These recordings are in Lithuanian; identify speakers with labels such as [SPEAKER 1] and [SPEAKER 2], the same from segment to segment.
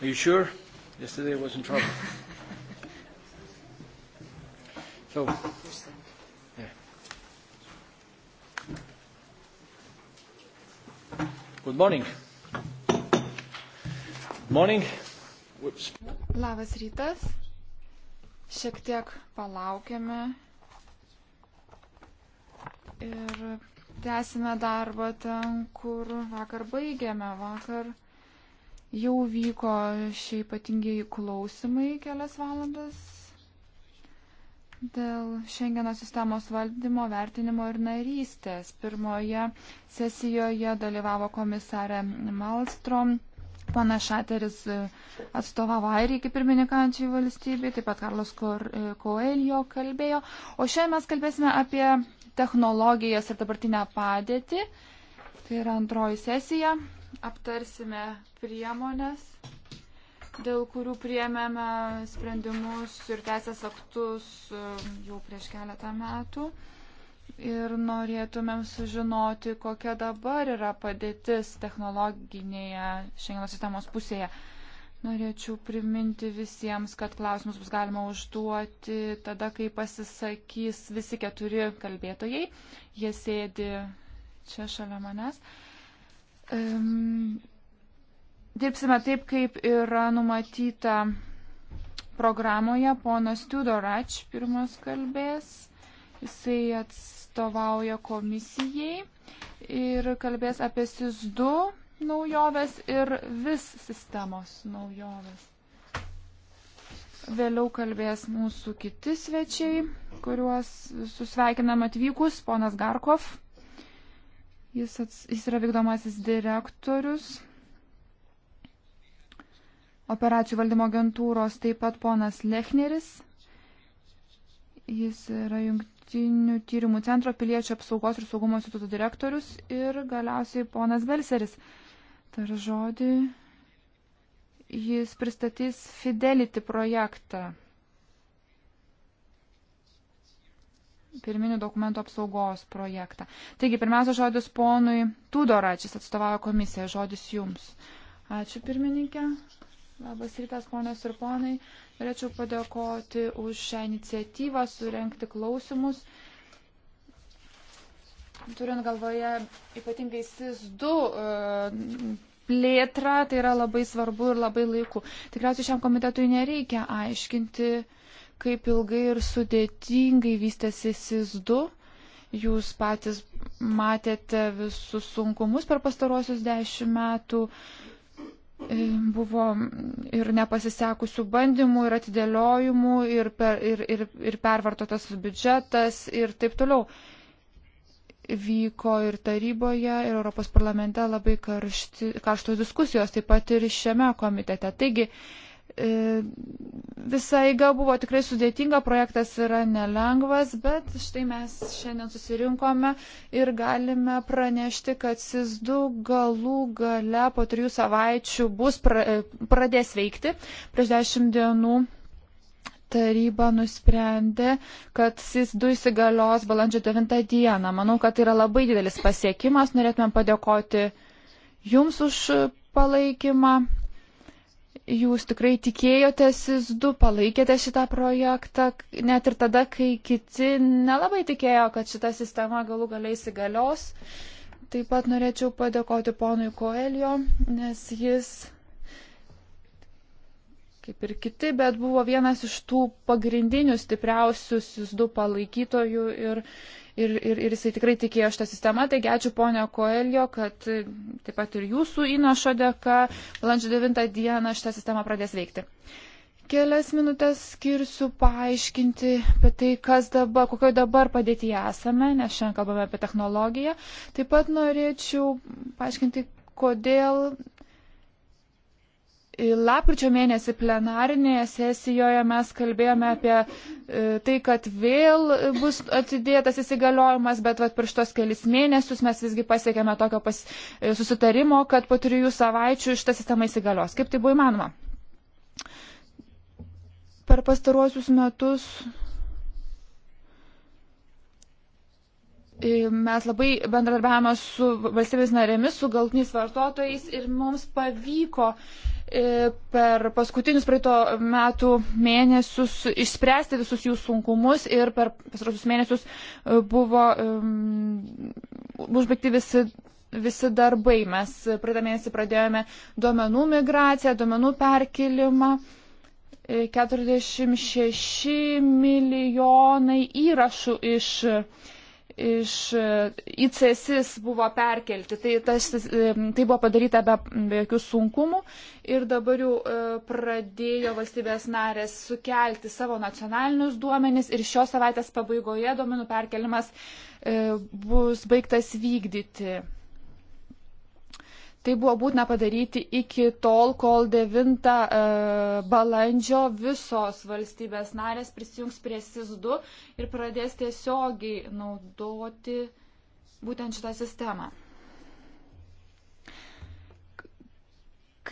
[SPEAKER 1] Are you
[SPEAKER 2] sure? Yesterday I was in trouble. so, yeah. Good morning. Morning. Whoops. Labas rytas. Šiek tiek palaukėme ir tęsime darbą ten, kur vakar baigėme. Vakar Jau vyko šie ypatingiai klausimai kelias valandas dėl Šengeno sistemos valdymo, vertinimo ir narystės. Pirmoje sesijoje dalyvavo komisarė Malstrom. Pana Šateris atstovavo Airijai kaip pirmininkančiai valstybei, taip pat Karlos Koelio kalbėjo. O šiandien mes kalbėsime apie technologijas ir dabartinę padėtį. Tai yra antroji sesija aptarsime priemonės, dėl kurių priemėme sprendimus ir teisės aktus um, jau prieš keletą metų. Ir norėtumėm sužinoti, kokia dabar yra padėtis technologinėje šiandienos sistemos pusėje. Norėčiau priminti visiems, kad klausimus bus galima užduoti tada, kai pasisakys visi keturi kalbėtojai. Jie sėdi čia šalia manęs. Uh, Um, dirbsime taip, kaip yra numatyta programoje. Ponas Tudorač pirmas kalbės. Jisai atstovauja komisijai ir kalbės apie SIS2 naujoves ir vis sistemos naujoves. Vėliau kalbės mūsų kiti svečiai, kuriuos susveikinam atvykus, ponas Garkov. Jis, ats, jis yra vykdomasis direktorius. Operacijų valdymo agentūros taip pat ponas Lechneris. Jis yra jungtinių tyrimų centro piliečio apsaugos ir saugumo instituto direktorius ir galiausiai ponas Belseris. Tar žodį jis pristatys Fidelity projektą. pirminių dokumentų apsaugos projektą. Taigi, pirmiausia, žodis ponui Tudoračis atstovauja komisiją. Žodis jums. Ačiū pirmininkė. Labas rytas, ponios ir ponai. Norėčiau padėkoti už šią iniciatyvą surenkti klausimus. Turint galvoje ypatingai SIS 2 e, plėtrą, tai yra labai svarbu ir labai laiku. Tikriausiai šiam komitetui nereikia aiškinti kaip ilgai ir sudėtingai vystėsi SIS-2. Jūs patys matėte visus sunkumus per pastarosius dešimt metų. E, Buvo ir nepasisekusių bandymų, ir atidėliojimų, ir, per, ir, ir, ir pervartotas biudžetas ir taip toliau. Vyko ir taryboje, ir Europos parlamente labai karšti, karštos diskusijos, taip pat ir šiame komitete. Taigi, uh, E, Visa eiga buvo tikrai sudėtinga, projektas yra nelengvas, bet štai mes šiandien susirinkome ir galime pranešti, kad SIS2 galų gale po trijų savaičių bus pra, e, pradės veikti. Prieš dešimt dienų taryba nusprendė, kad SIS2 įsigalios balandžio 9 dieną. Manau, kad tai yra labai didelis pasiekimas. Norėtume padėkoti Jums už palaikymą jūs tikrai tikėjotės SIS2, palaikėte šitą projektą, net ir tada, kai kiti nelabai tikėjo, kad šita sistema galų galiai įsigalios. Taip pat norėčiau padėkoti ponui Koelio, nes jis, kaip ir kiti, bet buvo vienas iš tų pagrindinių stipriausių SIS2 palaikytojų ir ir, ir, ir jisai tikrai tikėjo šitą sistemą. Taigi ačiū ponio Koelio, kad e, taip pat ir jūsų įnašo dėka balandžio 9 dieną šitą sistemą pradės veikti. Kelias minutės skirsiu paaiškinti apie tai, kas dabar, kokioje dabar padėtyje esame, nes šiandien kalbame apie technologiją. Taip pat norėčiau paaiškinti, kodėl Lapkričio mėnesį plenarinėje sesijoje mes kalbėjome apie e, tai, kad vėl bus atidėtas įsigaliojimas, bet vat, prieš tos kelis mėnesius mes visgi pasiekėme tokio pas, e, susitarimo, kad po trijų savaičių šitą sistemą įsigalios. Kaip tai buvo įmanoma? Per pastaruosius metus e, mes labai bendradarbiavame su valstybės narėmis, su galtiniais vartotojais ir mums pavyko uh, E, per paskutinius praeito metų mėnesius išspręsti visus jų sunkumus ir per pasarosius mėnesius e, buvo um, užbaigti visi, visi darbai. Mes praeitą mėnesį pradėjome duomenų migraciją, duomenų perkelimą. 46 e, milijonai įrašų iš iš e, į CESIS buvo perkelti. Tai, tas, e, tai buvo padaryta be, be jokių sunkumų ir dabar jau e, pradėjo valstybės narės sukelti savo nacionalinius duomenis ir šios savaitės pabaigoje duomenų perkelimas bus baigtas vykdyti. Tai buvo būtina padaryti iki tol, kol 9 e, balandžio visos valstybės narės prisijungs prie SIS2 ir pradės tiesiogiai naudoti būtent šitą sistemą.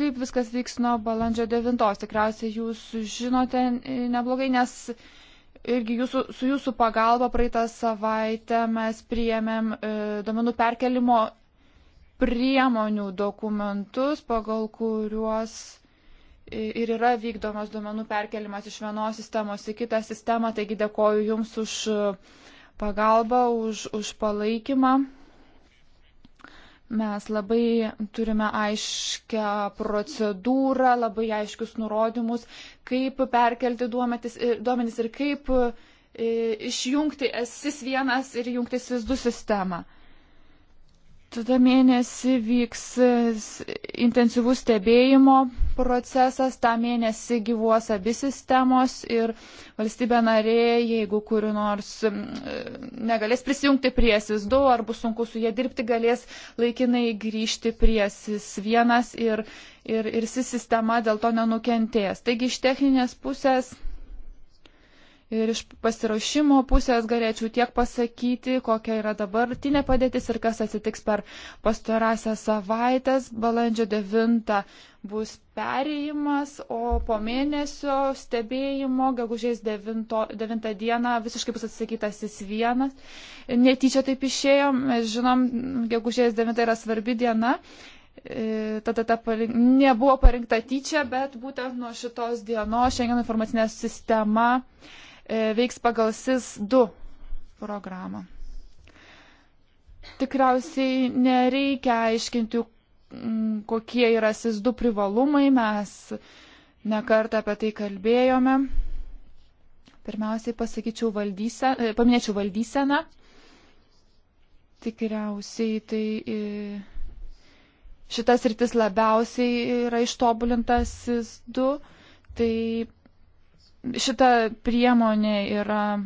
[SPEAKER 2] Kaip viskas vyks nuo balandžio 9? Tikriausiai jūs žinote neblogai, nes irgi jūsų, su jūsų pagalba praeitą savaitę mes priėmėm e, domenų perkelimo priemonių dokumentus, pagal kuriuos ir yra vykdomas duomenų perkelimas iš vienos sistemos į kitą sistemą. Taigi dėkoju Jums už pagalbą, už, už palaikymą. Mes labai turime aiškę procedūrą, labai aiškius nurodymus, kaip perkelti duomenis, duomenis ir kaip išjungti SIS1 ir jungti SIS2 sistemą. Tada mėnesį vyks e, intensyvus stebėjimo procesas, tą mėnesį gyvuos abi sistemos ir valstybė narė, jeigu kuri nors e, negalės prisijungti prie SIS2 ar bus sunku su jie dirbti, galės laikinai grįžti prie SIS1 ir, ir, ir SIS sistema dėl to nenukentės. Taigi iš techninės pusės Ir iš pasirašymo pusės galėčiau tiek pasakyti, kokia yra dabartinė padėtis ir kas atsitiks per pastarąsią savaitę. Balandžio 9 bus perėjimas, o po mėnesio stebėjimo, gegužės 9, 9 dieną, visiškai bus atsisakytas jis vienas. Netyčia taip išėjo, mes žinom, gegužės 9 yra svarbi diena e, tada ta parink... nebuvo parinkta tyčia, bet būtent nuo šitos dienos šiandien informacinė sistema uh, E, veiks pagal SIS 2 programą. Tikriausiai nereikia aiškinti, mm, kokie yra SIS 2 privalumai, mes nekartą apie tai kalbėjome. Pirmiausiai pasakyčiau valdysę, e, paminėčiau valdyseną. Tikriausiai tai e, šitas rytis labiausiai yra ištobulintas SIS 2. Tai šita priemonė yra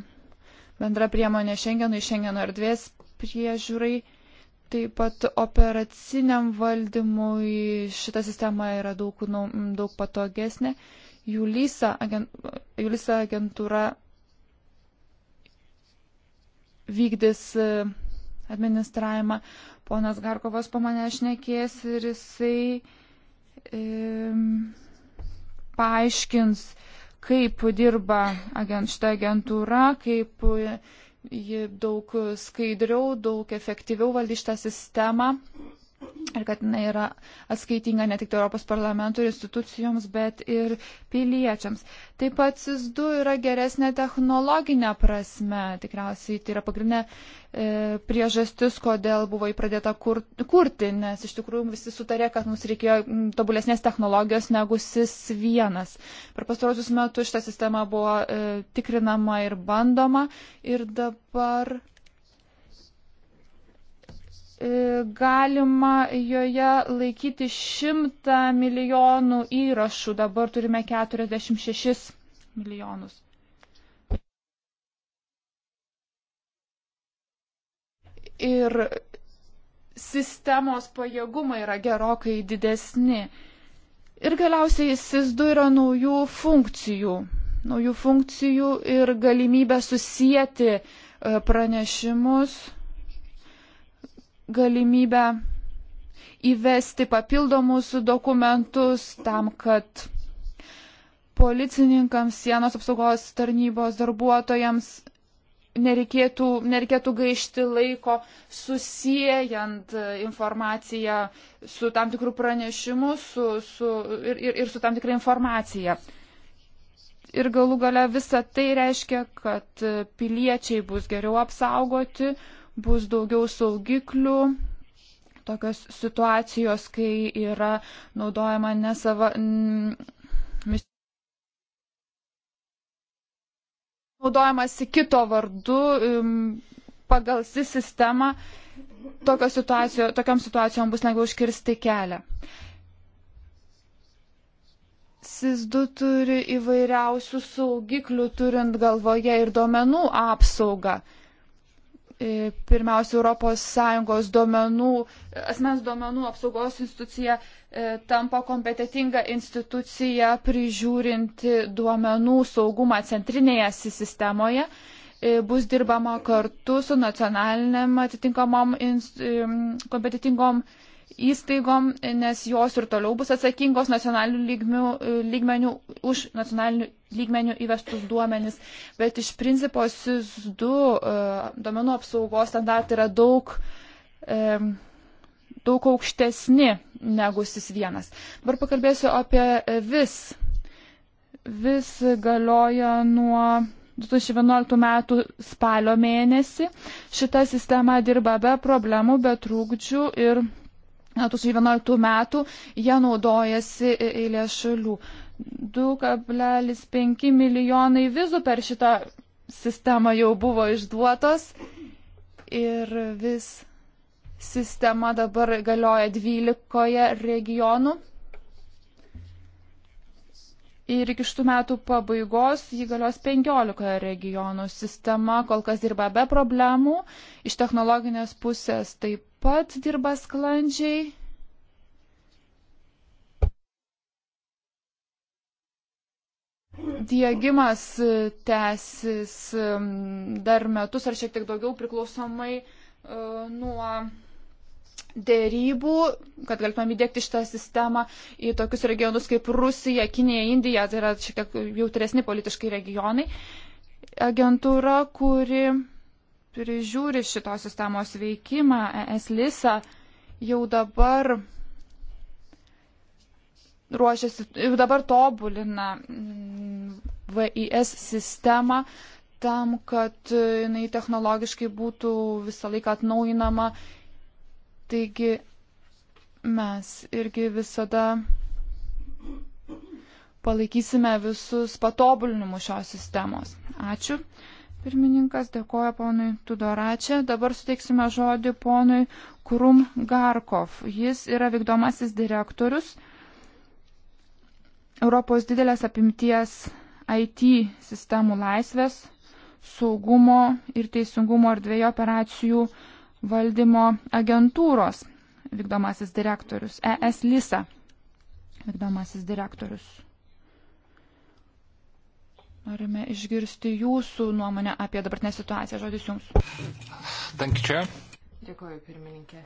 [SPEAKER 2] bendra priemonė Šengenui, Šengeno erdvės priežiūrai, taip pat operaciniam valdymui šita sistema yra daug, nu, daug patogesnė. Julisa, agent, Julisa agentūra vykdys e, administravimą. Ponas Garkovas po mane šnekės ir jisai e, paaiškins, e, kaip dirba agent, šitą agentūrą, kaip ji daug skaidriau, daug efektyviau valdy šitą sistemą ir kad jinai yra atskaitinga ne tik Europos parlamento institucijoms, bet ir piliečiams. Taip pat SIS2 yra geresnė technologinė prasme, tikriausiai tai yra pagrindinė e, priežastis, kodėl buvo įpradėta kur, kurti, nes iš tikrųjų visi sutarė, kad mums reikėjo tobulesnės technologijos negu SIS1. Per pastarosius metus šitą sistemą buvo e, tikrinama ir bandoma ir dabar E, galima joje laikyti 100 milijonų įrašų, dabar turime 46 milijonus. Ir sistemos pajėgumai yra gerokai didesni. Ir galiausiai SIS2 yra naujų funkcijų. Naujų funkcijų ir galimybę susijęti e, pranešimus galimybę įvesti papildomus dokumentus tam, kad policininkams, sienos apsaugos tarnybos darbuotojams nereikėtų, nereikėtų gaišti laiko susijęjant e, informaciją su tam tikrų pranešimų su, su, ir, ir, ir su tam tikra informacija. Ir galų gale visa tai reiškia, kad e, piliečiai bus geriau apsaugoti, bus daugiau saugiklių, tokios situacijos, kai yra naudojama nesava. Mis... Naudojamasi kito vardu um, pagal sistemą, situacijo, tokiam situacijom bus lengviau užkirsti kelią. SIS2 turi įvairiausių saugiklių, turint galvoje ir duomenų apsaugą. E, pirmiausia, ES duomenų, asmens duomenų apsaugos institucija e, tampa kompetitinga institucija prižiūrinti duomenų saugumą centrinėje sistemoje. E, bus dirbama kartu su nacionaliniam atitinkamom kompetitingom institucijom įstaigom, nes jos ir toliau bus atsakingos nacionalinių lygmių, e, lygmenių už nacionalinių lygmenių įvestus duomenis. Bet iš principo SIS2 e, duomenų apsaugos standartai yra daug, e, daug aukštesni negu SIS1. Dabar pakalbėsiu apie vis. Vis galioja nuo 2011 metų spalio mėnesį. Šita sistema dirba be problemų, be trūkdžių ir 2011 metų jie naudojasi eilė šalių. 2,5 milijonai vizų per šitą sistemą jau buvo išduotos ir vis sistema dabar galioja 12 regionų. Ir iki šių metų pabaigos jį galios 15 regionų. Sistema kol kas dirba be problemų. Iš technologinės pusės taip pat dirba sklandžiai. Diegimas tęsis um, dar metus ar šiek tiek daugiau priklausomai uh, nuo dėrybų, kad galėtumėm įdėkti šitą sistemą į tokius regionus kaip Rusija, Kinija, Indija, tai yra šiek tiek jautresni politiškai regionai. Agentūra, kuri prižiūri šitos sistemos veikimą, ES Lisa jau dabar ruošiasi, jau dabar tobulina mm, VIS sistemą tam, kad jinai technologiškai būtų visą laiką atnaujinama. Taigi mes irgi visada palaikysime visus patobulinimus šios sistemos. Ačiū. Pirmininkas dėkoja ponui Tudoračia. Dabar suteiksime žodį ponui Krum Garkov. Jis yra vykdomasis direktorius Europos didelės apimties IT sistemų laisvės, saugumo ir teisingumo ir dviejų operacijų valdymo agentūros vykdomasis direktorius, ES Lisa vykdomasis direktorius. Norime išgirsti jūsų nuomonę apie dabartinę situaciją. Žodis jums.
[SPEAKER 1] You, Dėkuoju, pirmininkė.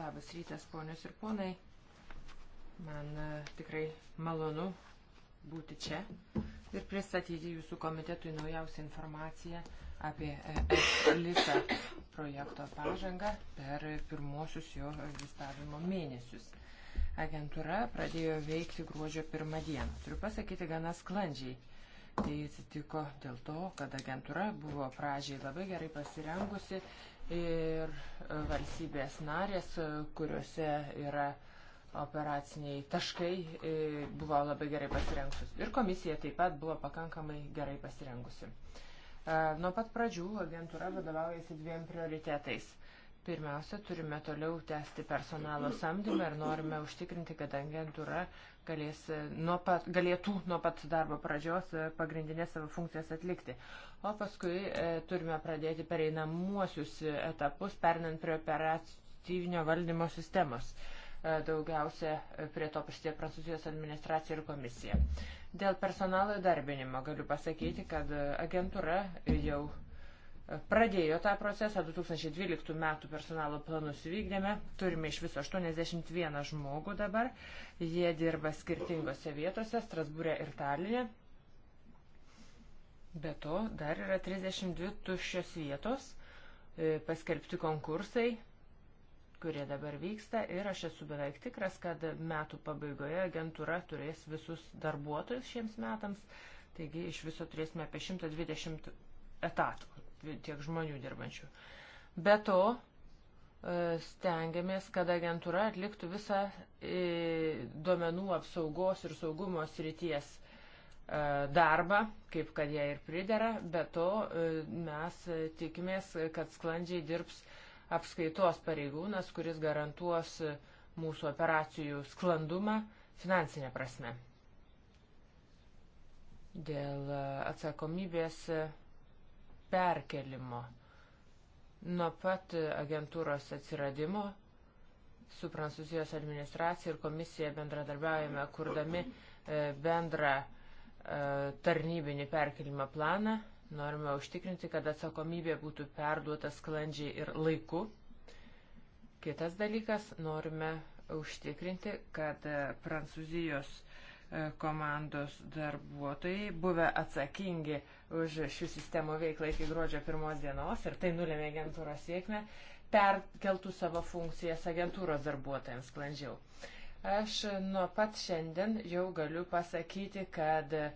[SPEAKER 1] Labas rytas, ponios ir ponai. Man e, tikrai malonu būti čia ir pristatyti jūsų komitetui naujausią informaciją apie ESLISA projekto pažangą per pirmosius jo egzistavimo mėnesius. Agentūra pradėjo veikti gruodžio pirmą dieną. Turiu pasakyti, gana sklandžiai Tai atsitiko dėl to, kad agentūra buvo pradžiai labai gerai pasirengusi ir e, valstybės narės, e, kuriuose yra operaciniai taškai, e, buvo labai gerai pasirengusios. Ir komisija taip pat buvo pakankamai gerai pasirengusi. Nuo pat pradžių agentūra vadovaujasi dviem prioritetais Pirmiausia, turime toliau tęsti personalo samdymą ir norime užtikrinti, kad agentūra galės, e, nuo pat, galėtų nuo pat darbo pradžios e, pagrindinės savo funkcijas atlikti. O paskui e, turime pradėti pereinamuosius etapus, pernant prie operatyvinio valdymo sistemos. E, daugiausia e, prie to prisidėjo Prancūzijos administracija ir komisija. Dėl personalo įdarbinimo galiu pasakyti, kad agentūra jau pradėjo tą procesą, 2012 metų personalo planus vykdėme, turime iš viso 81 žmogų dabar, jie dirba skirtingose vietose, Strasbūrė ir Talinė. Be to, dar yra 32 tuščios vietos, e, paskelbti konkursai, kurie dabar vyksta ir aš esu beveik tikras, kad metų pabaigoje agentūra turės visus darbuotojus šiems metams, taigi iš viso turėsime apie 120 etatų tiek žmonių dirbančių. Be to, e, stengiamės, kad agentūra atliktų visą e, duomenų apsaugos ir saugumo srities e, darbą, kaip kad jie ir pridera. Be to, mes tikimės, kad sklandžiai dirbs apskaitos pareigūnas, kuris garantuos mūsų operacijų sklandumą finansinė prasme. Dėl atsakomybės perkelimo. Nuo pat agentūros atsiradimo su Prancūzijos administracija ir komisija bendradarbiaujame, kurdami e, bendrą e, tarnybinį perkelimo planą. Norime užtikrinti, kad atsakomybė būtų perduota sklandžiai ir laiku. Kitas dalykas, norime užtikrinti, kad Prancūzijos uh, E, komandos darbuotojai buvę atsakingi už šių sistemų veiklą iki gruodžio pirmos dienos ir tai nulėmė agentūros sėkmę, perkeltų savo funkcijas agentūros darbuotojams sklandžiau. Aš nuo pat šiandien jau galiu pasakyti, kad e,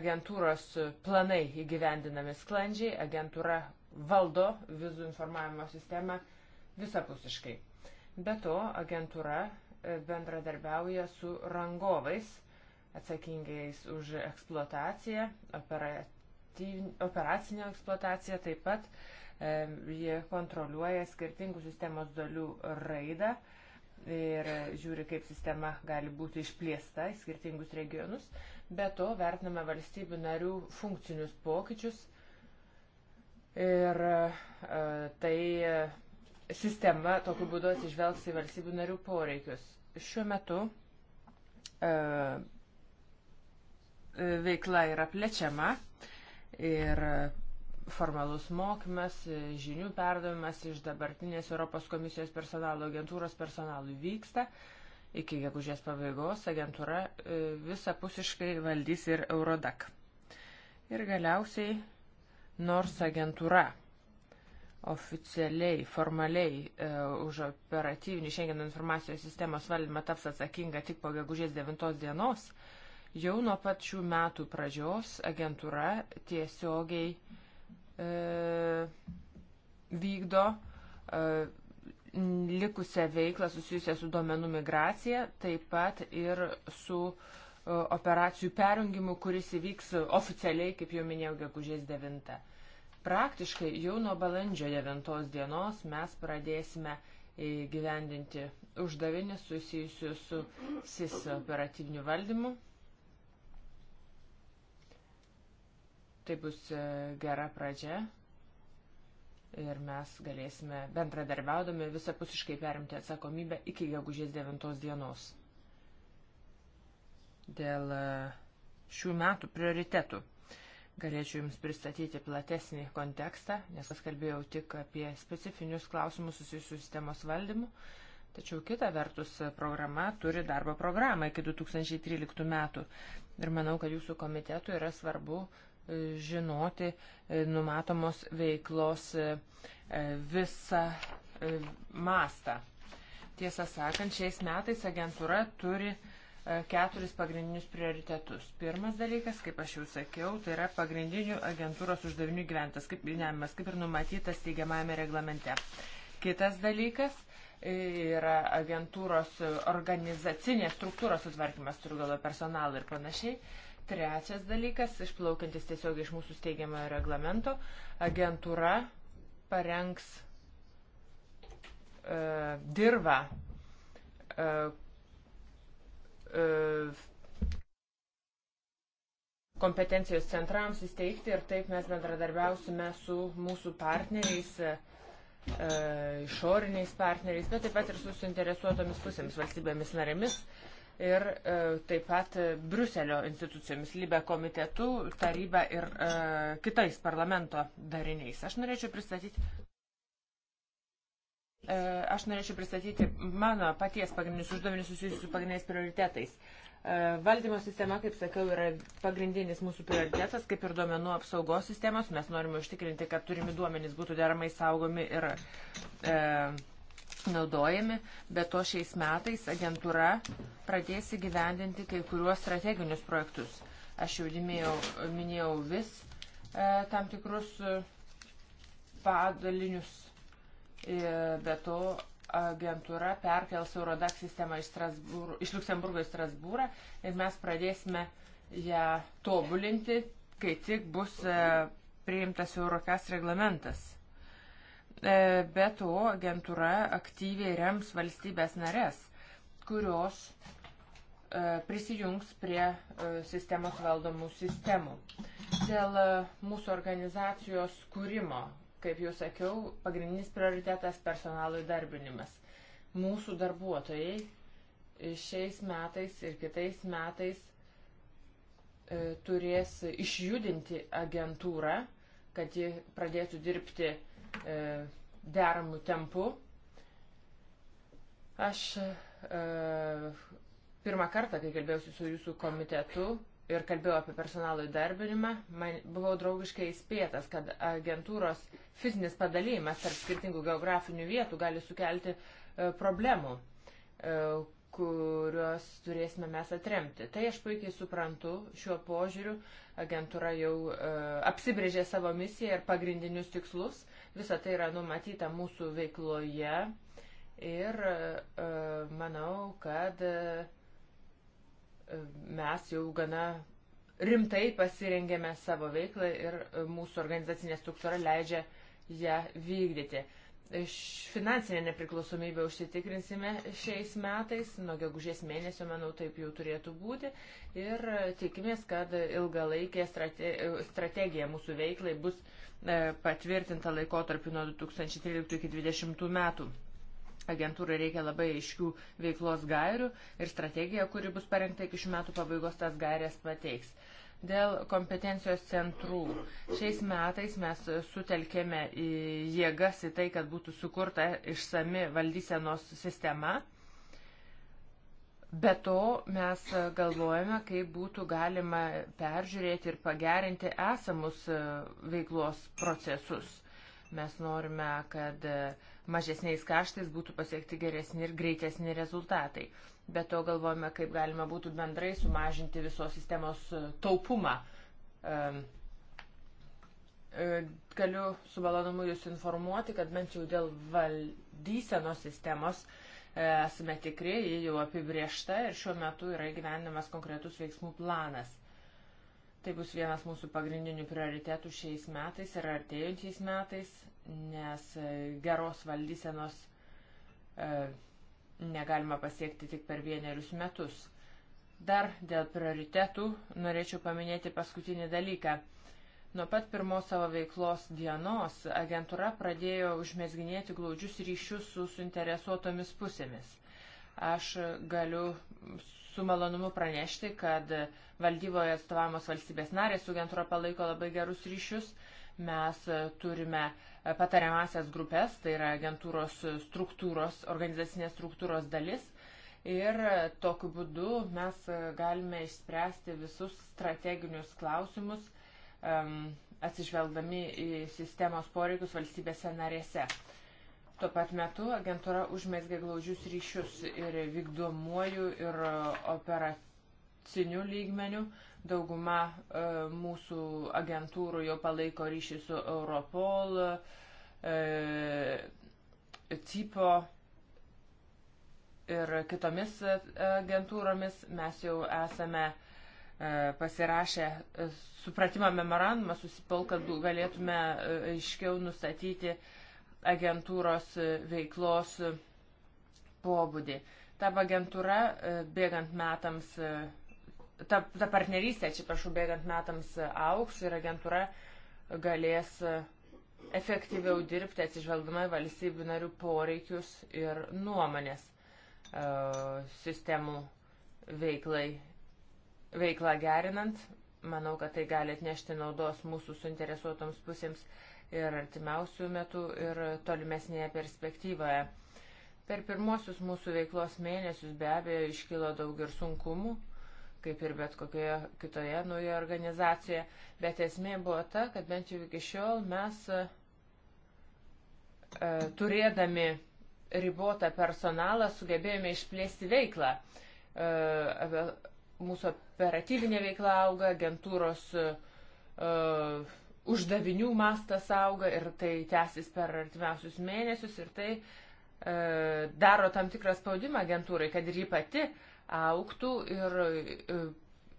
[SPEAKER 1] agentūros planai įgyvendinami sklandžiai, agentūra valdo vizų informavimo sistemą visapusiškai. Be to, agentūra bendradarbiauja su rangovais atsakingais už eksploataciją, operacinę eksploataciją taip pat. Jie kontroliuoja skirtingų sistemos dalių raidą ir žiūri, kaip sistema gali būti išplėsta į skirtingus regionus. Be to vertiname valstybių narių funkcinius pokyčius ir e, tai e, sistema tokiu būdu atsižvelgs į valstybių narių poreikius šiuo metu e, veikla yra plečiama ir formalus mokymas, žinių perdavimas iš dabartinės Europos komisijos personalo agentūros personalų vyksta. Iki gegužės pabaigos agentūra e, visapusiškai valdys ir Eurodak. Ir galiausiai, nors agentūra oficialiai, formaliai e, už operatyvinį šiandien informacijos sistemos valdymą taps atsakinga tik po gegužės 9 dienos, jau nuo pat šių metų pradžios agentūra tiesiogiai e, vykdo e, likusią veiklą susijusią su duomenų migracija, taip pat ir su e, operacijų perjungimu, kuris įvyks oficialiai, kaip jau minėjau, gegužės 9. Praktiškai jau nuo balandžio 9 dienos mes pradėsime gyvendinti uždavinį susijusiu su SIS operatyviniu valdymu. Tai bus e, gera pradžia ir mes galėsime bendradarbiaudami visapusiškai perimti atsakomybę iki gegužės 9 dienos dėl e, šių metų prioritetų. Galėčiau Jums pristatyti platesnį kontekstą, nes aš kalbėjau tik apie specifinius klausimus susijusius sistemos valdymu, tačiau kita vertus programa turi darbo programą iki 2013 metų. Ir manau, kad Jūsų komitetui yra svarbu e, žinoti e, numatomos veiklos e, visą mastą. Tiesą sakant, šiais metais agentūra turi uh, keturis pagrindinius prioritetus. Pirmas dalykas, kaip aš jau sakiau, tai yra pagrindinių agentūros uždavinių gyventas, kaip, nemimas, kaip ir numatytas teigiamajame reglamente. Kitas dalykas e, yra agentūros organizacinės struktūros sutvarkymas, turiu galvo personalą ir panašiai. Trečias dalykas, išplaukiantis tiesiog iš mūsų steigiamojo reglamento, agentūra parengs e, dirbą, e, E, kompetencijos centrams įsteigti ir taip mes bendradarbiausime su mūsų partneriais, e, išoriniais partneriais, bet taip pat ir su suinteresuotomis pusėmis valstybėmis narėmis ir e, taip pat Bruselio institucijomis, Libe komitetu, taryba ir kitais parlamento dariniais. Aš norėčiau pristatyti E, aš norėčiau pristatyti mano paties pagrindinius uždavinius susijusius su pagrindiniais prioritetais. E, valdymo sistema, kaip sakiau, yra pagrindinis mūsų prioritetas, kaip ir duomenų apsaugos sistemos. Mes norime užtikrinti, kad turimi duomenys būtų deramai saugomi ir e, naudojami. Be to šiais metais agentūra pradės įgyvendinti kai kuriuos strateginius projektus. Aš jau dimėjau, minėjau vis e, tam tikrus e, padalinius E, be to, agentūra perkels Eurodax sistemą iš, Strasbūr, iš Luksemburgo į Strasbūrą ir mes pradėsime ją tobulinti, kai tik bus e, priimtas Eurokas reglamentas. E, be to, agentūra aktyviai rems valstybės narės, kurios prisijungs prie sistemos valdomų sistemų. Dėl mūsų organizacijos kūrimo kaip jau sakiau, pagrindinis prioritetas personalo įdarbinimas. Mūsų darbuotojai šiais metais ir kitais metais e, turės išjudinti agentūrą, kad ji pradėtų dirbti e, deramų tempų. Aš e, pirmą kartą, kai kalbėjausi su jūsų komitetu, ir kalbėjau apie personalo įdarbinimą, man buvau draugiškai įspėtas, kad agentūros fizinis padalymas tarp skirtingų geografinių vietų gali sukelti e, problemų, e, kurios turėsime mes atremti. Tai aš puikiai suprantu šiuo požiūriu. Agentūra jau e, apsibrėžė savo misiją ir pagrindinius tikslus. Visa tai yra numatyta mūsų veikloje. Ir e, manau, kad e, mes jau gana rimtai pasirengėme savo veiklą ir mūsų organizacinė struktūra leidžia ją vykdyti. Finansinę nepriklausomybę užsitikrinsime šiais metais, nuo gegužės mėnesio, manau, taip jau turėtų būti ir tikimės, kad ilgalaikė strate strategija mūsų veiklai bus e, patvirtinta laikotarpiu nuo 2013 iki 2020 metų. Agentūrai reikia labai aiškių veiklos gairių ir strategija, kuri bus parengta iki šių metų pabaigos, tas gairės pateiks. Dėl kompetencijos centrų. Šiais metais mes sutelkėme jėgas į tai, kad būtų sukurta išsami valdysenos sistema. Be to mes galvojame, kaip būtų galima peržiūrėti ir pagerinti esamus veiklos procesus. Mes norime, kad mažesniais kaštais būtų pasiekti geresni ir greitesni rezultatai. Be to galvojame, kaip galima būtų bendrai sumažinti visos sistemos e, taupumą. E, galiu su malonumu Jūs informuoti, kad bent jau dėl valdysenos sistemos e, esame tikri, ji jau apibriešta ir šiuo metu yra gyvenimas konkretus veiksmų planas. Tai bus vienas mūsų pagrindinių prioritetų šiais metais ir artėjančiais metais nes e, geros valdysenos e, negalima pasiekti tik per vienerius metus. Dar dėl prioritetų norėčiau paminėti paskutinį dalyką. Nuo pat pirmos savo veiklos dienos agentūra pradėjo užmesginėti glaudžius ryšius su suinteresuotomis pusėmis. Aš galiu su malonumu pranešti, kad valdyboje atstovamos valstybės narės su agentūra palaiko labai gerus ryšius. Mes turime uh, patariamasias grupės, tai yra agentūros struktūros, organizacinės struktūros dalis. Ir tokiu būdu mes galime išspręsti visus strateginius klausimus, um, atsižvelgdami į sistemos poreikius valstybėse narėse. Tuo pat metu agentūra užmesgė glaudžius ryšius ir vykdomuoju, ir operaciniu lygmeniu, Dauguma e, mūsų agentūrų jau palaiko ryšį su Europol, e, CIPO ir kitomis agentūromis. Mes jau esame e, pasirašę supratimą memorandumą susipal, kad galėtume aiškiau nustatyti agentūros veiklos pobūdį. Ta agentūra bėgant metams ta, ta partnerystė, čia prašau, bėgant metams auks ir agentūra galės efektyviau dirbti atsižvelgdama į valstybių narių poreikius ir nuomonės e, sistemų veiklai, veiklą gerinant. Manau, kad tai gali atnešti naudos mūsų suinteresuotoms pusėms ir artimiausių metų ir tolimesnėje perspektyvoje. Per pirmosius mūsų veiklos mėnesius be abejo iškilo daug ir sunkumų kaip ir bet kokioje kitoje naujoje organizacijoje, bet esmė buvo ta, kad bent jau iki šiol mes e, turėdami ribotą personalą sugebėjome išplėsti veiklą. E, mūsų operatyvinė veikla auga, agentūros e, uždavinių mastas auga ir tai tęsis per artimiausius mėnesius ir tai e, daro tam tikrą spaudimą agentūrai, kad ir ji pati e, auktų ir e,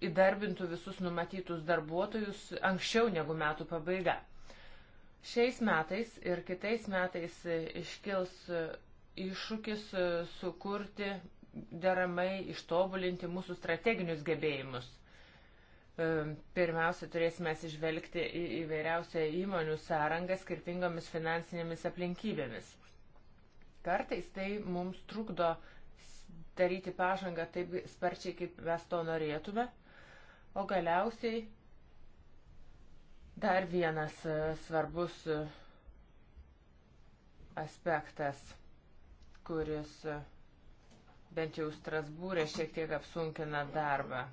[SPEAKER 1] įdarbintų visus numatytus darbuotojus anksčiau negu metų pabaiga. Šiais metais ir kitais metais iškils iššūkis sukurti deramai ištobulinti mūsų strateginius gebėjimus. E, pirmiausia, turėsime išvelgti į įvairiausią įmonių sąrangą skirtingomis finansinėmis aplinkybėmis. Kartais tai mums trukdo uh, daryti pažangą taip sparčiai, kaip mes to norėtume. O galiausiai dar vienas e, svarbus e, aspektas, kuris e, bent jau Strasbūrė šiek tiek apsunkina darbą,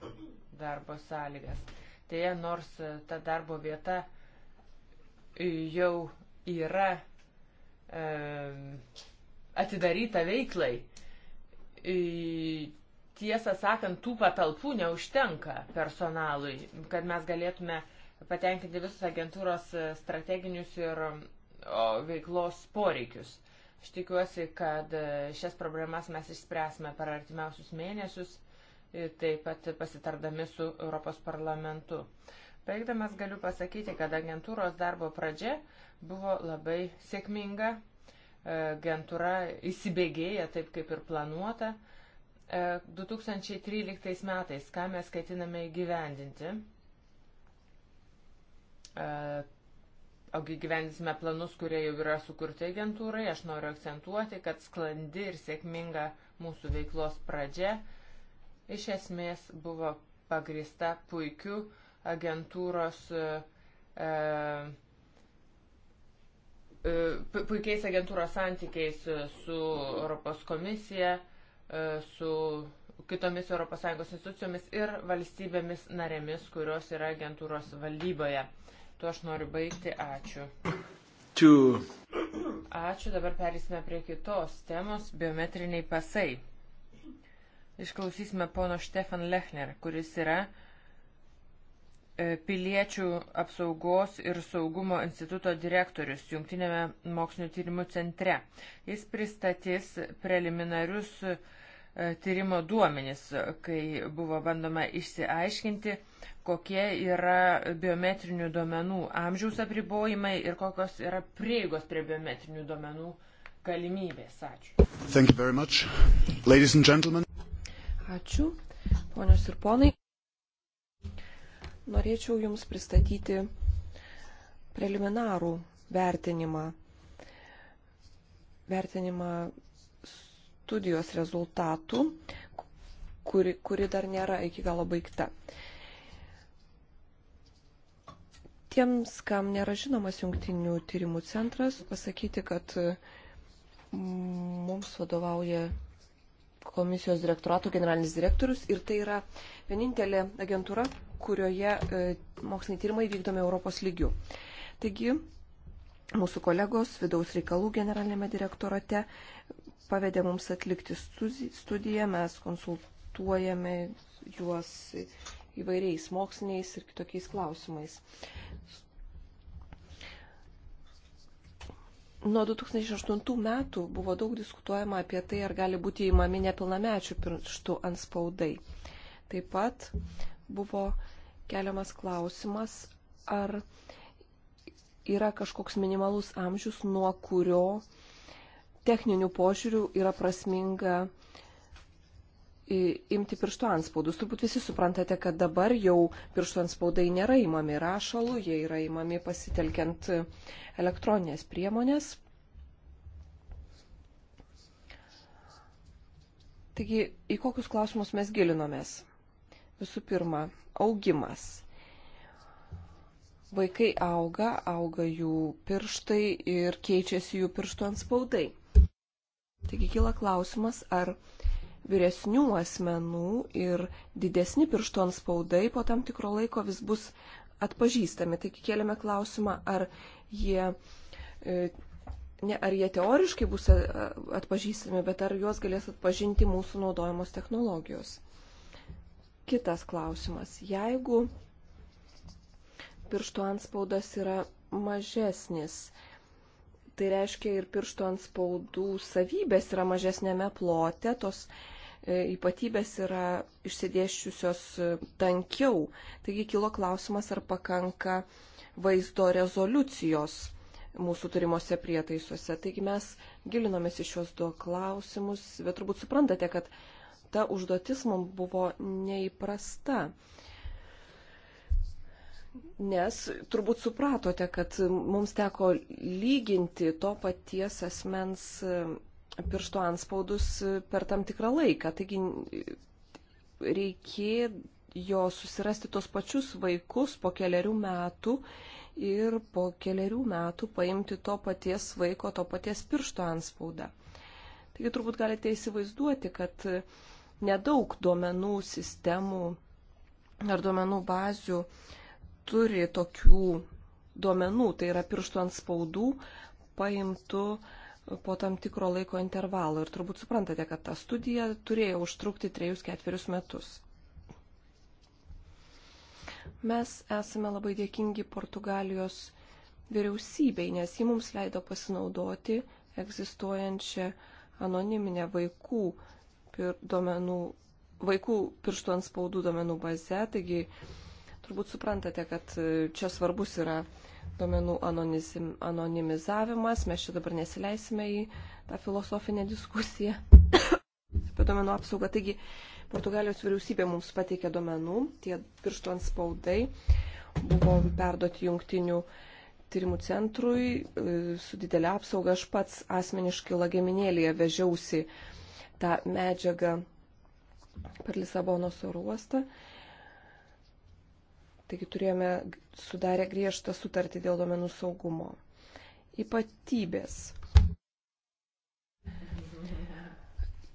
[SPEAKER 1] darbo sąlygas. Teja, nors ta darbo vieta jau yra e, atidaryta veiklai, tiesą sakant, tų patalpų neužtenka personalui, kad mes galėtume patenkinti visus agentūros strateginius ir veiklos poreikius. Aš tikiuosi, kad e, šias problemas mes išspręsime per artimiausius mėnesius, e, taip pat pasitardami su Europos parlamentu. Baigdamas galiu pasakyti, kad agentūros darbo pradžia buvo labai sėkminga E, agentūra įsibėgėja taip, kaip ir planuota. 2013 e, metais, ką mes ketiname įgyvendinti, e, ogi gyvendysime planus, kurie jau yra sukurti agentūrai, aš noriu akcentuoti, kad sklandi ir sėkminga mūsų veiklos pradžia iš esmės buvo pagrista puikiu agentūros e, E, puikiais agentūros santykiais e, su Europos komisija, e, su kitomis ES institucijomis ir valstybėmis narėmis, kurios yra agentūros valdyboje. Tuo aš noriu baigti. Ačiū. Two. Ačiū. Dabar perėsime prie kitos temos - biometriniai pasai. Išklausysime pono Štefan Lechner, kuris yra uh, E, piliečių apsaugos ir saugumo instituto direktorius Junktinėme mokslinio tyrimų centre. Jis pristatys preliminarius e, tyrimo duomenis, kai buvo bandoma išsiaiškinti, kokie yra biometrinių duomenų amžiaus apribojimai ir kokios yra prieigos prie biometrinių duomenų galimybės.
[SPEAKER 2] Ačiū.
[SPEAKER 3] Ačiū, ponios ir ponai. Norėčiau Jums pristatyti preliminarų vertinimą, vertinimą studijos rezultatų, kuri, kuri dar nėra iki galo baigta. Tiems, kam nėra žinomas jungtinių tyrimų centras, pasakyti, kad mm, mums vadovauja komisijos direktorato generalinis direktorius ir tai yra vienintelė agentūra, kurioje e, moksliniai tyrimai vykdomi Europos lygių. Taigi, mūsų kolegos vidaus reikalų generalinėme direktorate pavedė mums atlikti studiją, mes konsultuojame juos įvairiais moksliniais ir kitokiais klausimais. Nuo 2008 metų buvo daug diskutuojama apie tai, ar gali būti įmami nepilnamečių pirštų ant spaudai. Taip pat buvo keliamas klausimas, ar yra kažkoks minimalus amžius, nuo kurio techninių požiūrių yra prasminga imti pirštų anspaudus. Turbūt visi suprantate, kad dabar jau pirštų anspaudai nėra įmami rašalu, jie yra įmami pasitelkiant elektroninės priemonės. Taigi, į kokius klausimus mes gilinomės? Visų pirma, augimas. Vaikai auga, auga jų pirštai ir keičiasi jų pirštų ant spaudai. Taigi kyla klausimas, ar vyresnių asmenų ir didesni pirštų ant spaudai po tam tikro laiko vis bus atpažįstami. Taigi kėlėme klausimą, ar jie, e, ne, ar jie teoriškai bus atpažįstami, bet ar juos galės atpažinti mūsų naudojamos technologijos kitas klausimas. Jeigu pirštų anspaudas yra mažesnis, tai reiškia ir pirštų antspaudų savybės yra mažesnėme plote, tos e, ypatybės yra išsidėščiusios e, tankiau. Taigi kilo klausimas, ar pakanka vaizdo rezoliucijos mūsų turimuose prietaisuose. Taigi mes gilinomės į šios du klausimus, bet turbūt suprantate, kad ta užduotis mums buvo neįprasta. Nes turbūt supratote, kad mums teko lyginti to paties asmens piršto anspaudus per tam tikrą laiką. Taigi reikėjo susirasti tos pačius vaikus po keliarių metų ir po keliarių metų paimti to paties vaiko, to paties piršto anspaudą. Taigi turbūt galite įsivaizduoti, kad nedaug duomenų sistemų ar duomenų bazių turi tokių duomenų, tai yra pirštų ant spaudų paimtų po tam tikro laiko intervalo. Ir turbūt suprantate, kad ta studija turėjo užtrukti trejus ketverius metus. Mes esame labai dėkingi Portugalijos vyriausybei, nes ji mums leido pasinaudoti egzistuojančią anoniminę vaikų pir, duomenų, vaikų pirštų ant spaudų duomenų baze, taigi turbūt suprantate, kad e, čia svarbus yra duomenų anonizim, anonimizavimas, mes čia dabar nesileisime į tą filosofinę diskusiją apie duomenų apsaugą. Taigi Portugalijos vyriausybė mums pateikė duomenų, tie pirštų ant spaudai buvo perduoti jungtinių tyrimų centrui e, su didelė apsauga. Aš pats asmeniškai lagaminėlėje vežiausi uh, tą medžiagą per Lisabonos oro uostą. Taigi turėjome sudarę griežtą sutartį dėl domenų saugumo. Ypatybės.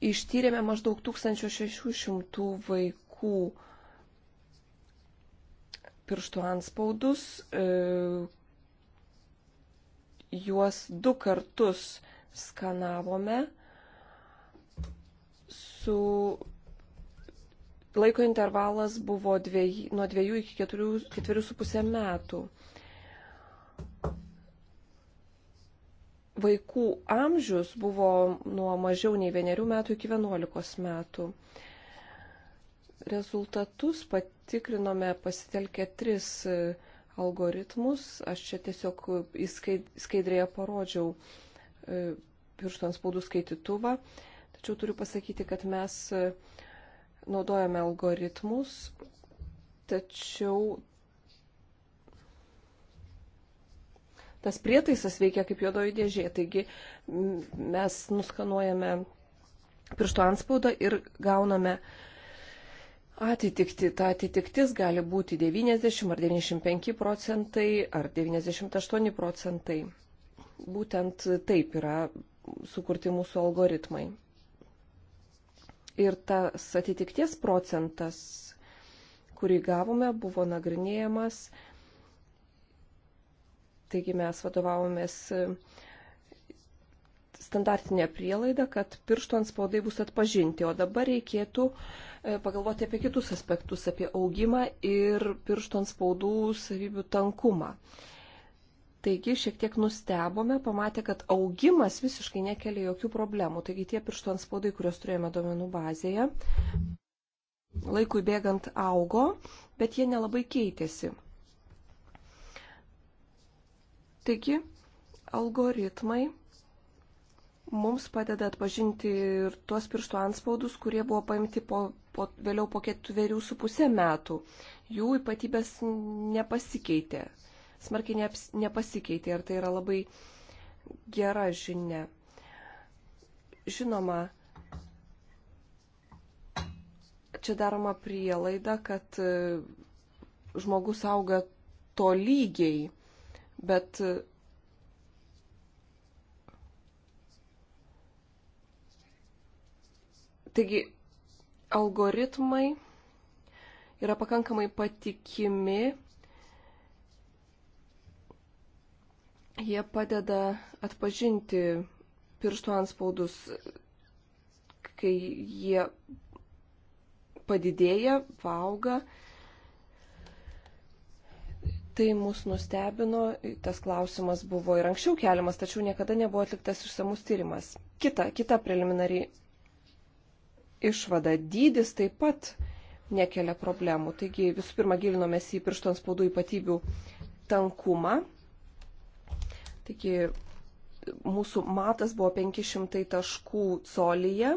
[SPEAKER 3] Ištyrėme maždaug 1600 vaikų pirštų anspaudus. E, juos du kartus skanavome mūsų laiko intervalas buvo dviej, nuo dviejų iki keturių, ketverių su pusė metų. Vaikų amžius buvo nuo mažiau nei vienerių metų iki vienuolikos metų. Rezultatus patikrinome pasitelkę tris e, algoritmus. Aš čia tiesiog skaidrėje parodžiau e, pirštų ant spaudų skaitytuvą. Tačiau turiu pasakyti, kad mes e, naudojame algoritmus, tačiau tas prietaisas veikia kaip juodoji dėžė. Taigi mes nuskanuojame piršto anspaudą ir gauname atitikti. Ta atitiktis gali būti 90 ar 95 procentai ar 98 procentai. Būtent taip yra sukurti mūsų algoritmai ir tas atitikties procentas, kurį gavome, buvo nagrinėjamas. Taigi mes vadovavomės standartinė prielaida, kad pirštų ant spaudai bus atpažinti, o dabar reikėtų e, pagalvoti apie kitus aspektus, apie augimą ir pirštų ant spaudų savybių tankumą. Taigi šiek tiek nustebome, pamatė, kad augimas visiškai nekelia jokių problemų. Taigi tie pirštų ant spaudai, kuriuos turėjome duomenų bazėje, laikui bėgant augo, bet jie nelabai keitėsi. Taigi algoritmai mums padeda atpažinti ir tuos pirštų anspaudus, kurie buvo paimti po, po, vėliau po ketverių su pusė metų. Jų ypatybės nepasikeitė smarkiai nepasikeitė ir tai yra labai gera žinia. Žinoma, čia daroma prielaida, kad e, žmogus auga to lygiai, bet e, taigi algoritmai yra pakankamai patikimi Jie padeda atpažinti pirštų anspaudus, kai jie padidėja, auga. Tai mus nustebino, tas klausimas buvo ir anksčiau keliamas, tačiau niekada nebuvo atliktas išsamus tyrimas. Kita, kita preliminari išvada - dydis taip pat nekelia problemų. Taigi visų pirma gilinomės į pirštų anspaudų ypatybių tankumą Taigi mūsų matas buvo 500 taškų colyje,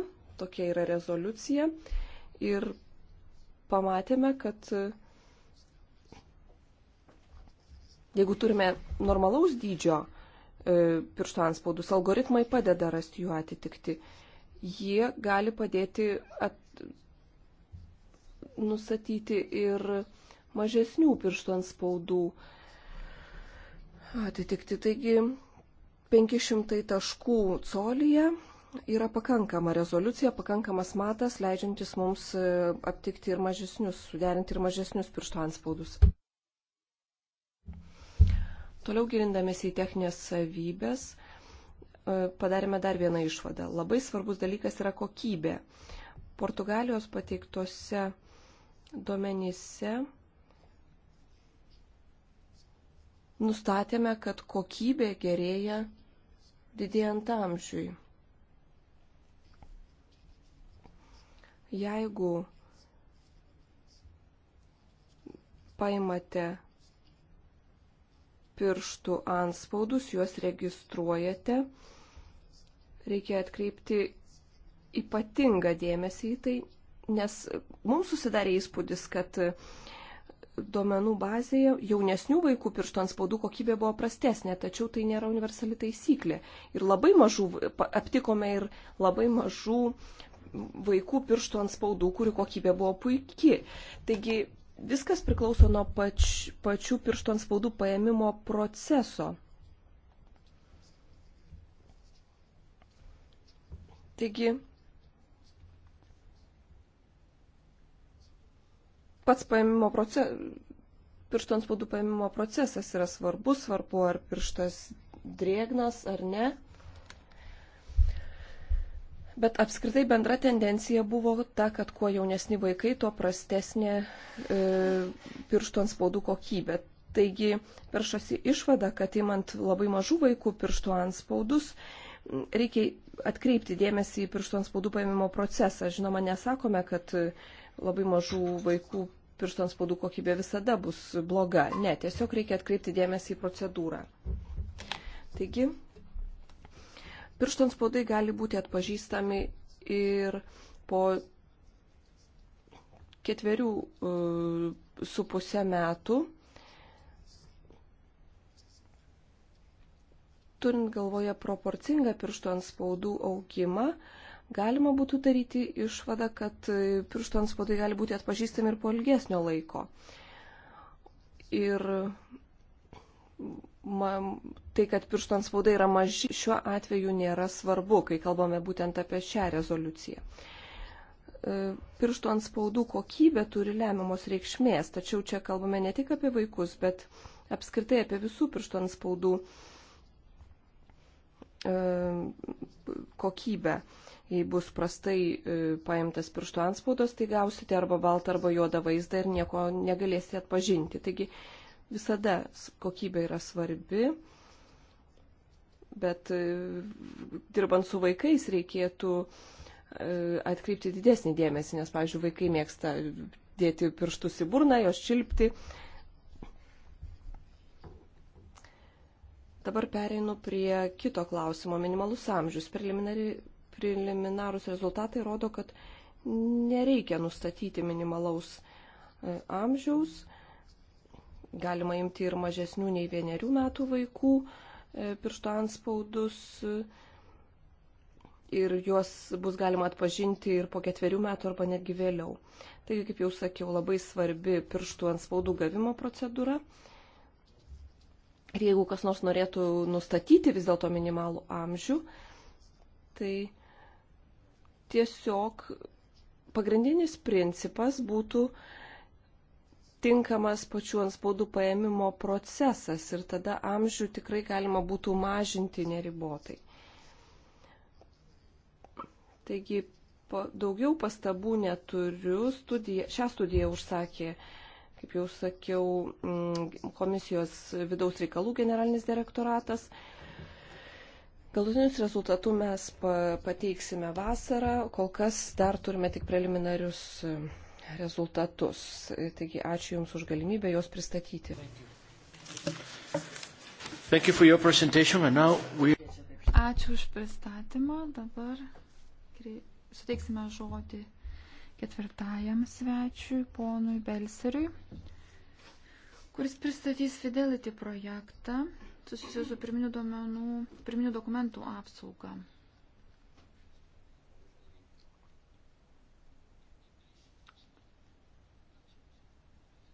[SPEAKER 3] tokia yra rezoliucija. Ir pamatėme, kad jeigu turime normalaus dydžio e, piršto anspaudus, algoritmai padeda rasti jų atitikti. Jie gali padėti at... nusatyti ir mažesnių piršto anspaudų uh, atitikti. Taigi 500 taškų colyje yra pakankama rezoliucija, pakankamas matas, leidžiantis mums e, aptikti ir mažesnius, suderinti ir mažesnius pirštų anspaudus. Toliau gilindamėsi į techninės savybės, e, padarėme dar vieną išvadą. Labai svarbus dalykas yra kokybė. Portugalijos pateiktose duomenyse nustatėme, kad kokybė gerėja didėjant amžiui. Jeigu paimate pirštų anspaudus, juos registruojate, reikia atkreipti ypatingą dėmesį į tai, nes mums susidarė įspūdis, kad uh, duomenų bazėje jaunesnių vaikų pirštų ant spaudų kokybė buvo prastesnė, tačiau tai nėra universali taisyklė. Ir labai mažų, aptikome ir labai mažų vaikų pirštų ant spaudų, kurių kokybė buvo puikiai. Taigi viskas priklauso nuo pač, pačių pirštų ant spaudų paėmimo proceso. Taigi, pats paėmimo procesas, piršto ant spaudų paėmimo procesas yra svarbus, svarbu ar pirštas drėgnas ar ne. Bet apskritai bendra tendencija buvo ta, kad kuo jaunesni vaikai, tuo prastesnė e, piršto ant spaudų kokybė. Taigi peršasi išvada, kad įmant labai mažų vaikų pirštų ant spaudus, reikia atkreipti dėmesį į pirštų ant spaudų paėmimo procesą. Žinoma, nesakome, kad labai mažų vaikų pirštų ant spaudų kokybė visada bus bloga. Ne, tiesiog reikia atkreipti dėmesį į procedūrą. Taigi, pirštų ant spaudai gali būti atpažįstami ir po ketverių uh, su pusę metų, turint galvoje proporcingą pirštų ant spaudų augimą, uh, galima būtų daryti išvadą, kad e, pirštų antspaudai gali būti atpažįstami ir po ilgesnio laiko. Ir man, tai, kad pirštų antspaudai yra maži, šiuo atveju nėra svarbu, kai kalbame būtent apie šią rezoliuciją. E, pirštų antspaudų kokybė turi lemiamos reikšmės, tačiau čia kalbame ne tik apie vaikus, bet apskritai apie visų pirštų antspaudų e, kokybę. Jei bus prastai e, paimtas pirštų anspaudas, tai gausite arba baltą, arba juodą vaizdą ir nieko negalėsite atpažinti. Taigi visada kokybė yra svarbi, bet e, dirbant su vaikais reikėtų e, atkreipti didesnį dėmesį, nes, pavyzdžiui, vaikai mėgsta dėti pirštus į burną, jos čilpti. Dabar pereinu prie kito klausimo - minimalus amžius. Preliminari preliminarūs rezultatai rodo, kad nereikia nustatyti minimalaus e, amžiaus. Galima imti ir mažesnių nei vienerių metų vaikų e, piršto anspaudus e, ir juos bus galima atpažinti ir po ketverių metų arba netgi vėliau. Taigi, kaip jau sakiau, labai svarbi pirštų anspaudų gavimo procedūra. Ir jeigu kas nors norėtų nustatyti vis dėlto minimalų amžių, tai tiesiog pagrindinis principas būtų tinkamas pačių anspaudų paėmimo procesas ir tada amžių tikrai galima būtų mažinti neribotai. Taigi daugiau pastabų neturiu. Studija, šią studiją užsakė, kaip jau sakiau, mm, komisijos vidaus reikalų generalinis direktoratas. Galutinius rezultatus mes pateiksime vasarą, kol kas dar turime tik preliminarius e, rezultatus. Taigi ačiū Jums už galimybę juos pristatyti.
[SPEAKER 2] You we... Ačiū už pristatymą. Dabar suteiksime žodį ketvirtajam svečiui, ponui Belseriui, kuris pristatys Fidelity projektą susijusios su pirminių, duomenų, pirminių dokumentų apsauga.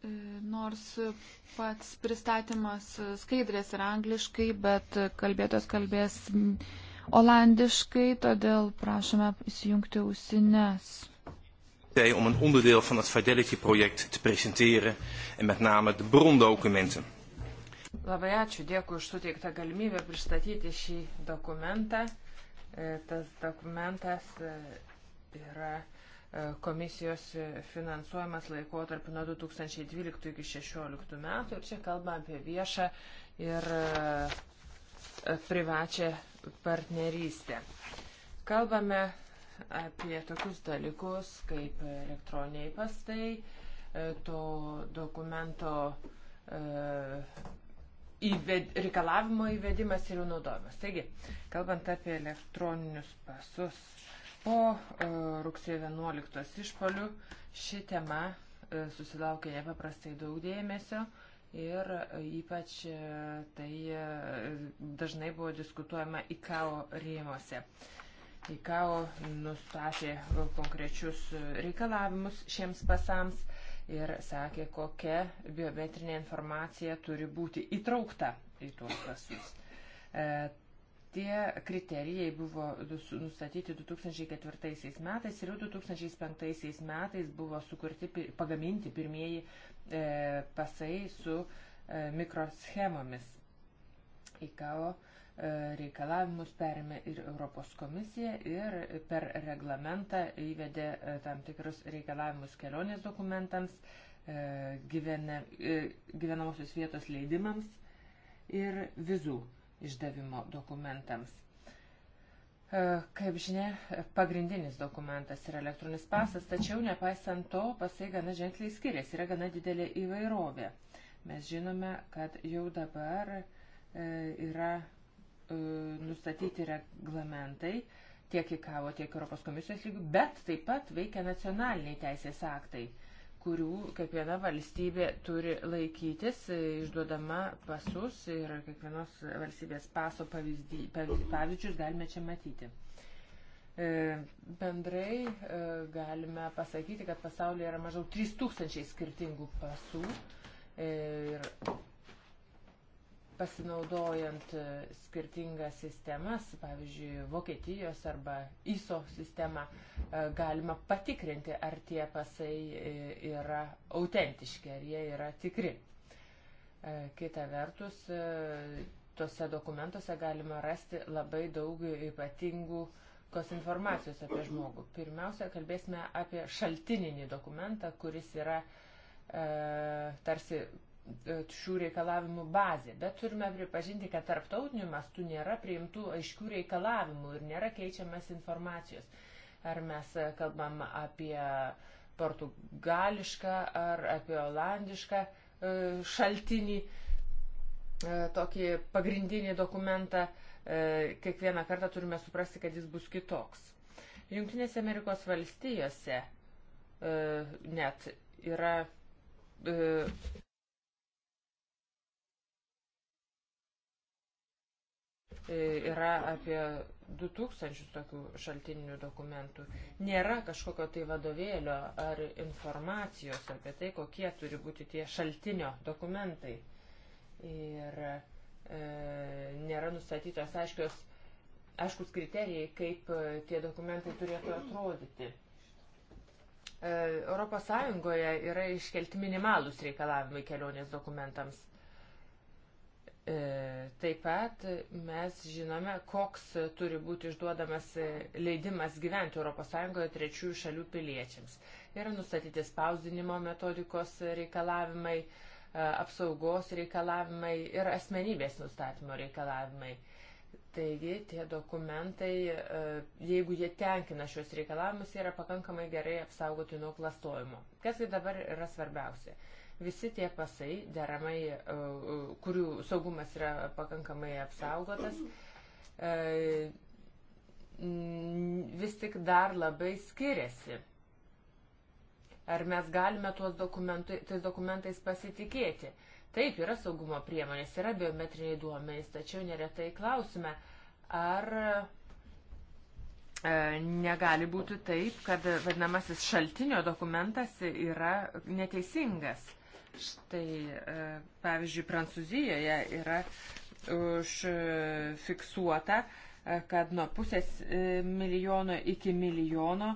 [SPEAKER 2] E, nors pats pristatymas skaidrės yra angliškai, bet kalbėtos kalbės olandiškai, todėl prašome įsijungti ausines.
[SPEAKER 1] om een onderdeel van het Fidelity-project te presenteren en met name de brondocumenten. Labai ačiū, dėkui už suteiktą galimybę pristatyti šį dokumentą. E, tas dokumentas e, yra e, komisijos finansuojamas laikotarpiu nuo 2012 iki 2016 metų ir čia kalba apie viešą ir privačią partnerystę. Kalbame apie tokius dalykus kaip elektroniniai pastai, to dokumento įved, reikalavimo įvedimas ir jų naudojimas. Taigi, kalbant apie elektroninius pasus, po e, rugsėjo 11 išpolių ši tema e, susilaukė nepaprastai daug dėmesio ir e, ypač e, tai e, dažnai buvo diskutuojama IKAO rėmose. IKAO nustatė konkrečius e, reikalavimus šiems pasams ir sakė, kokia biometrinė informacija turi būti įtraukta į tuos pasus. E, tie kriterijai buvo nustatyti 2004 metais ir jau 2005 metais buvo sukurti, pagaminti pirmieji e, pasai su e, mikroschemomis. ICAO reikalavimus perėmė ir Europos komisija ir per reglamentą įvedė e, tam tikrus reikalavimus kelionės dokumentams, e, gyvena, e, gyvenamosios vietos leidimams ir vizų išdavimo dokumentams. Kaip žinia, pagrindinis dokumentas yra elektroninis pasas, tačiau nepaisant to, pasai gana ženkliai skiriasi, yra gana didelė įvairovė. Mes žinome, kad jau dabar yra E, nustatyti reglamentai tiek IKAVO, tiek Europos komisijos lygių, bet taip pat veikia nacionaliniai teisės aktai, kurių kiekviena valstybė turi laikytis, e, išduodama pasus ir kiekvienos valstybės paso pavyzdį, pavyzdžius galime čia matyti. E, bendrai galime pasakyti, kad pasaulyje yra maždaug 3000 skirtingų pasų ir pasinaudojant e, skirtingas sistemas, pavyzdžiui, Vokietijos arba ISO sistemą, e, galima patikrinti, ar tie pasai e, yra autentiški, ar jie yra tikri. Kita vertus, tuose dokumentuose galima rasti labai daug ypatingų kos informacijos apie žmogų. Pirmiausia, kalbėsime apie šaltininį dokumentą, kuris yra e, tarsi E, šių reikalavimų bazė, bet turime pripažinti, kad tarptautiniu mastu nėra priimtų aiškių reikalavimų ir nėra keičiamas informacijos. Ar mes kalbam apie portugališką ar apie olandišką e, šaltinį, e, tokį pagrindinį dokumentą, kiekvieną kartą turime suprasti, kad jis bus kitoks. Junktinėse Amerikos valstijose net yra E, yra apie 2000 tokių šaltinių dokumentų. Nėra kažkokio tai vadovėlio ar informacijos apie tai, kokie turi būti tie šaltinio dokumentai. Ir e, nėra nustatytos aiškios, aiškus kriterijai, kaip e, tie dokumentai turėtų atrodyti. E, Europos Sąjungoje yra iškelti minimalūs reikalavimai kelionės dokumentams E, taip pat mes žinome, koks turi būti išduodamas leidimas gyventi ES trečiųjų šalių piliečiams. Yra nustatyti spausdinimo metodikos reikalavimai, e, apsaugos reikalavimai ir asmenybės nustatymo reikalavimai. Taigi tie dokumentai, e, jeigu jie tenkina šios reikalavimus, yra pakankamai gerai apsaugoti nuo klastojimo. Kasgi tai dabar yra svarbiausia? Visi tie pasai, deramai, e, e, kurių saugumas yra pakankamai apsaugotas, e, vis tik dar labai skiriasi. Ar mes galime tuos dokumentai, tais dokumentais pasitikėti? Taip, yra saugumo priemonės, yra biometriniai duomenys, tačiau neretai klausime, ar e, negali būti taip, kad vadinamasis šaltinio dokumentas yra neteisingas. Štai, e, pavyzdžiui, Prancūzijoje yra užfiksuota, e, e, kad nuo pusės milijono iki milijono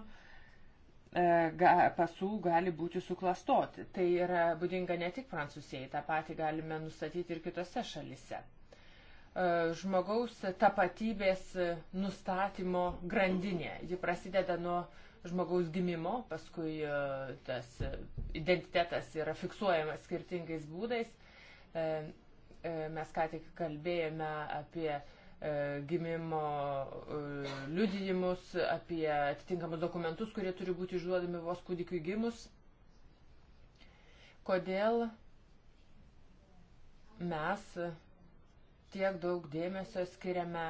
[SPEAKER 1] pasų gali būti suklastoti. Tai yra būdinga ne tik Prancūzijai, tą patį galime nustatyti ir kitose šalise. Žmogaus tapatybės nustatymo grandinė. Ji prasideda nuo žmogaus gimimo, paskui e, tas e, identitetas yra fiksuojamas skirtingais būdais. E, mes ką tik kalbėjome apie gimimo liudijimus, apie atitinkamus dokumentus, kurie turi būti išduodami vos kūdikiu gimus. Kodėl mes tiek daug dėmesio skiriame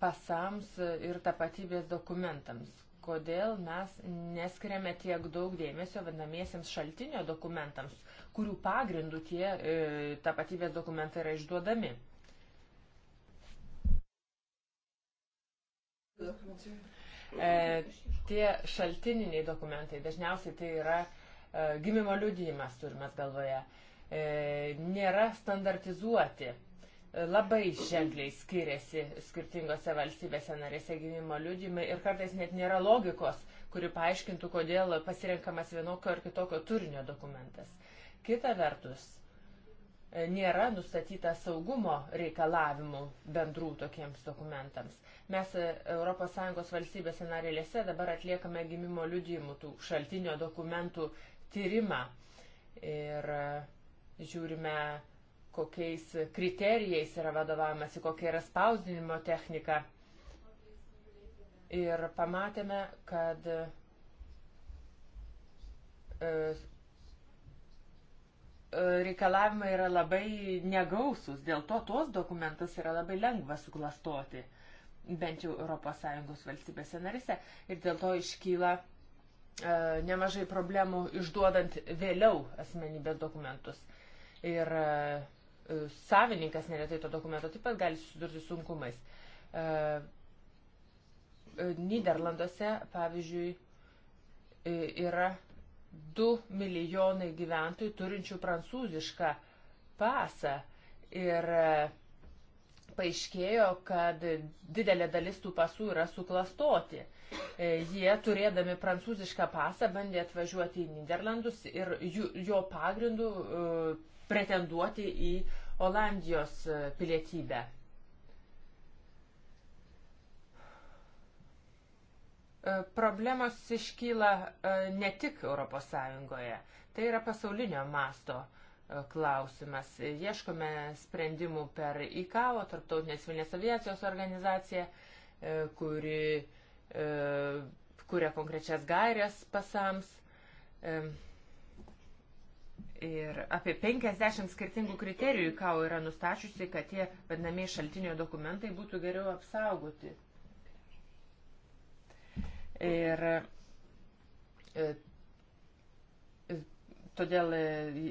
[SPEAKER 1] pasams ir tapatybės dokumentams kodėl mes neskiriame tiek daug dėmesio vadinamiesiems šaltinio dokumentams, kurių pagrindų tie e, tapatybės dokumentai yra išduodami. E, tie šaltininiai dokumentai dažniausiai tai yra e, gimimo liudijimas, turime galvoje, e, nėra standartizuoti labai ženkliai skiriasi skirtingose valstybėse narėse gimimo liūdimai ir kartais net nėra logikos, kuri paaiškintų, kodėl pasirenkamas vienokio ar kitokio turinio dokumentas. Kita vertus, nėra nustatyta saugumo reikalavimų bendrų tokiems dokumentams. Mes ES valstybėse narėlėse dabar atliekame gimimo liudijimų tų šaltinio dokumentų tyrimą ir e, žiūrime, kokiais kriterijais yra vadovavimasi, kokia yra spausdinimo technika. Ir pamatėme, kad e, e, reikalavimai yra labai negausus, dėl to tuos dokumentus yra labai lengva suklastoti, bent jau ES valstybėse narise, ir dėl to iškyla e, nemažai problemų išduodant vėliau asmenybės dokumentus. Ir e, E, savininkas neretai to dokumento taip pat gali susidurti sunkumais. E, e, Niderlanduose, pavyzdžiui, yra 2 milijonai gyventojų turinčių prancūzišką pasą ir paaiškėjo, kad didelė dalis tų pasų yra suklastoti. Jie turėdami prancūzišką pasą bandė atvažiuoti į Niderlandus ir jų, jo pagrindų uh, pretenduoti į Olandijos pilietybę. E, problemos iškyla e, ne tik ES, tai yra pasaulinio masto e, klausimas. Ieškome sprendimų per ICAO, Tarptautinės Vilnės aviacijos organizaciją, kuri kuria konkrečias gairias pasams. Ir apie 50 skirtingų kriterijų KAU yra nustačiusi, kad tie vadinamieji šaltinio dokumentai būtų geriau apsaugoti. Ir e, todėl e,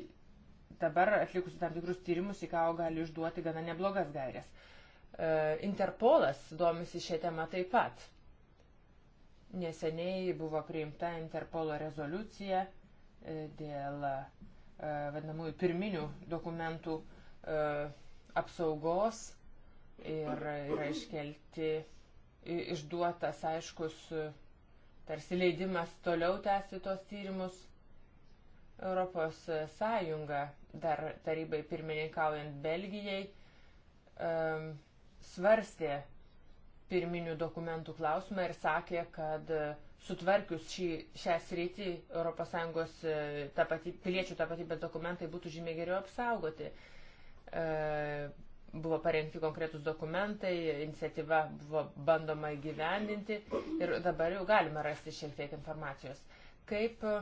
[SPEAKER 1] dabar atlikus tam tikrus tyrimus į KAU gali išduoti gana neblogas gairias. E, Interpolas domisi šią temą taip pat. Neseniai buvo priimta Interpolo rezoliucija dėl E, vadinamųjų pirminių dokumentų e, apsaugos ir yra iškelti išduotas aiškus tarsi leidimas toliau tęsti tos tyrimus. Europos Sąjunga dar tarybai pirmininkaujant Belgijai e, svarstė pirminių dokumentų klausimą ir sakė, kad sutvarkius šį, šią sritį ES e, tapatį, piliečių tapatybės dokumentai būtų žymiai geriau apsaugoti. E, buvo parengti konkretus dokumentai, iniciatyva buvo bandoma įgyvendinti ir dabar jau galime rasti šiek tiek informacijos. Kaip e,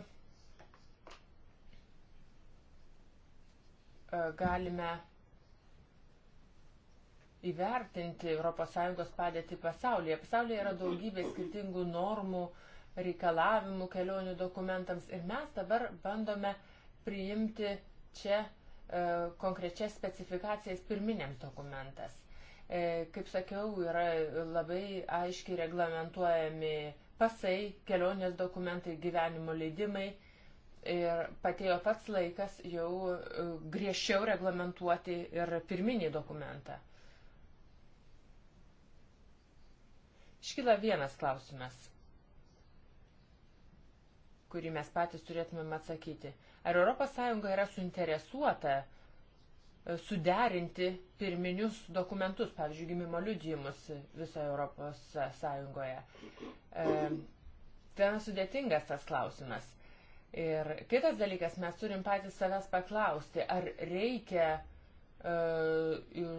[SPEAKER 1] galime įvertinti ES padėtį pasaulyje. Pasaulyje yra daugybė skirtingų normų, uh, reikalavimų kelionių dokumentams ir mes dabar bandome priimti čia e, konkrečias specifikacijas pirminiams dokumentas. E, kaip sakiau, yra labai aiškiai reglamentuojami pasai, kelionės dokumentai, gyvenimo leidimai ir patėjo pats laikas jau e, griežčiau reglamentuoti ir pirminį dokumentą. Iškyla vienas klausimas kurį mes patys turėtumėm atsakyti. Ar ES yra suinteresuota e, suderinti pirminius dokumentus, pavyzdžiui, gimimo liudijimus visoje ES? E, ten sudėtingas tas klausimas. Ir kitas dalykas, mes turim patys savęs paklausti, ar reikia e,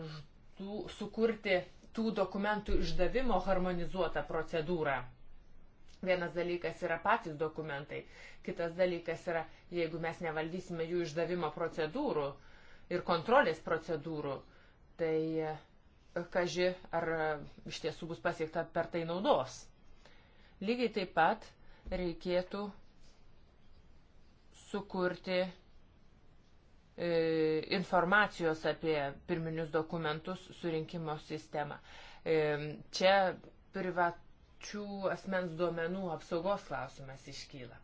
[SPEAKER 1] tų, sukurti tų dokumentų išdavimo harmonizuotą procedūrą. Vienas dalykas yra patys dokumentai, kitas dalykas yra, jeigu mes nevaldysime jų išdavimo procedūrų ir kontrolės procedūrų, tai e, kaži, ar e, iš tiesų bus pasiekta per tai naudos. Lygiai taip pat reikėtų sukurti e, informacijos apie pirminius dokumentus surinkimo sistemą. E, čia privat, privačių asmens duomenų apsaugos klausimas iškyla.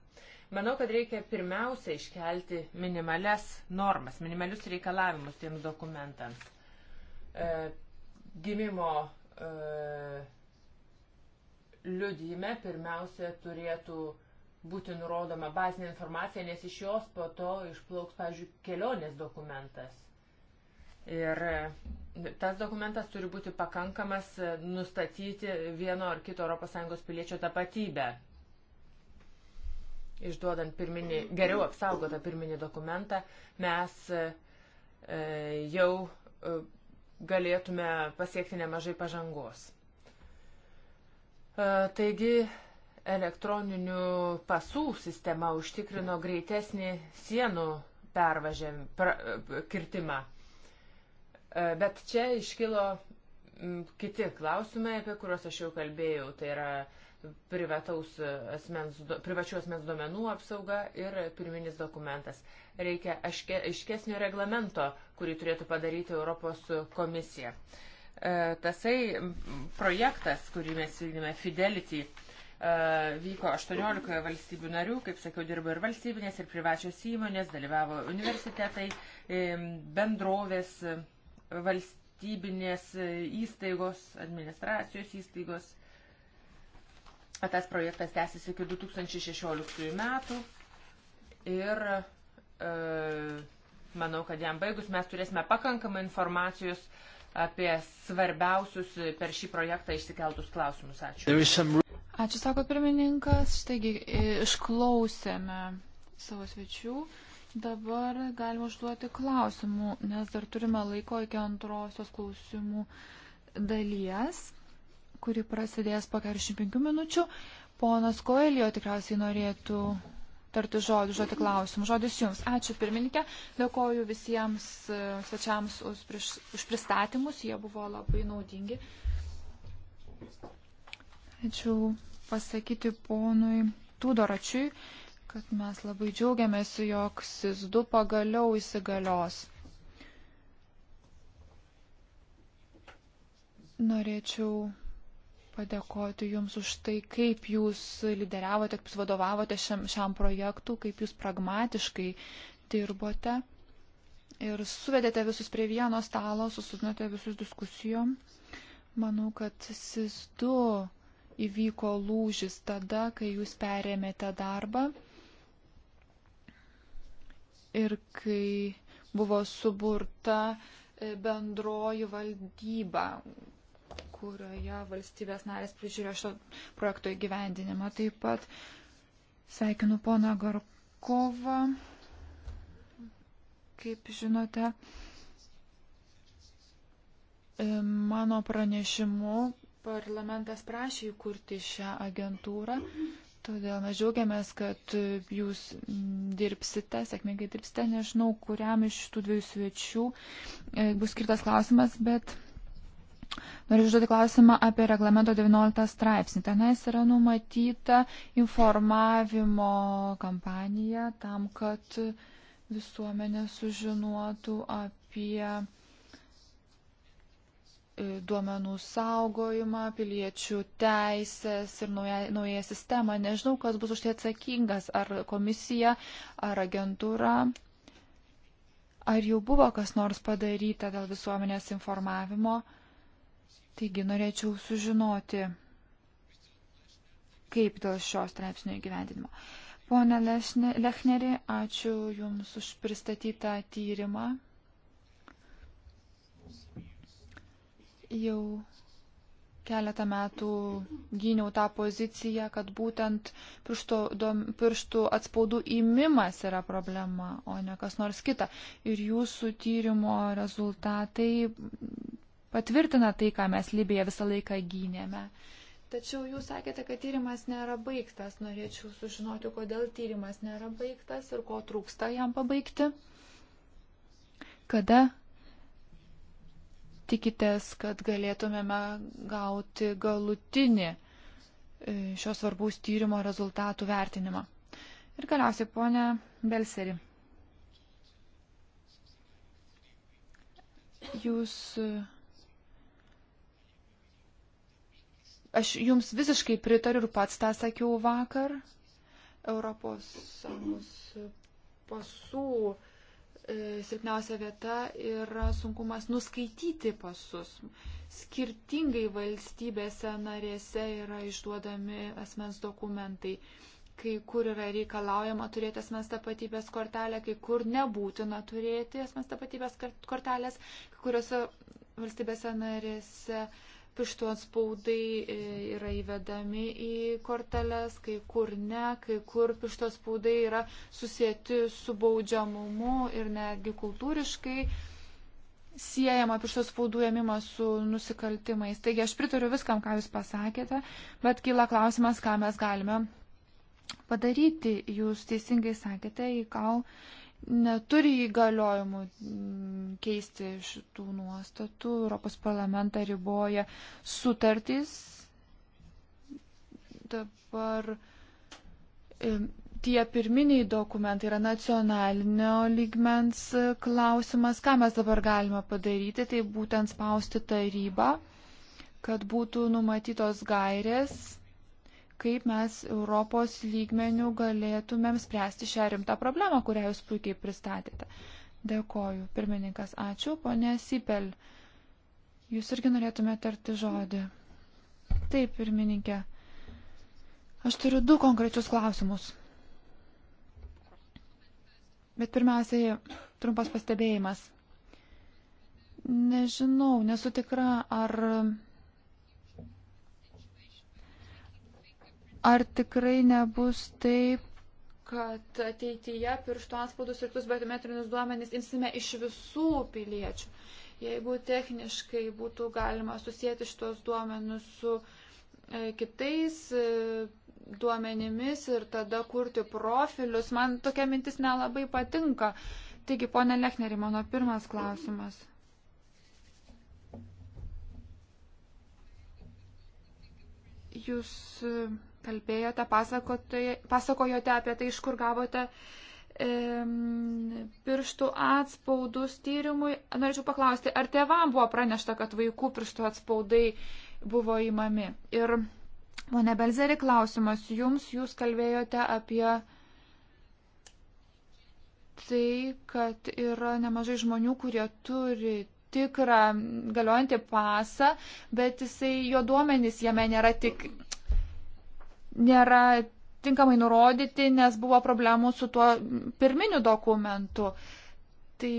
[SPEAKER 1] Manau, kad reikia pirmiausia iškelti minimales normas, minimalius reikalavimus tiems dokumentams. E, gimimo e, liudyme pirmiausia turėtų būti nurodoma bazinė informacija, nes iš jos po to išplauks, pavyzdžiui, kelionės dokumentas. Ir tas dokumentas turi būti pakankamas e, nustatyti vieno ar kito ES piliečio tapatybę. Išduodant pirminį, geriau apsaugotą pirminį dokumentą, mes e, e, jau galėtume pasiekti nemažai pažangos. Taigi, elektroninių pasų sistema užtikrino greitesnį sienų pervažiavimą, kirtimą. E, bet čia iškilo kiti klausimai, apie kuriuos aš jau kalbėjau. Tai yra privataus asmens, privačių asmens duomenų apsauga ir pirminis dokumentas. Reikia aiške, aiškesnio reglamento, kurį turėtų padaryti Europos komisija. E, tasai projektas, kurį mes vykdėme, Fidelity, e, vyko 18 valstybių narių, kaip sakiau, dirbo ir valstybinės, ir privačios įmonės, dalyvavo universitetai, bendrovės valstybinės įstaigos, administracijos įstaigos. Tas projektas tęsis iki 2016 metų ir e, manau, kad jam baigus mes turėsime pakankamai informacijos apie svarbiausius per šį projektą išsikeltus klausimus. Ačiū.
[SPEAKER 2] Ačiū, sako pirmininkas. Štaigi, išklausėme savo svečių. Dabar galima užduoti klausimų, nes dar turime laiko iki antrosios klausimų dalies, kuri prasidės po 45 minučių. Ponas Koelio tikriausiai norėtų tarti žodį, žodį klausimų. Žodis jums. Ačiū pirmininkė. Dėkoju visiems e, svečiams už, prieš, už pristatymus. Jie buvo labai naudingi. Ačiū pasakyti ponui Tudoračiui kad mes labai džiaugiamės, jog SIS2 pagaliau įsigalios. Norėčiau padėkoti Jums už tai, kaip Jūs lyderiavote, kaip Jūs vadovavote šiam, šiam projektu, kaip Jūs pragmatiškai dirbote ir suvedėte visus prie vieno stalo, susudinote visus diskusijom. Manau, kad SIS2 įvyko lūžis tada, kai Jūs perėmėte darbą ir kai buvo suburta e, bendroji valdyba, kurioje valstybės narės prižiūrėjo šio projekto įgyvendinimą. Taip pat sveikinu poną Garkovą. Kaip žinote, e, mano pranešimu parlamentas prašė įkurti šią agentūrą, Todėl mes džiaugiamės, kad jūs dirbsite, sėkmingai dirbsite. Nežinau, kuriam iš tų dviejų svečių e, bus skirtas klausimas, bet noriu užduoti klausimą apie reglamento 19 straipsnį. Tenais yra numatyta informavimo kampanija tam, kad visuomenė sužinotų apie E, duomenų saugojimą, piliečių teisės ir naują, naują sistemą. Nežinau, kas bus už tai atsakingas, ar komisija, ar agentūra. Ar jau buvo kas nors padaryta dėl visuomenės informavimo? Taigi norėčiau sužinoti, kaip dėl šios straipsnio įgyvendinimo. Pone Lechnerį, ačiū Jums už pristatytą tyrimą. Jau keletą metų gyniau tą poziciją, kad būtent pirštų, dom, pirštų atspaudų įmimas yra problema, o ne kas nors kita. Ir jūsų tyrimo rezultatai patvirtina tai, ką mes Libėje visą laiką gynėme. Tačiau jūs sakėte, kad tyrimas nėra baigtas. Norėčiau sužinoti, kodėl tyrimas nėra baigtas ir ko trūksta jam pabaigti. Kada tikitės, kad galėtumėme gauti galutinį e, šios svarbaus tyrimo rezultatų vertinimą. Ir galiausiai, ponė Belseri, jūs. E, aš jums visiškai pritariu ir pats tą sakiau vakar. Europos samus pasų E, silpniausia vieta yra sunkumas nuskaityti pasus. Skirtingai valstybėse narėse yra išduodami asmens dokumentai. Kai kur yra reikalaujama turėti asmens tapatybės kortelę, kai kur nebūtina turėti asmens tapatybės kortelės, kai kuriuose valstybėse narėse uh, pištų atspaudai e, yra įvedami į korteles, kai kur ne, kai kur pištų atspaudai yra susijęti su baudžiamumu ir netgi kultūriškai siejama pištų spaudų ėmimas su nusikaltimais. Taigi aš pritariu viskam, ką Jūs pasakėte, bet kyla klausimas, ką mes galime padaryti. Jūs teisingai sakėte, į kau neturi įgaliojimų mm, keisti šitų nuostatų. Europos parlamentą riboja sutartys. Dabar tie pirminiai dokumentai yra nacionalinio lygmens klausimas. Ką mes dabar galime padaryti, tai būtent spausti tarybą, kad būtų numatytos gairės kaip mes Europos lygmenių galėtumėm spręsti šią rimtą problemą, kurią jūs puikiai pristatėte. Dėkoju. Pirmininkas, ačiū. Pone Sipel, jūs irgi norėtumėte tarti žodį. Taip, pirmininkė. Aš turiu du konkrečius klausimus. Bet pirmiausiai trumpas pastebėjimas. Nežinau, nesu tikra, ar Ar tikrai nebus taip, kad ateityje pirštų atspaudus ir tuos biometrinius duomenys imsime iš visų piliečių? Jeigu techniškai būtų galima susijęti šitos duomenus su e, kitais e, duomenimis ir tada kurti profilius, man tokia mintis nelabai patinka. Taigi, ponė Lechneri, mano pirmas klausimas. Jūs. E, kalbėjote, pasakojote apie tai, iš kur gavote pirštų atspaudus tyrimui. Norėčiau paklausti, ar tėvam buvo pranešta, kad vaikų pirštų atspaudai buvo įmami? Ir, mone Belzeri, klausimas jums, jūs kalbėjote apie tai, kad yra nemažai žmonių, kurie turi tikrą galiojantį pasą, bet jisai, jo duomenys jame nėra tik, nėra tinkamai nurodyti, nes buvo problemų su tuo pirminiu dokumentu. Tai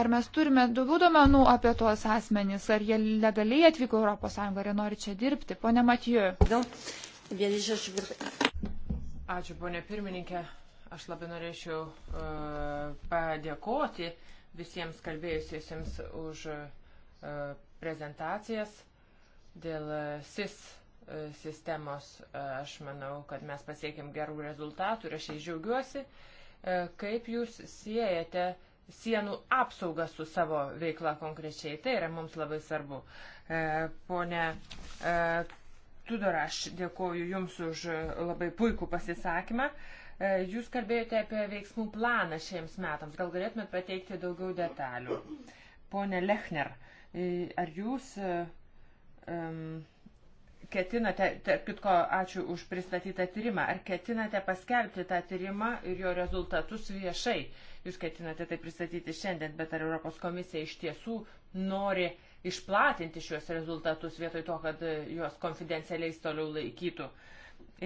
[SPEAKER 2] ar mes turime daugiau duomenų apie tuos asmenys, ar jie legaliai atvyko Europos Sąjungą, ar jie nori čia dirbti? Pone Matiju. Ačiū,
[SPEAKER 1] ponė pirmininkė. Aš labai norėčiau uh, padėkoti visiems kalbėjusiesiems už uh, prezentacijas dėl e, SIS E, sistemos. E, aš manau, kad mes pasiekėm gerų rezultatų ir aš jais džiaugiuosi. E, kaip jūs siejate sienų apsaugą su savo veikla konkrečiai? Tai yra mums labai svarbu. Pone Tudor, aš dėkoju Jums už labai puikų pasisakymą. Jūs kalbėjote apie veiksmų planą šiems metams. Gal galėtumėt pateikti daugiau detalių? Pone Lechner, ar jūs um, ketinate, tarp kitko, ačiū už pristatytą tyrimą, ar ketinate paskelbti tą tyrimą ir jo rezultatus viešai? Jūs ketinate tai pristatyti šiandien, bet ar Europos komisija iš tiesų nori išplatinti šios rezultatus vietoj to, kad e, juos konfidencialiais toliau laikytų?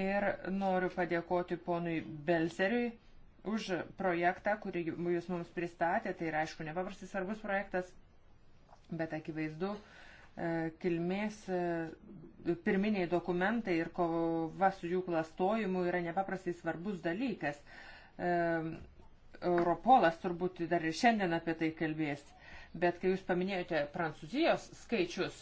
[SPEAKER 1] Ir noriu padėkoti ponui Belseriui už projektą, kurį jūs mums pristatė. Tai yra, aišku, nepaprastai svarbus projektas, bet akivaizdu, uh, E, kilmės e, pirminiai dokumentai ir kova su jų klastojimu yra nepaprastai svarbus dalykas. E, Europolas turbūt dar ir šiandien apie tai kalbės. Bet kai jūs paminėjote Prancūzijos skaičius,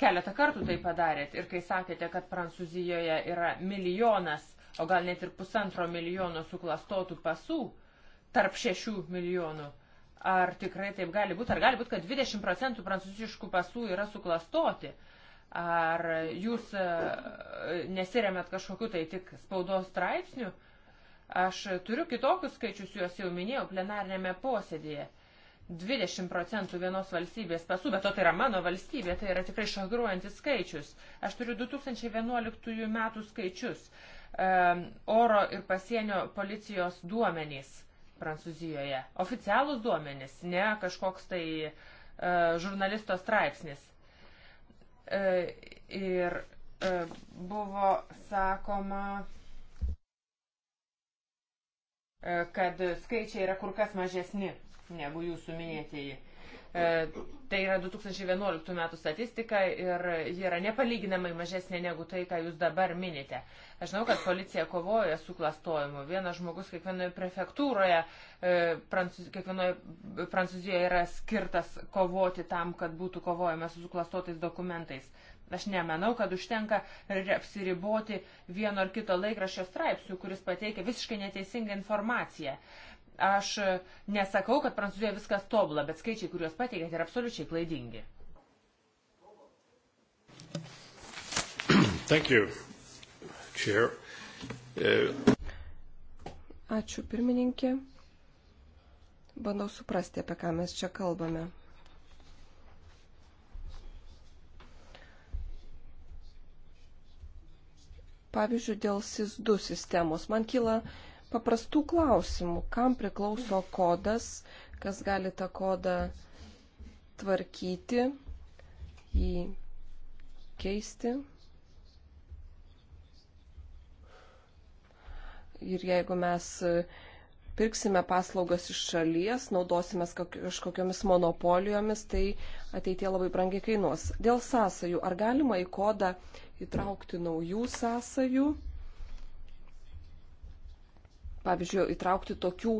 [SPEAKER 1] keletą kartų tai padarėt ir kai sakėte, kad Prancūzijoje yra milijonas, o gal net ir pusantro milijono suklastotų pasų tarp šešių milijonų, ar tikrai taip gali būti, ar gali būti, kad 20 procentų prancūziškų pasų yra suklastoti. Ar jūs e, nesiremėt kažkokiu tai tik spaudos straipsniu? Aš turiu kitokius skaičius, juos jau minėjau plenarinėme posėdėje. 20 procentų vienos valstybės pasų, bet to tai yra mano valstybė, tai yra tikrai šokiruojantis skaičius. Aš turiu 2011 metų skaičius, e, oro ir pasienio policijos duomenys. Prancūzijoje. Oficialūs duomenys, ne kažkoks tai e, žurnalisto straipsnis. E, ir e, buvo sakoma, e, kad skaičiai yra kur kas mažesni negu jūsų minėtieji. E, tai yra 2011 metų statistika ir ji yra nepalyginamai mažesnė negu tai, ką jūs dabar minite. Aš žinau, kad policija kovoja su klastojimu. Vienas žmogus kiekvienoje prefektūroje, e, prancūz, kiekvienoje e, Prancūzijoje yra skirtas kovoti tam, kad būtų kovojama su suklastotais dokumentais. Aš nemanau, kad užtenka apsiriboti vieno ar kito laikraščio straipsnių, kuris pateikia visiškai neteisingą informaciją. Aš nesakau, kad Prancūzijoje viskas tobula, bet skaičiai, kuriuos pateikėte, yra absoliučiai klaidingi. Thank you, Chair. Uh...
[SPEAKER 3] Ačiū pirmininkė. Bandau suprasti, apie ką mes čia kalbame. Pavyzdžiui, dėl SIS2 sistemos. Man kyla uh, paprastų klausimų. Kam priklauso kodas, kas gali tą kodą tvarkyti, jį keisti. Ir jeigu mes pirksime paslaugas iš šalies, naudosime kažkokiamis monopolijomis, tai ateitie labai brangiai kainuos. Dėl sąsajų, ar galima į kodą įtraukti naujų sąsajų? pavyzdžiui, įtraukti tokių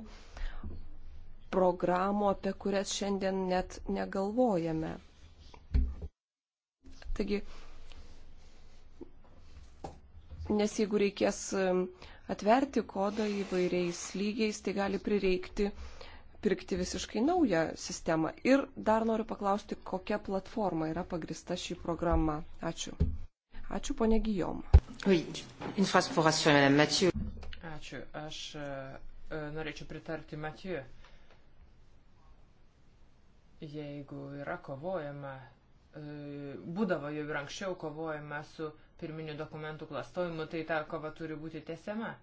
[SPEAKER 3] programų, apie kurias šiandien net negalvojame. Taigi, nes jeigu reikės um, atverti kodą įvairiais lygiais, tai gali prireikti pirkti visiškai naują sistemą. Ir dar noriu paklausti, kokia platforma yra pagrista šį programą. Ačiū. Ačiū, ponė Gijom. Oui,
[SPEAKER 1] Ačiū. Aš e, e, norėčiau pritarti Matiju. Jeigu yra kovojama, e, būdavo jau ir anksčiau kovojama su pirminių dokumentų klastojimu, tai ta kova turi būti tesiama.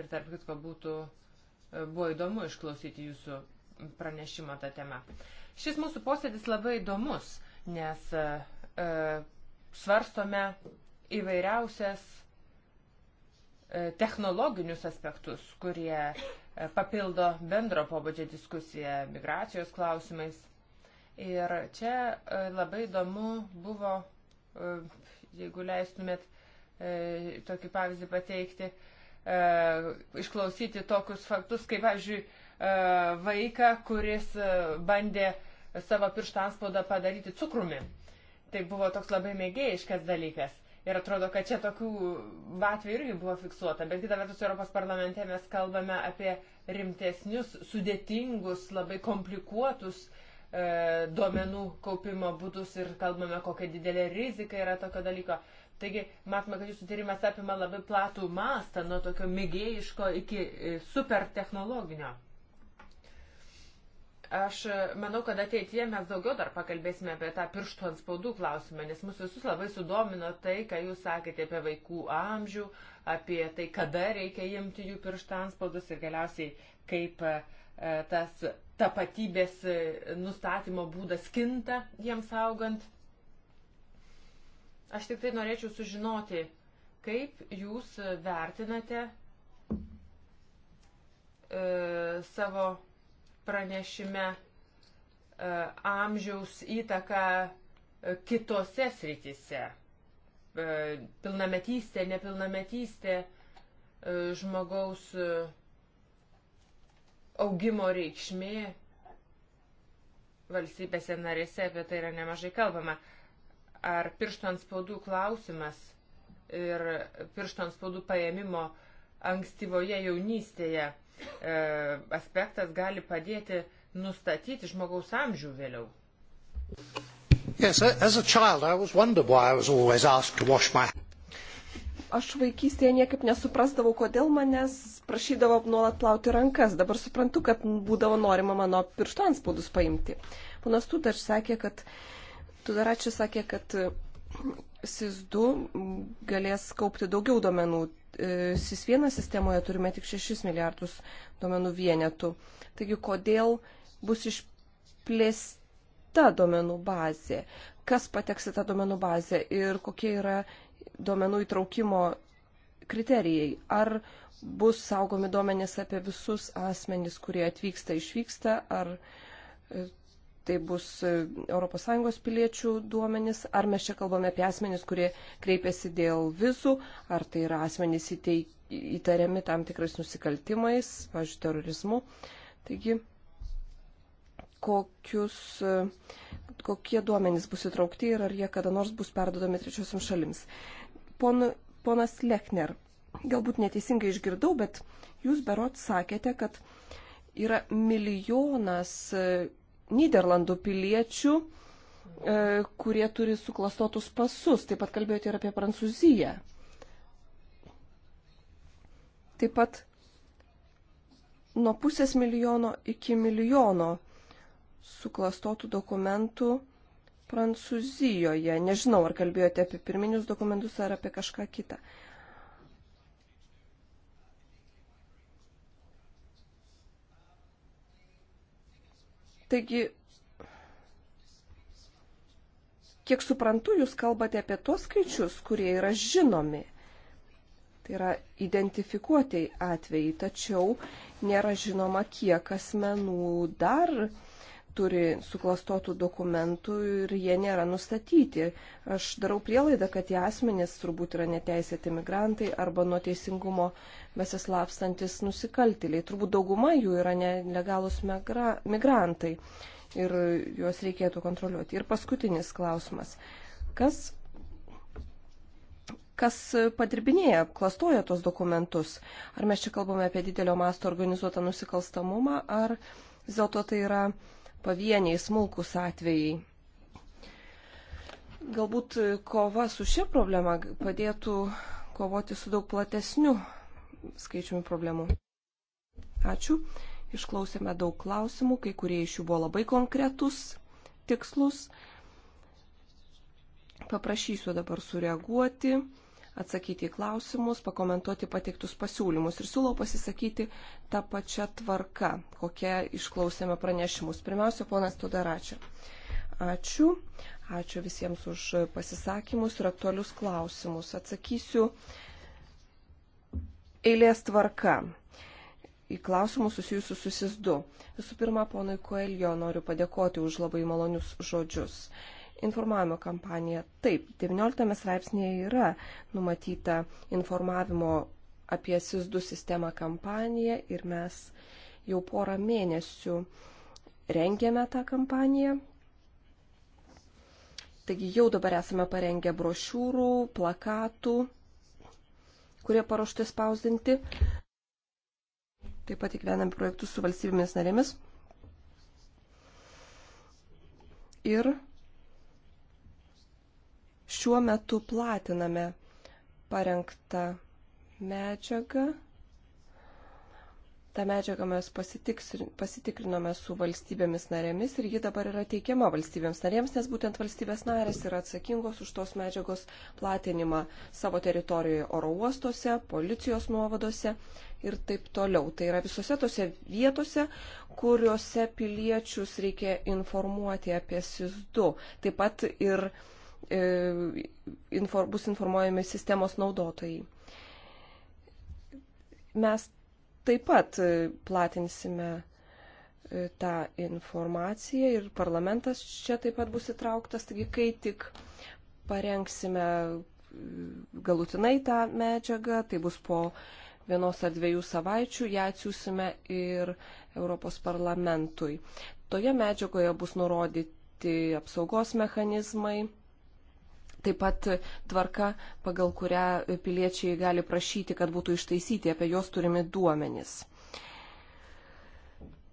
[SPEAKER 1] Ir tarp kitko būtų, buvo įdomu išklausyti jūsų pranešimą tą temą. Šis mūsų posėdis labai įdomus, nes e, svarstome įvairiausias E, technologinius aspektus, kurie e, papildo bendro pobūdžio diskusiją migracijos klausimais. Ir čia e, labai įdomu buvo, jeigu leistumėt tokį pavyzdį pateikti, išklausyti tokius faktus, kaip, pavyzdžiui, vaiką, kuris bandė savo pirštą spaudą padaryti cukrumi. Tai buvo toks labai mėgėjiškas dalykas. Ir atrodo, kad čia tokių atvejų irgi buvo fiksuota. Bet kita vertus, Europos parlamente mes kalbame apie rimtesnius, sudėtingus, labai komplikuotus e, duomenų kaupimo būdus ir kalbame, kokia didelė rizika yra tokio dalyko. Taigi, matome, kad jūsų tyrimas apima labai platų mastą, nuo tokio mėgėjiško iki e, super technologinio. Aš manau, kad ateityje mes daugiau dar pakalbėsime apie tą pirštų ant spaudų klausimą, nes mus visus labai sudomino tai, ką jūs sakėte apie vaikų amžių, apie tai, kada reikia imti jų pirštą ant spaudus ir galiausiai kaip e, tas tapatybės e, nustatymo būdas kinta jiems augant. Aš tik tai norėčiau sužinoti, kaip jūs vertinate e, savo pranešime e, amžiaus įtaka e, kitose srityse. E, pilnametystė, nepilnametystė žmogaus augimo reikšmė valstybėse narėse, apie tai yra nemažai kalbama. Ar piršto ant spaudų klausimas ir piršto ant spaudų paėmimo ankstyvoje jaunystėje E, aspektas gali padėti nustatyti
[SPEAKER 3] žmogaus amžių vėliau.
[SPEAKER 1] Yes, child, my...
[SPEAKER 3] Aš vaikystėje niekaip nesuprasdavau, kodėl manęs prašydavo nuolat plauti rankas. Dabar suprantu, kad būdavo norima mano pirštų anspaudus paimti. Ponas Tudač sakė, kad, Tudaračius sakė, kad SIS2 galės kaupti daugiau duomenų. E, SIS1 sistemoje turime tik 6 milijardus duomenų vienetų. Taigi, kodėl bus išplėsta duomenų bazė? Kas pateks į tą duomenų bazę ir kokie yra duomenų įtraukimo kriterijai? Ar bus saugomi duomenys apie visus asmenys, kurie atvyksta, išvyksta, ar e, tai bus ES piliečių duomenys, ar mes čia kalbame apie asmenys, kurie kreipiasi dėl vizų, ar tai yra asmenys įteik, įtariami tam tikrais nusikaltimais, pavyzdžiui, terorizmu. Taigi, kokius, e, kokie duomenys bus įtraukti ir ar jie kada nors bus perdodami trečiosiam šalims. Pon, ponas Lechner, galbūt neteisingai išgirdau, bet jūs berot sakėte, kad yra milijonas e, Niderlandų piliečių, e, kurie turi suklastotus pasus. Taip pat kalbėjote ir apie Prancūziją. Taip pat nuo pusės milijono iki milijono suklastotų dokumentų Prancūzijoje. Nežinau, ar kalbėjote apie pirminius dokumentus ar apie kažką kitą. Uh, Taigi, kiek suprantu, jūs kalbate apie tos skaičius, kurie yra žinomi. Tai yra identifikuotieji atvejai, tačiau nėra žinoma, kiek asmenų dar yra turi suklastotų dokumentų ir jie nėra nustatyti. Aš darau prielaidą, kad tie asmenys turbūt yra neteisėti migrantai arba nuo teisingumo besislapstantis nusikaltėliai. Turbūt dauguma jų yra nelegalus migra migrantai ir juos reikėtų kontroliuoti. Ir paskutinis klausimas. Kas, kas padirbinėja, klastoja tos dokumentus? Ar mes čia kalbame apie didelio masto organizuotą nusikalstamumą, ar vis dėlto tai yra uh, pavieniai smulkus atvejai. Galbūt kova su šia problema padėtų kovoti su daug platesniu skaičiumi problemų. Ačiū. Išklausėme daug klausimų, kai kurie iš jų buvo labai konkretus, tikslus. Paprašysiu dabar sureaguoti atsakyti į klausimus, pakomentuoti pateiktus pasiūlymus ir siūlau pasisakyti tą pačią tvarką, kokią išklausėme pranešimus. Pirmiausia, ponas Tudaračia. Ačiū. Ačiū visiems už pasisakymus ir aktualius klausimus. Atsakysiu eilės tvarka į klausimus susijusius su SIS2. Visų pirma, ponui Koelio noriu padėkoti už labai malonius žodžius informavimo kampaniją. Taip, 19 straipsnėje yra numatyta informavimo apie SIS2 sistemą kampaniją ir mes jau porą mėnesių rengėme tą kampaniją. Taigi jau dabar esame parengę brošiūrų, plakatų, kurie paruošti spausdinti. Taip pat įkvenam projektus su valstybėmis narėmis. Ir šiuo metu platiname parengtą medžiagą. Ta medžiaga mes pasitikrinome su valstybėmis narėmis ir ji dabar yra teikiama valstybėms narėms, nes būtent valstybės narės yra atsakingos už tos medžiagos platinimą savo teritorijoje oro uostuose, policijos nuovadose ir taip toliau. Tai yra visose tose vietose, kuriuose piliečius reikia informuoti apie SIS2. Taip pat ir E, infor, bus informuojami sistemos naudotojai. Mes taip pat e, platinsime e, tą informaciją ir parlamentas čia taip pat bus įtrauktas, taigi kai tik parengsime galutinai tą medžiagą, tai bus po vienos ar dviejų savaičių, ją atsiūsime ir Europos parlamentui. Toje medžiagoje bus nurodyti apsaugos mechanizmai, Taip pat tvarka, pagal kurią piliečiai gali prašyti, kad būtų ištaisyti apie juos turimi duomenys.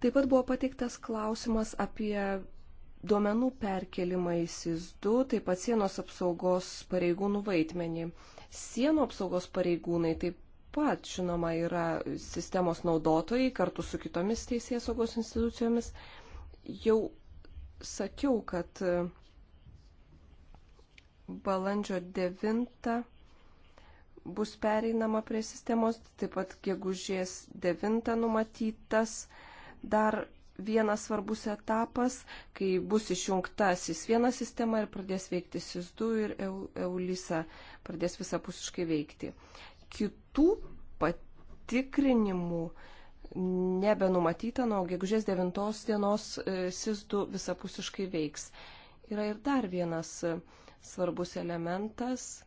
[SPEAKER 3] Taip pat buvo pateiktas klausimas apie duomenų perkelimą į SIS2, taip pat sienos apsaugos pareigūnų vaidmenį. Sienų apsaugos pareigūnai taip pat, žinoma, yra sistemos naudotojai kartu su kitomis teisėsaugos institucijomis. Jau sakiau, kad balandžio 9 bus pereinama prie sistemos, taip pat gegužės 9 numatytas dar vienas svarbus etapas, kai bus išjungta SIS1 sistema ir pradės veikti SIS2 ir EULISA pradės visapusiškai veikti. Kitų patikrinimų nebenumatyta, nuo gegužės 9 dienos e, SIS2 visapusiškai veiks. Yra ir dar vienas uh, svarbus elementas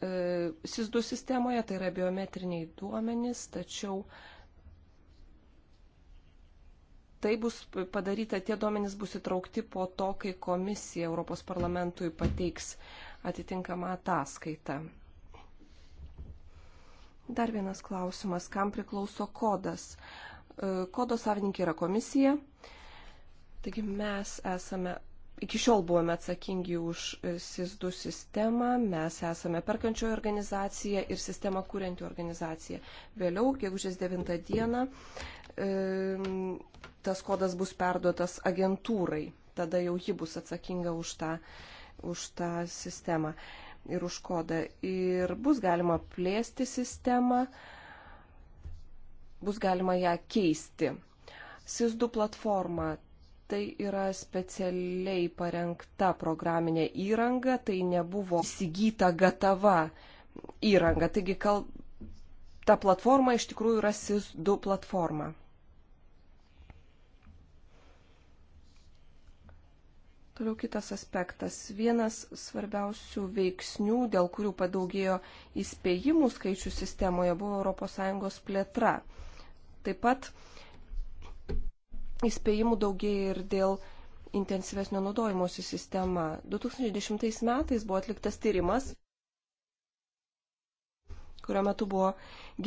[SPEAKER 3] e, SIS2 sistemoje, tai yra biometriniai duomenys, tačiau tai bus padaryta, tie duomenys bus įtraukti po to, kai komisija Europos parlamentui pateiks atitinkamą ataskaitą. Dar vienas klausimas, kam priklauso kodas? E, kodo savininkai yra komisija, taigi mes esame iki šiol buvome atsakingi už e, SIS2 sistemą, mes esame perkančioji organizacija ir sistemą kūrenti organizacija. Vėliau, gegužės 9 dieną, tas kodas bus perduotas agentūrai, tada jau ji bus atsakinga už tą, už tą sistemą ir už kodą. Ir bus galima plėsti sistemą, bus galima ją keisti. SIS2 platforma Tai yra specialiai parengta programinė įranga, tai nebuvo įsigyta gatava įranga. Taigi kal... ta platforma iš tikrųjų yra SIS2 platforma. Toliau kitas aspektas. Vienas svarbiausių veiksnių, dėl kurių padaugėjo įspėjimų skaičių sistemoje, buvo ES plėtra. Taip pat įspėjimų daugėja ir dėl intensyvesnio naudojimosi sistema. 2010 metais buvo atliktas tyrimas, kurio metu buvo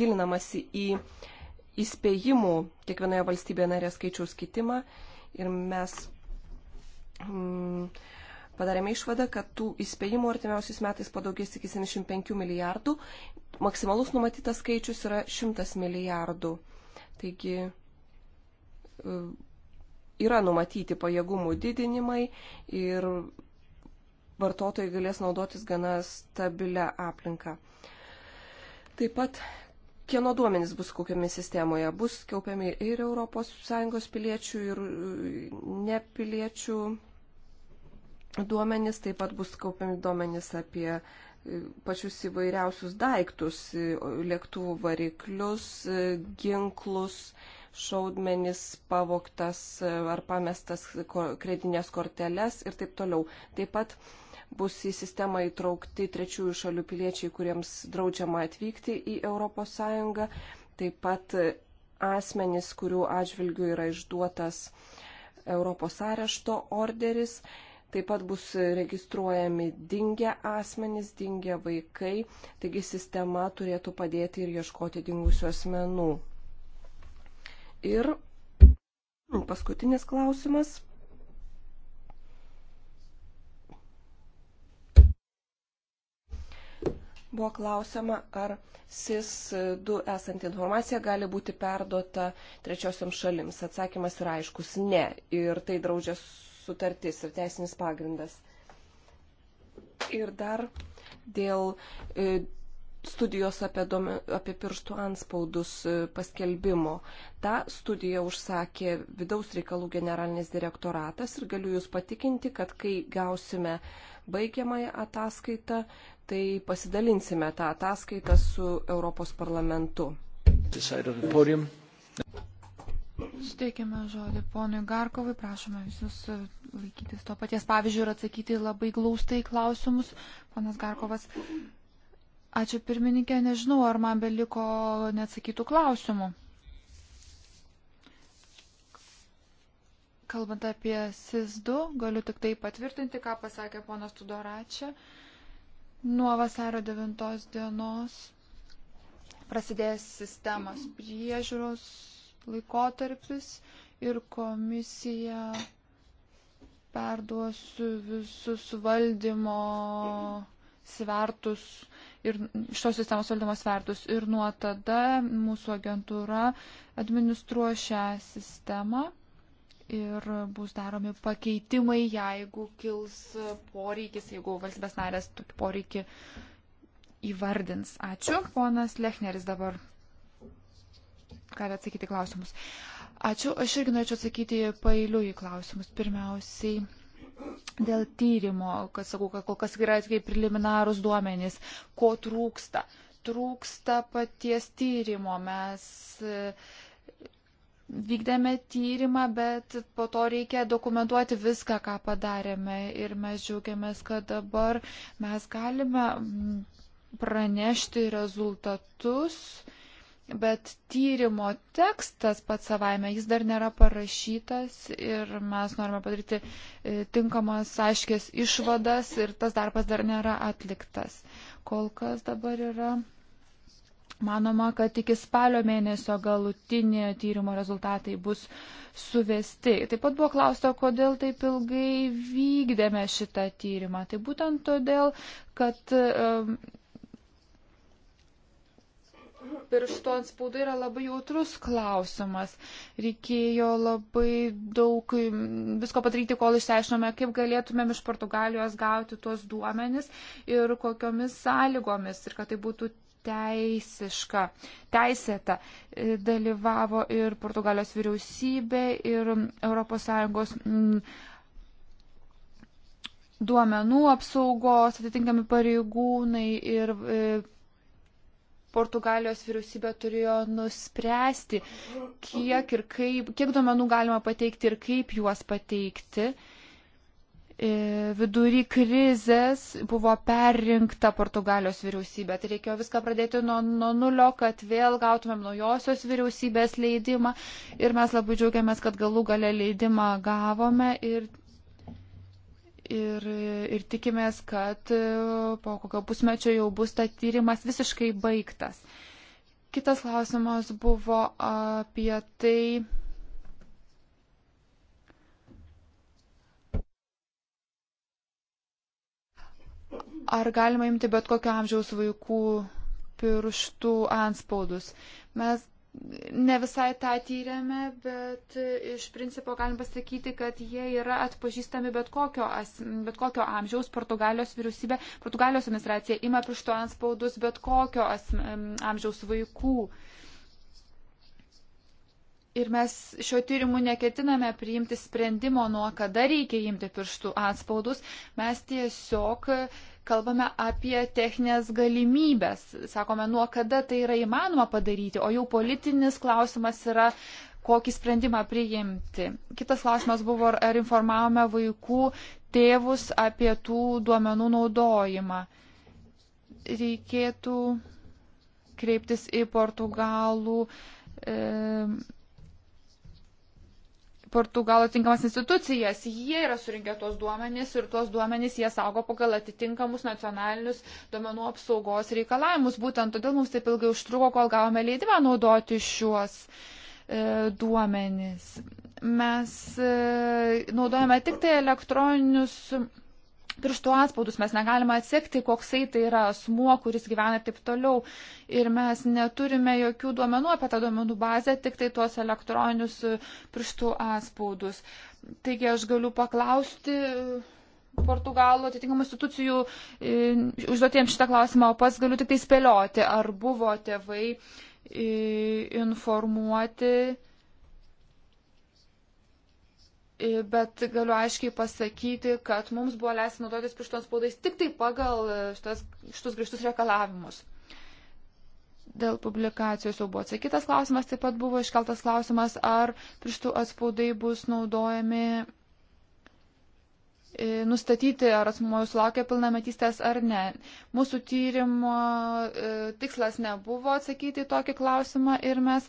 [SPEAKER 3] gilinamasi į įspėjimų kiekvienoje valstybėje narės skaičiaus kitimą ir mes mm, padarėme išvadą, kad tų įspėjimų artimiausiais metais padaugės iki 75 milijardų, maksimalus numatytas skaičius yra 100 milijardų. Taigi yra numatyti pajėgumų didinimai ir vartotojai galės naudotis gana stabilią aplinką. Taip pat, kieno duomenys bus kaupiami sistemoje? Bus kaupiami ir ES piliečių, ir e, nepiliečių duomenys, taip pat bus kaupiami duomenys apie e, pačius įvairiausius daiktus, e, lėktuvų variklius, ginklus šaudmenis, pavoktas e, ar pamestas kredinės korteles ir taip toliau. Taip pat bus į sistemą įtraukti trečiųjų šalių piliečiai, kuriems draudžiama atvykti į ES. Taip pat e, asmenys, kurių atžvilgių yra išduotas Europos arešto orderis. Taip pat bus registruojami dingę asmenys, dingę vaikai, taigi sistema turėtų padėti ir ieškoti dingusių asmenų. Ir paskutinis klausimas. Buvo klausima, ar SIS-2 esanti informacija gali būti perduota trečiosiam šalims. Atsakymas yra aiškus - ne. Ir tai draudžia sutartis ir teisinis pagrindas. Ir dar dėl. E, studijos apie, domen, apie pirštų anspaudus e, paskelbimo. Ta studija užsakė vidaus reikalų generalinis direktoratas ir galiu Jūs patikinti, kad kai gausime baigiamąją ataskaitą, tai pasidalinsime tą ataskaitą su Europos parlamentu.
[SPEAKER 2] Suteikiame žodį ponui Garkovui, prašome visus e, laikytis to paties pavyzdžio ir atsakyti labai glaustai klausimus. Ponas Garkovas, Ačiū pirmininkė, nežinau, ar man beliko neatsakytų klausimų. Kalbant apie SIS-2, galiu tik tai patvirtinti, ką pasakė ponas Tudoračia. Nuo vasario 9 dienos prasidės sistemos priežiūros laikotarpis ir komisija perduosiu visus valdymo svertus ir šios sistemos valdymo svertus. Ir nuo tada mūsų agentūra administruoja šią sistemą ir bus daromi pakeitimai, jeigu kils poreikis, jeigu valstybės narės tokį poreikį įvardins. Ačiū. Ponas Lechneris dabar gali atsakyti klausimus. Ačiū. Aš irgi norėčiau atsakyti pailiui klausimus. Pirmiausiai dėl tyrimo, kad sakau, kad kol kas yra tik preliminarūs duomenys, ko trūksta. Trūksta paties tyrimo. Mes e, vykdėme tyrimą, bet po to reikia dokumentuoti viską, ką padarėme. Ir mes džiaugiamės, kad dabar mes galime pranešti rezultatus. Uh, bet tyrimo tekstas pats savaime, jis dar nėra parašytas ir mes norime padaryti e, tinkamas, aiškės išvadas ir tas darbas dar nėra atliktas. Kol kas dabar yra. Manoma, kad iki spalio mėnesio galutinė tyrimo rezultatai bus suvesti. Taip pat buvo klausta, kodėl taip ilgai vykdėme šitą tyrimą. Tai būtent todėl, kad. Um, piršto atspaudų yra labai jautrus klausimas. Reikėjo labai daug mm, visko padaryti, kol išsiaiškinome, kaip galėtumėm iš Portugalijos gauti tuos duomenis ir kokiomis sąlygomis ir kad tai būtų teisiška, teisėta. E, dalyvavo ir Portugalijos vyriausybė, ir ES mm, duomenų apsaugos atitinkami pareigūnai ir e, Portugalijos vyriausybė turėjo nuspręsti, kiek ir kaip, kiek duomenų galima pateikti ir kaip juos pateikti. E, vidury krizės buvo perrinkta Portugalijos vyriausybė. Tai reikėjo viską pradėti nuo, nuo nulio, kad vėl gautumėm naujosios vyriausybės leidimą. Ir mes labai džiaugiamės, kad galų gale leidimą gavome ir Ir, ir tikimės, kad e, po kokio pusmečio jau bus ta tyrimas visiškai baigtas. Kitas klausimas buvo apie tai, ar galima imti bet kokio amžiaus vaikų pirštų anspaudus. Mes ne visai tą tyrėme, bet iš principo galim pasakyti, kad jie yra atpažįstami bet kokio, bet kokio amžiaus. Portugalijos vyriausybė, Portugalijos administracija ima piršto ant spaudus bet kokio asme, amžiaus vaikų. Uh, Ir mes šio tyrimu neketiname priimti sprendimo, nuo kada reikia imti pirštų atspaudus. Mes tiesiog kalbame apie techninės galimybės. Sakome, nuo kada tai yra įmanoma padaryti, o jau politinis klausimas yra, kokį sprendimą priimti. Kitas klausimas buvo, ar informavome vaikų tėvus apie tų duomenų naudojimą. Reikėtų kreiptis į portugalų. E, Portugalo tinkamas institucijas. Jie yra surinkę tuos duomenys ir tuos duomenys jie saugo pagal atitinkamus nacionalinius duomenų apsaugos reikalavimus. Būtent todėl mums taip ilgai užtruko, kol gavome leidimą naudoti šiuos e, duomenys. Mes e, naudojame tik tai elektroninius pirštų atspaudus, mes negalime atsekti, koksai tai yra asmuo, kuris gyvena ir taip toliau. Ir mes neturime jokių duomenų apie tą duomenų bazę, tik tai tuos elektroninius e, pirštų atspaudus. Taigi aš galiu paklausti e, Portugalų atitinkamų institucijų, e, užduotėjams šitą klausimą, o pats galiu tik tai spėlioti, ar buvo tėvai informuoti E, bet galiu aiškiai pasakyti, kad mums buvo leista naudotis pirštų atspaudais tik tai pagal e, šitas, šitus grįžtus reikalavimus. Dėl publikacijos jau buvo atsakytas klausimas, taip pat buvo iškeltas klausimas, ar pirštų atspaudai bus naudojami E, nustatyti, ar asmuo sulaukė pilnametystės ar ne. Mūsų tyrimo e, tikslas nebuvo atsakyti į tokį klausimą ir mes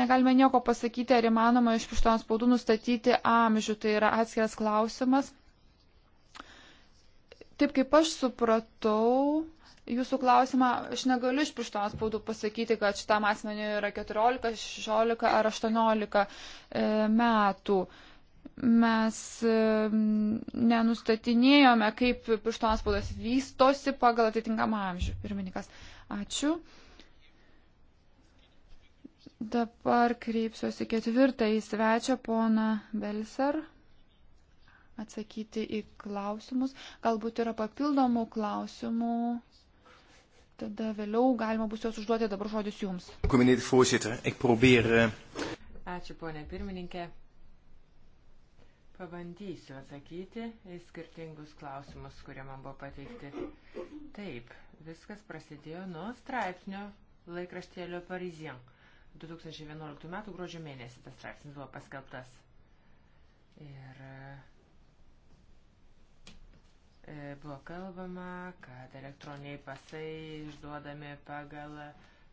[SPEAKER 2] negalime nieko pasakyti, ar įmanoma iš pištons spaudų nustatyti amžių. Tai yra atskiras klausimas. Taip kaip aš supratau, Jūsų klausimą aš negaliu iš piršto atspaudų pasakyti, kad šitam asmeniu yra 14, 16 ar 18 e, metų mes nenustatinėjome, kaip piršto atspaudas vystosi pagal atitinkamą amžių. Pirmininkas, ačiū. Dabar kreipsiuosi ketvirtąjį svečią, poną Belser, atsakyti į klausimus. Galbūt yra papildomų klausimų. Tada vėliau galima bus juos užduoti, dabar žodis jums.
[SPEAKER 1] Eh,
[SPEAKER 2] ačiū, ponė pirmininkė.
[SPEAKER 1] Pabandysiu atsakyti į skirtingus klausimus, kurie man buvo pateikti. Taip, viskas prasidėjo nuo straipsnio laikraštėlio Parizien. 2011 m. gruodžio mėnesį tas straipsnis buvo paskelbtas. Ir e, buvo kalbama, kad elektroniniai pasai išduodami pagal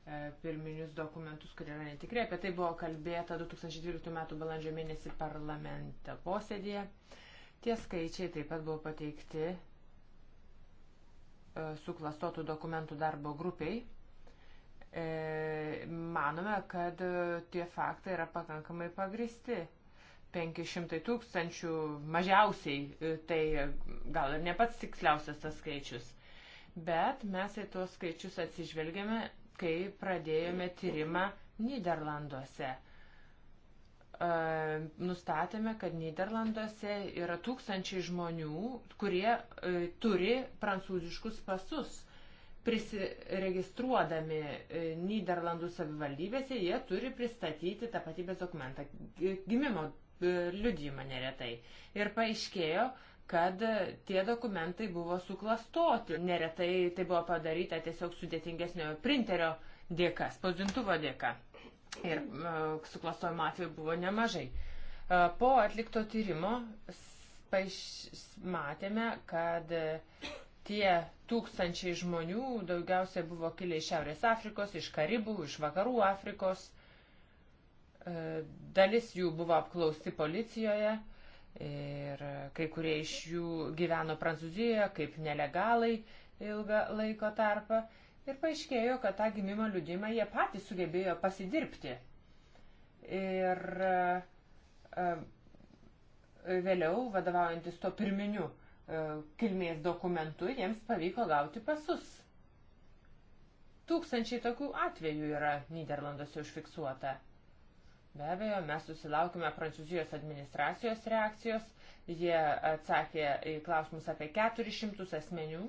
[SPEAKER 1] E, pirminius dokumentus, kurie yra netikri. Apie tai buvo kalbėta 2012 m. balandžio mėnesį parlamento posėdėje. Tie skaičiai taip pat buvo pateikti e, suklastotų dokumentų darbo grupiai. E, manome, kad tie faktai yra pakankamai pagristi. 500 tūkstančių mažiausiai, tai gal ir ne pats tiksliausias tas skaičius. Bet mes į tuos skaičius atsižvelgiame kai pradėjome tyrimą Niderlanduose. E, nustatėme, kad Niderlanduose yra tūkstančiai žmonių, kurie e, turi prancūziškus pasus. Prisiregistruodami e, Niderlandų savivaldybėse, jie turi pristatyti tapatybės dokumentą, gimimo liudijimą neretai. Ir paaiškėjo, kad tie dokumentai buvo suklastoti. Neretai tai buvo padaryta tiesiog sudėtingesnio printerio dėka, spausdintuvo dėka. Ir e, suklastojimo atveju buvo nemažai. E, po atlikto tyrimo paaiš, matėme, kad e, tie tūkstančiai žmonių daugiausia buvo kilę iš Šiaurės Afrikos, iš Karibų, iš Vakarų Afrikos. E, dalis jų buvo apklausti policijoje Ir kai kurie iš jų gyveno Prancūzijoje kaip nelegalai ilgą laiko tarpą. Ir paaiškėjo, kad tą gimimo liudimą jie patys sugebėjo pasidirbti. Ir e, e, vėliau, vadovaujantis to pirminiu e, kilmės dokumentu, jiems pavyko gauti pasus. Tūkstančiai tokių atvejų yra Niderlanduose užfiksuota. Be abejo, mes susilaukime Prancūzijos administracijos reakcijos. Jie atsakė į klausimus apie 400 asmenių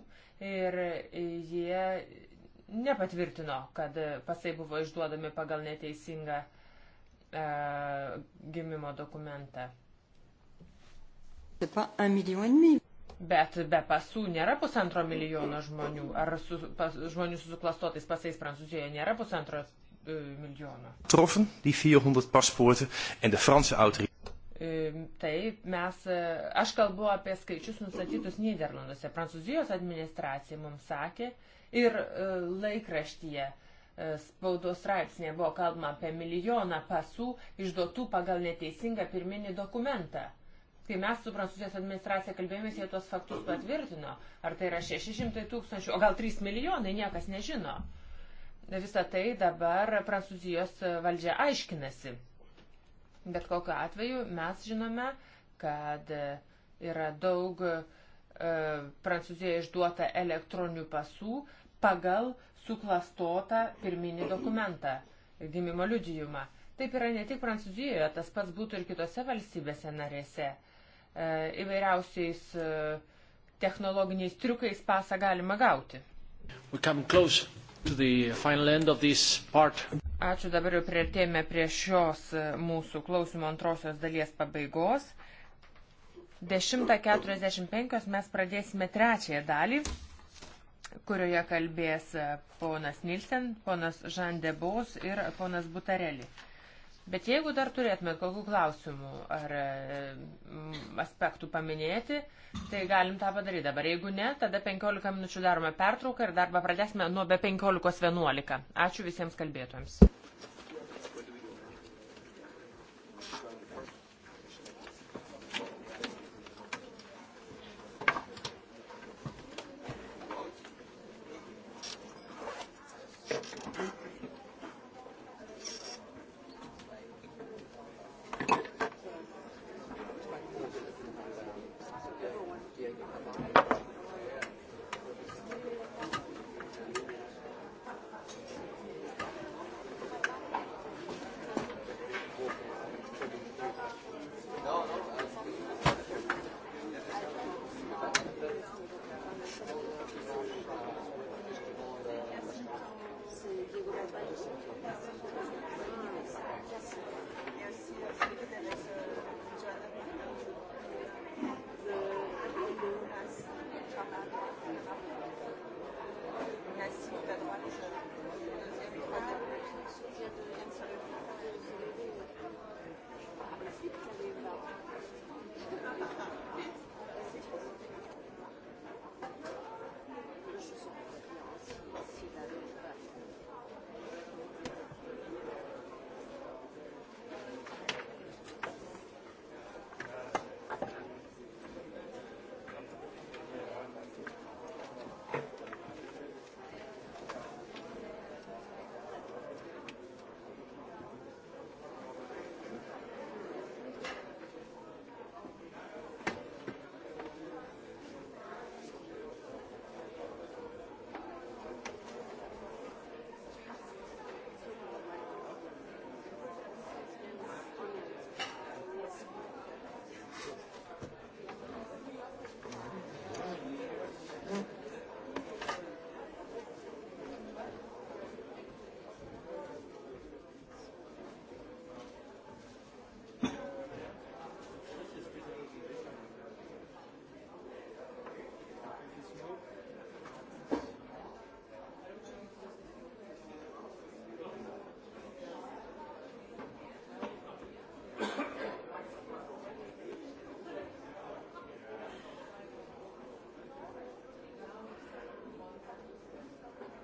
[SPEAKER 1] ir jie nepatvirtino, kad pasai buvo išduodami pagal neteisingą e, gimimo dokumentą.
[SPEAKER 3] Bet
[SPEAKER 1] be pasų nėra pusantro milijono žmonių. Ar su, pas, žmonių su suklastotais pasais Prancūzijoje nėra pusantros Eh, milijono. Troffen, die 400 paspoorten en de Franse autoriteit. Eh, taip, mes, eh, aš kalbu apie skaičius nustatytus Niderlanduose. Prancūzijos administracija mums sakė ir laikraštyje spaudos straipsnėje buvo kalbama apie milijoną pasų išduotų pagal neteisingą pirminį dokumentą. Kai mes su prancūzijos administracija kalbėjomės, jie tuos faktus patvirtino. Ar tai yra 600 tūkstančių, o gal 3 milijonai, niekas nežino. Uh, Visą tai dabar Prancūzijos valdžia aiškinasi. Bet kokiu atveju mes žinome, kad yra daug e, Prancūzijoje išduota elektroninių pasų pagal suklastotą pirminį dokumentą - gimimo liudijimą. Taip yra ne tik Prancūzijoje, tas pats būtų ir kitose valstybėse narėse. E, įvairiausiais e, technologiniais triukais pasą galima gauti. We come close. Ačiū, dabar jau prieartėjame prie šios e, mūsų klausimo antrosios dalies pabaigos. 10.45 mes pradėsime trečiąją dalį, kurioje kalbės e, ponas Nilsen, ponas Žandebos ir ponas Butareli. Bet jeigu dar turėtumėt kokių klausimų ar e, aspektų paminėti, tai galim tą padaryti dabar. Jeigu ne, tada 15 minučių darome pertrauką ir darbą pradėsime nuo be 15.11. Ačiū visiems kalbėtojams.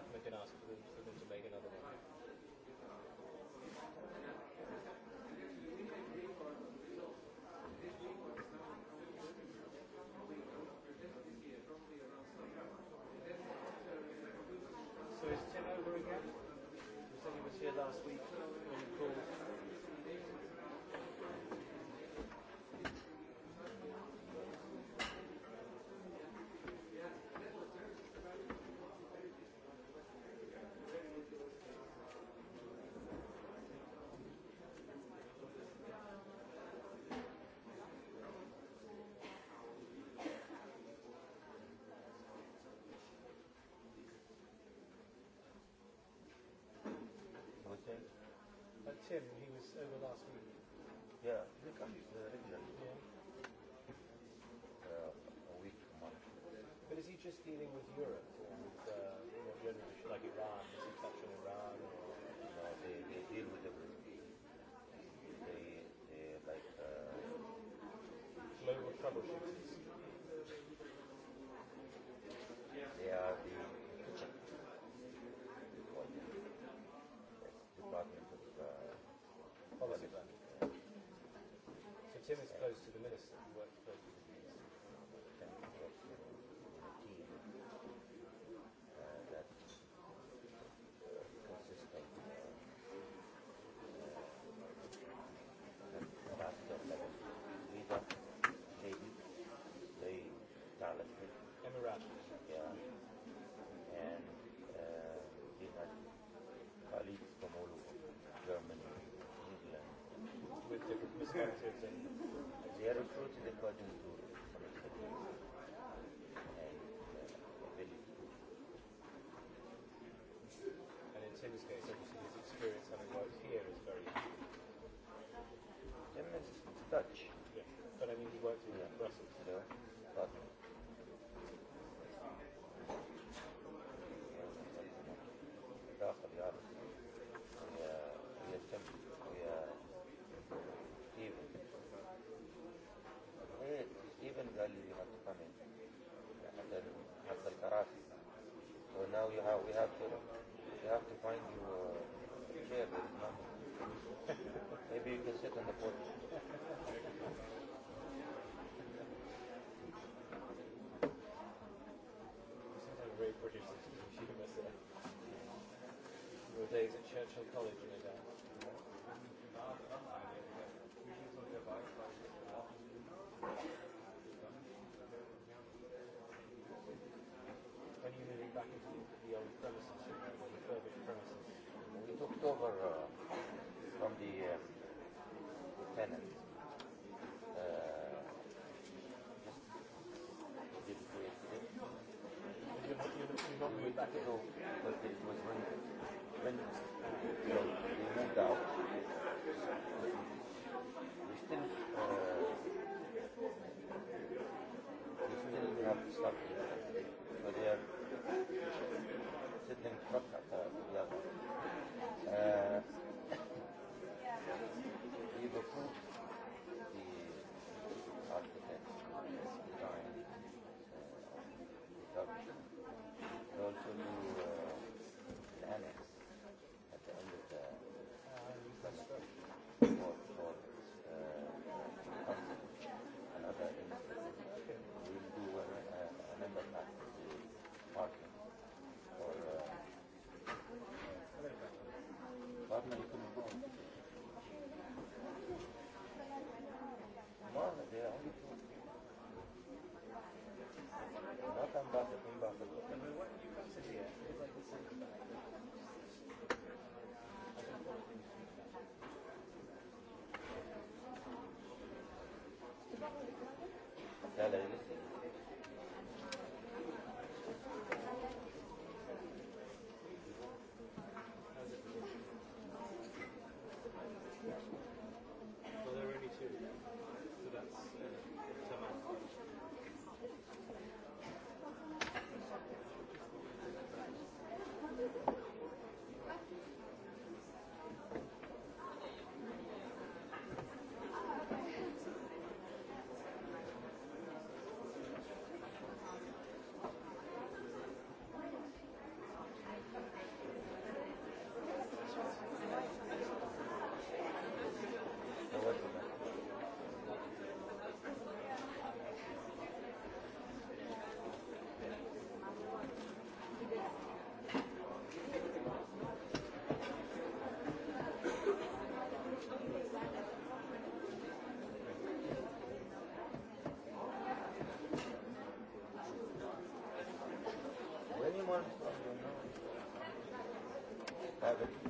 [SPEAKER 1] button, we can ask for them, for them to make another one. So is Tim over again? You said he was here last week when you called.
[SPEAKER 3] Tim, he was over last week. Yeah, he comes uh, regularly. Yeah. Uh, a week, a month. But is he just dealing with Europe or with uh, you know, generally like Iran? Is he touch on Iran? Or? No, they, they deal with everything.
[SPEAKER 1] They, they like uh,
[SPEAKER 3] global troubleshooting.
[SPEAKER 1] Sì, sì, sì. Si è rotto di qua addirittura. we have we have to we have to find you uh, a chair that is not. Maybe you can sit on the porch.
[SPEAKER 3] Very British, you must say. Your days at Churchill College.
[SPEAKER 1] back into the old premises, the refurbished premises in October. Uh, avec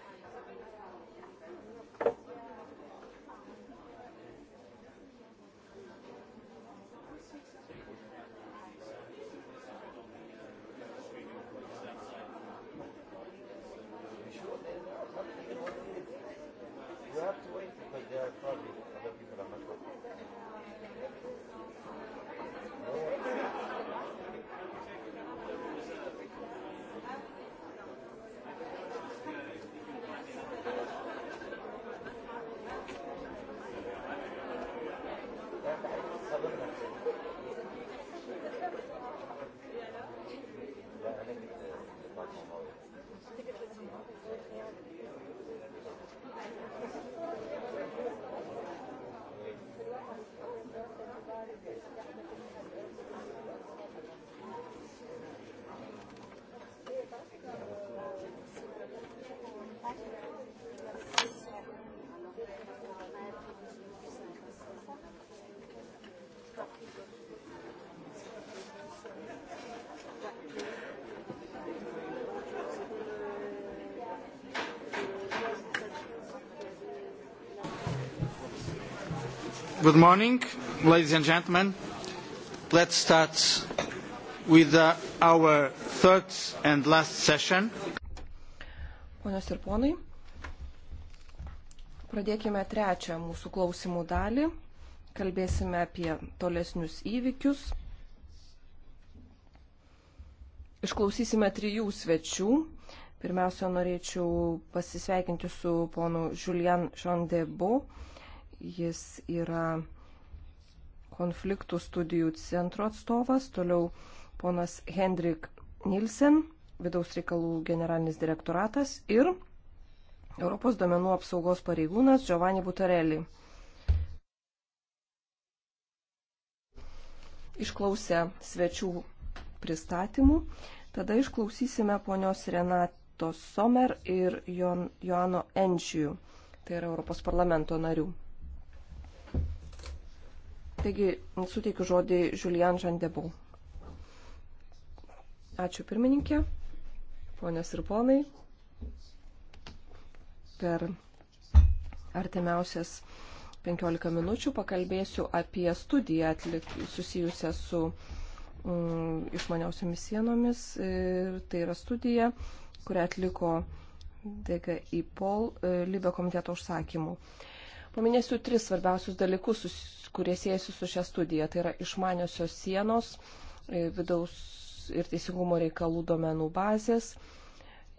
[SPEAKER 3] think it's, uh, it's quite normal.
[SPEAKER 2] Thank you. Good morning, ladies and
[SPEAKER 1] gentlemen. Let's start with the, uh, our third
[SPEAKER 2] and last session.
[SPEAKER 3] Ponios ir ponai, pradėkime trečią mūsų klausimų dalį. Kalbėsime apie tolesnius įvykius. Išklausysime trijų svečių. Pirmiausia, norėčiau pasisveikinti su ponu Julian Chandebo. Jis yra konfliktų studijų centro atstovas, toliau ponas Hendrik Nilsen, vidaus reikalų generalinis direktoratas ir Europos domenų apsaugos pareigūnas Giovanni Butarelli. Išklausę svečių pristatymų, tada išklausysime ponios Renato Somer ir Joano Enčijų, tai yra Europos parlamento narių. Taigi, suteikiu žodį Julian Žandebu. Ačiū pirmininkė, ponios ir ponai. Per artimiausias 15 minučių pakalbėsiu apie studiją atlik, susijusią su mm, išmaniausiamis sienomis. Ir tai yra studija, kurią atliko DGI Pol e, Libio komiteto užsakymu. E, Paminėsiu tris svarbiausius dalykus, kurie siejasi su šia studija. Tai yra išmaniosios sienos, e, vidaus ir teisingumo reikalų domenų bazės,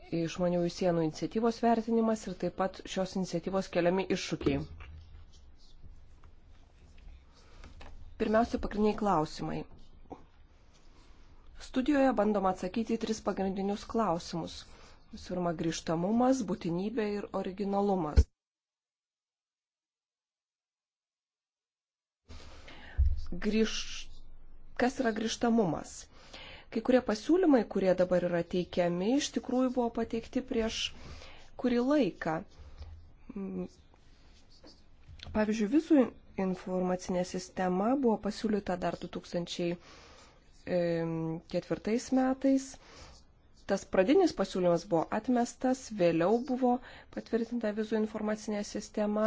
[SPEAKER 3] e, išmaniųjų sienų iniciatyvos vertinimas ir taip pat šios iniciatyvos keliami iššūkiai. Pirmiausia, pagrindiniai klausimai. Studijoje bandoma atsakyti į tris pagrindinius klausimus. Visų pirma, grįžtamumas, būtinybė ir originalumas. grįž, kas yra grįžtamumas. Kai kurie pasiūlymai, kurie dabar yra teikiami, iš tikrųjų buvo pateikti prieš kurį laiką. Mm. Pavyzdžiui, visų informacinė sistema buvo pasiūlyta dar 2004 metais. Tas pradinis pasiūlymas buvo atmestas, vėliau buvo patvirtinta vizų informacinė sistema.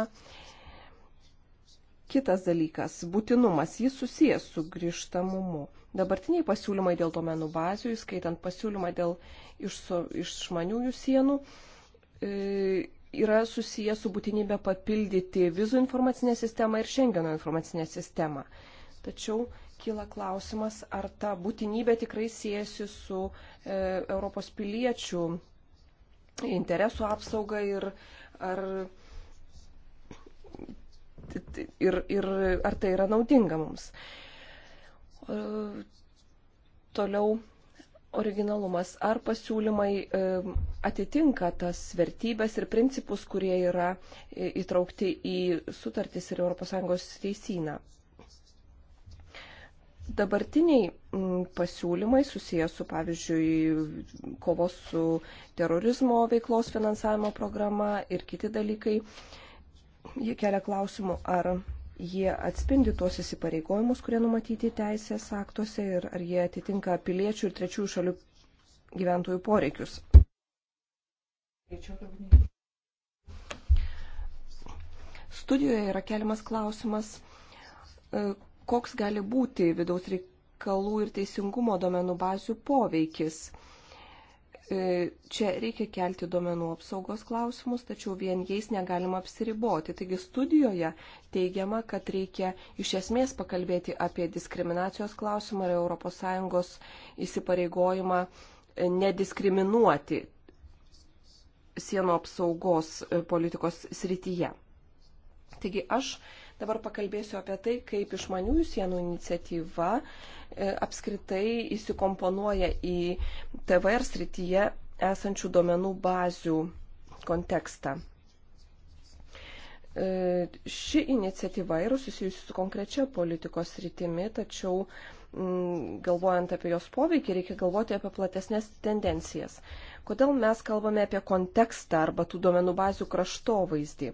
[SPEAKER 3] Kitas dalykas - būtinumas. Jis susijęs su grįžtamumu. Dabartiniai pasiūlymai dėl domenų bazių, įskaitant pasiūlymą dėl išmaniųjų iš sienų, e, yra susijęs su būtinybė papildyti vizų informacinę sistemą ir Schengeno informacinę sistemą. Tačiau kyla klausimas, ar ta būtinybė tikrai siejasi su e, Europos piliečių interesų apsauga ir ar ir, ir ar tai yra naudinga mums. Toliau originalumas. Ar pasiūlymai e, atitinka tas vertybės ir principus, kurie yra e, įtraukti į sutartis ir ES teisyną? dabartiniai pasiūlymai susijęs su, pavyzdžiui, kovos su terorizmo veiklos finansavimo programa ir kiti dalykai ji kelia klausimų, ar jie atspindi tuos įsipareigojimus, kurie numatyti teisės aktuose ir ar jie atitinka piliečių ir trečiųjų šalių gyventojų poreikius. Studijoje yra keliamas klausimas, e, koks gali būti vidaus reikalų ir teisingumo domenų bazių poveikis E, čia reikia kelti duomenų apsaugos klausimus, tačiau vien jais negalima apsiriboti. Taigi studijoje teigiama, kad reikia iš esmės pakalbėti apie diskriminacijos klausimą ir ES įsipareigojimą e, nediskriminuoti sienų apsaugos e, politikos srityje. Taigi aš dabar pakalbėsiu apie tai, kaip išmaniųjų sienų iniciatyva uh, E, apskritai įsikomponuoja į TVR srityje esančių duomenų bazių kontekstą. E, ši iniciatyva yra susijusi su konkrečia politikos rytimi, tačiau galvojant apie jos poveikį, reikia galvoti apie platesnės tendencijas. Kodėl mes kalbame apie kontekstą arba tų duomenų bazių kraštovaizdį?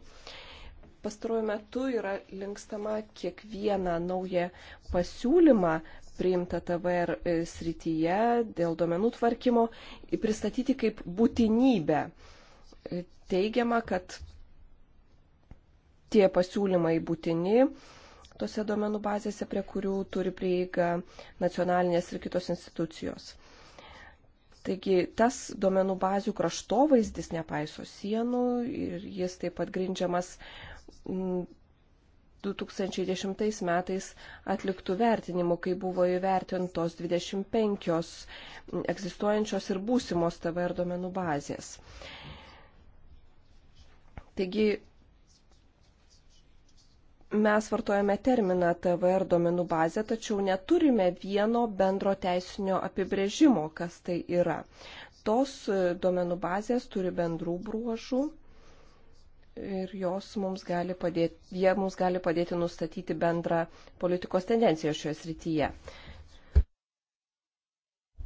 [SPEAKER 3] Pastaruoju metu yra linkstama kiekvieną naują pasiūlymą priimta TVR e, srityje dėl duomenų tvarkymo, pristatyti kaip būtinybę. E, teigiama, kad tie pasiūlymai būtini tose duomenų bazėse, prie kurių turi prieiga nacionalinės ir kitos institucijos. Taigi tas duomenų bazių kraštovaizdis nepaiso sienų ir jis taip pat grindžiamas 2010 metais atliktų vertinimų, kai buvo įvertintos 25 egzistuojančios ir būsimos TVR duomenų bazės. Taigi mes vartojame terminą TVR duomenų bazė, tačiau neturime vieno bendro teisinio apibrėžimo, kas tai yra. Tos duomenų bazės turi bendrų bruožų ir jos mums gali padėti, jie mums gali padėti nustatyti bendrą politikos tendenciją šioje srityje.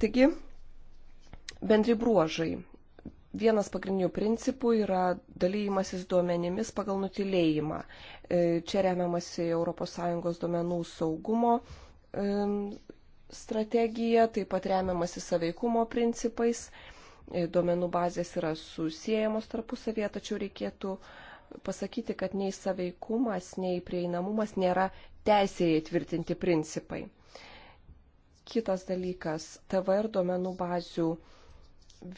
[SPEAKER 3] Taigi, bendri bruožai. Vienas pagrindinių principų yra dalymasis duomenimis pagal nutilėjimą. E, čia remiamasi ES duomenų saugumo e, strategija, taip pat remiamasi saveikumo principais. E, duomenų bazės yra susijęjamos tarpusavėje, tačiau reikėtų pasakyti, kad nei saveikumas, nei prieinamumas nėra teisėje įtvirtinti principai. Kitas dalykas - TVR duomenų bazių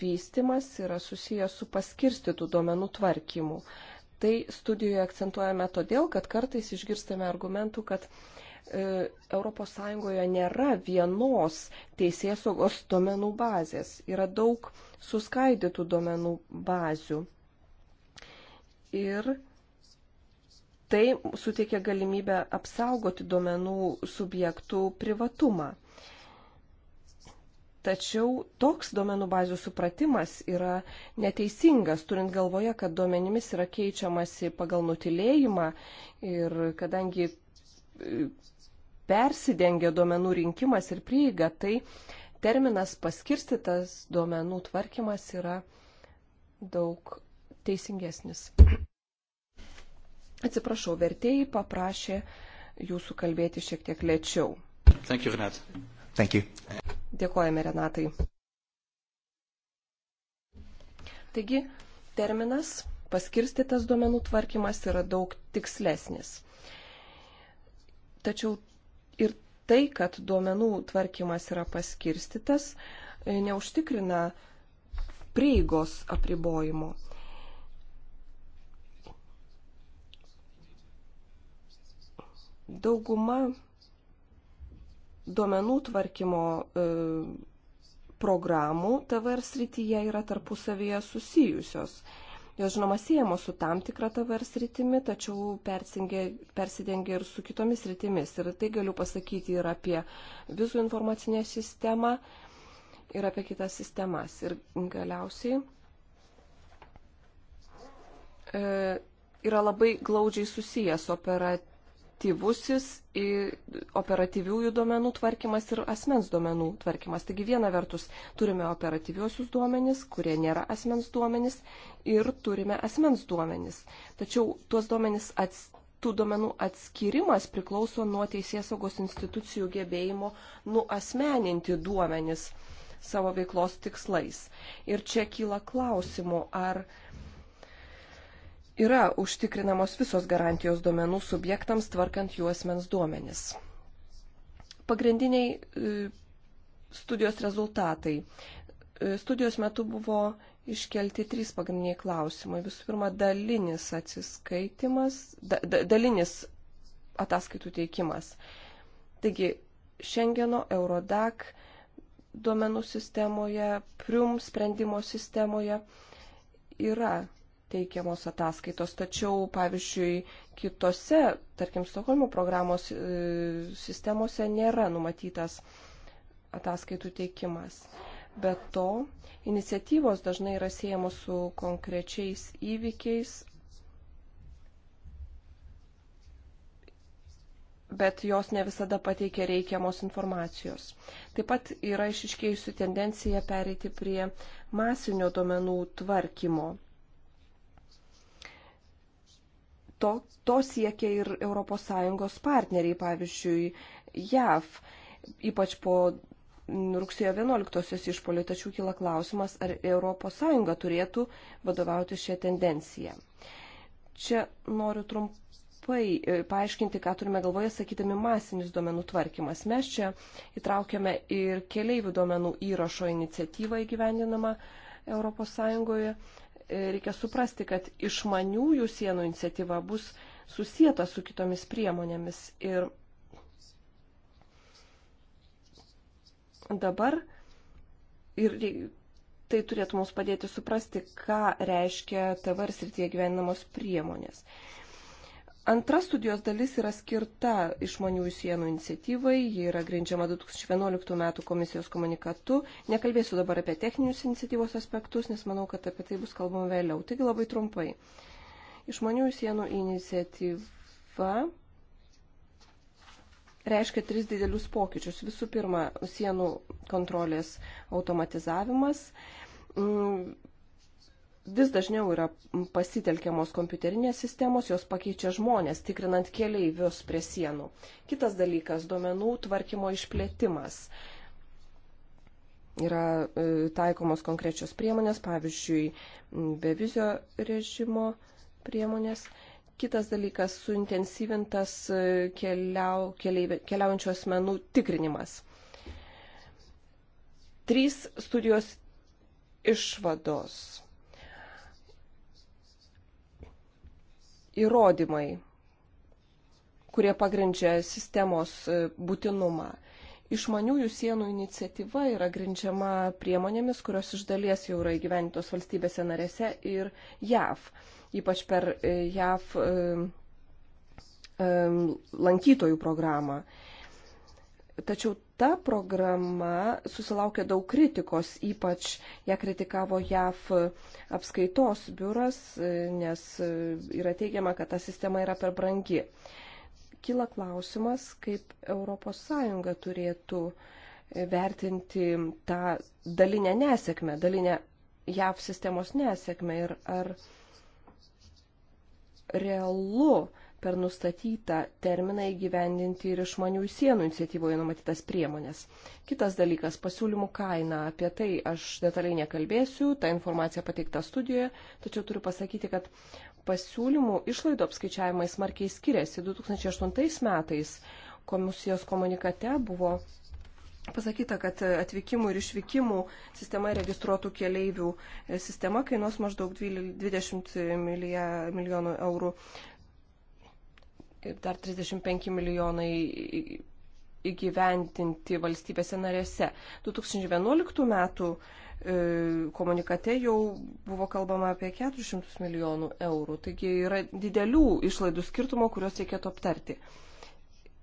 [SPEAKER 3] vystimas yra susijęs su paskirstytų duomenų tvarkymu. Tai studijoje akcentuojame todėl, kad kartais išgirstame argumentų, kad ES nėra vienos teisėsaugos duomenų bazės, yra daug suskaidytų duomenų bazių. Ir tai suteikia galimybę apsaugoti duomenų subjektų privatumą. Tačiau toks duomenų bazių supratimas yra neteisingas, turint galvoje, kad duomenimis yra keičiamasi pagal nutilėjimą ir kadangi persidengia duomenų rinkimas ir prieiga, tai terminas paskirstytas duomenų tvarkymas yra daug teisingesnis. Atsiprašau, vertėjai paprašė jūsų kalbėti šiek tiek lėčiau.
[SPEAKER 2] Thank you, Renat. Thank you.
[SPEAKER 3] Dėkojame Renatai. Taigi, terminas paskirstytas duomenų tvarkymas yra daug tikslesnis. Tačiau tai, kad duomenų tvarkymas yra paskirstytas, e, neužtikrina prieigos apribojimo. Dauguma duomenų tvarkymo e, programų TVR srityje yra tarpusavėje susijusios. Jos žinoma siejamos su tam tikra TVR sritimi, tačiau persidengia ir su kitomis sritimis. Ir tai galiu pasakyti ir apie vizų informacinę sistemą, ir apie kitas sistemas. Ir galiausiai e, yra labai glaudžiai susijęs operatyviai operatyvusis, operatyviųjų duomenų tvarkymas ir asmens duomenų tvarkymas. Taigi viena vertus turime operatyviuosius duomenis, kurie nėra asmens duomenis, ir turime asmens duomenis. Tačiau tuos duomenis ats, tų duomenų atskirimas priklauso nuo teisėsaugos institucijų gebėjimo nuasmeninti duomenis savo veiklos tikslais. Ir čia kyla klausimų, ar yra užtikrinamos visos garantijos duomenų subjektams tvarkant jų asmens duomenis. Pagrindiniai e, studijos rezultatai. E, studijos metu buvo iškelti trys pagrindiniai klausimai. Visų pirma, dalinis atsiskaitimas, da, da, dalinis ataskaitų teikimas. Taigi, Šengeno, Eurodac duomenų sistemoje, Prium sprendimo sistemoje yra teikiamos ataskaitos. Tačiau, pavyzdžiui, kitose, tarkim, Stokholmo programos e, sistemose nėra numatytas ataskaitų teikimas. Be to, iniciatyvos dažnai yra siejamos su konkrečiais įvykiais, bet jos ne visada pateikia reikiamos informacijos. Taip pat yra išiškėjusi tendencija pereiti prie masinio duomenų tvarkymo. to, to siekia ir ES partneriai, pavyzdžiui, JAV, ypač po rugsėjo 11-osios išpolio, tačiau kyla klausimas, ar ES turėtų vadovauti šią tendenciją. Čia noriu trumpai e, paaiškinti, ką turime galvoje, sakydami masinis duomenų tvarkymas. Mes čia įtraukiame ir keliaivių duomenų įrašo iniciatyvą įgyvendinamą ES. E, reikia suprasti, kad išmaniųjų sienų iniciatyva bus susijęta su kitomis priemonėmis. Ir dabar ir tai turėtų mums padėti suprasti, ką reiškia TV ir srityje gyvenamos priemonės. Uh, Antra studijos dalis yra skirta išmaniųjų sienų iniciatyvai, ji yra grindžiama 2011 m. komisijos komunikatu. Nekalbėsiu dabar apie techninius iniciatyvos aspektus, nes manau, kad apie tai bus kalbama vėliau. Taigi labai trumpai. Išmaniųjų sienų iniciatyva reiškia tris didelius pokyčius. Visų pirma, sienų kontrolės automatizavimas mm, vis dažniau yra pasitelkiamos kompiuterinės sistemos, jos pakeičia žmonės, tikrinant keleivius prie sienų. Kitas dalykas - duomenų tvarkymo išplėtimas. Yra e, taikomos konkrečios priemonės, pavyzdžiui, bevizio režimo priemonės. Kitas dalykas - suintensyvintas e, keliau, keliai, keliaujančių asmenų tikrinimas. Trys studijos išvados įrodymai, kurie pagrindžia sistemos e, būtinumą. Išmaniųjų sienų iniciatyva yra grindžiama priemonėmis, kurios iš dalies jau yra įgyventos valstybėse narėse ir JAV, ypač per e, JAV e, lankytojų programą. Tačiau ta programa susilaukė daug kritikos, ypač ją kritikavo JAF apskaitos biuras, nes yra teigiama, kad ta sistema yra per brangi. Kila klausimas, kaip ES turėtų vertinti tą dalinę nesėkmę, dalinę JAF sistemos nesėkmę ir ar realu per nustatytą terminą įgyvendinti ir išmanių sienų iniciatyvoje numatytas priemonės. Kitas dalykas - pasiūlymų kaina. Apie tai aš detaliai nekalbėsiu, ta informacija pateikta studijoje, tačiau turiu pasakyti, kad pasiūlymų išlaidų apskaičiavimai smarkiai skiriasi. 2008 metais komisijos komunikate buvo pasakyta, kad atvykimų ir išvykimų sistema registruotų keleivių e, sistema kainuos maždaug 20 milijonų eurų dar 35 milijonai įgyventinti valstybėse narėse. 2011 metų e, komunikate jau buvo kalbama apie 400 milijonų eurų. Taigi yra didelių išlaidų skirtumo, kuriuos reikėtų aptarti.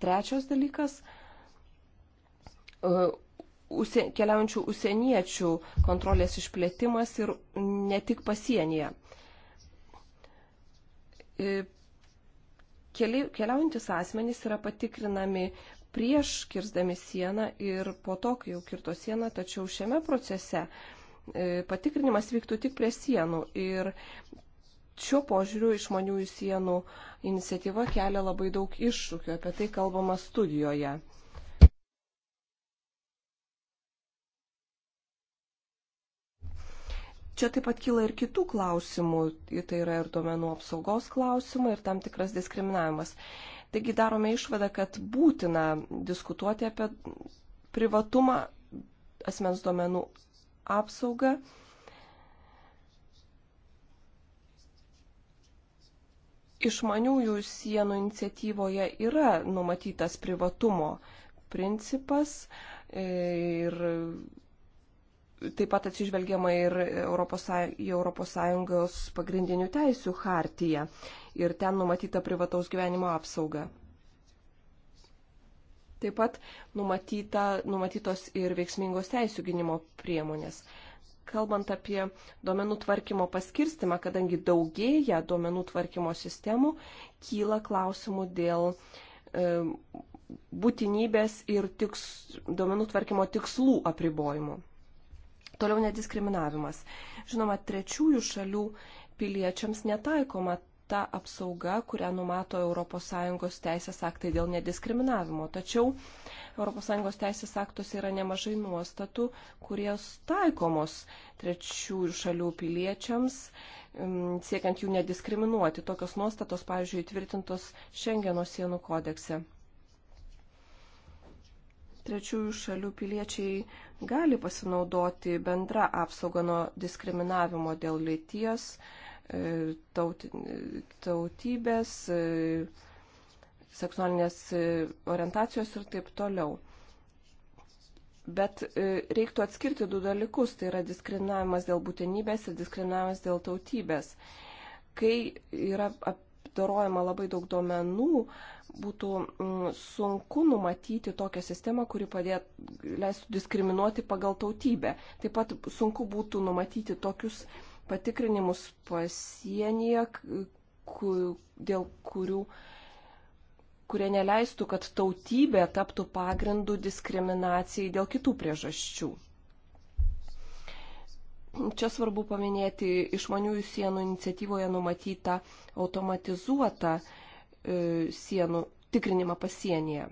[SPEAKER 3] Trečias dalykas e, užsien, keliaujančių užsieniečių kontrolės išplėtimas ir ne tik pasienyje. E, keli, keliaujantis asmenys yra patikrinami prieš kirzdami sieną ir po to, kai jau kirto sieną, tačiau šiame procese e, patikrinimas vyktų tik prie sienų. Ir šiuo požiūriu išmaniųjų sienų iniciatyva kelia labai daug iššūkių, apie tai kalbama studijoje. Čia taip pat kyla ir kitų klausimų, tai yra ir duomenų apsaugos klausimai, ir tam tikras diskriminavimas. Taigi darome išvadą, kad būtina diskutuoti apie privatumą, asmens duomenų apsaugą. Išmaniųjų sienų iniciatyvoje yra numatytas privatumo principas e, ir taip pat atsižvelgiama ir Europos, į ES pagrindinių teisių hartiją ir ten numatyta privataus gyvenimo apsauga. Taip pat numatyta, numatytos ir veiksmingos teisų gynimo priemonės. Kalbant apie duomenų tvarkymo paskirstimą, kadangi daugėja duomenų tvarkymo sistemų, kyla klausimų dėl e, būtinybės ir tiks, duomenų tvarkymo tikslų apribojimų. Toliau nediskriminavimas. Žinoma, trečiųjų šalių piliečiams netaikoma ta apsauga, kurią numato ES teisės aktai dėl nediskriminavimo. Tačiau ES teisės aktuose yra nemažai nuostatų, kurios taikomos trečiųjų šalių piliečiams, mm, siekiant jų nediskriminuoti. Tokios nuostatos, pavyzdžiui, įtvirtintos Šengeno sienų kodekse trečiųjų šalių piliečiai gali pasinaudoti bendra apsauga nuo diskriminavimo dėl lyties, e, tautybės, e, seksualinės e, orientacijos ir taip toliau. Bet reiktų atskirti du dalykus, tai yra diskriminavimas dėl būtinybės ir diskriminavimas dėl tautybės. Kai yra ap, apdorojama labai daug duomenų, būtų mm, sunku numatyti tokią sistemą, kuri padėt, leistų diskriminuoti pagal tautybę. Taip pat sunku būtų numatyti tokius patikrinimus pasienyje, dėl kurių kurie neleistų, kad tautybė taptų pagrindu diskriminacijai dėl kitų priežasčių. Čia svarbu paminėti išmaniųjų sienų iniciatyvoje numatytą automatizuotą e, sienų tikrinimą pasienyje.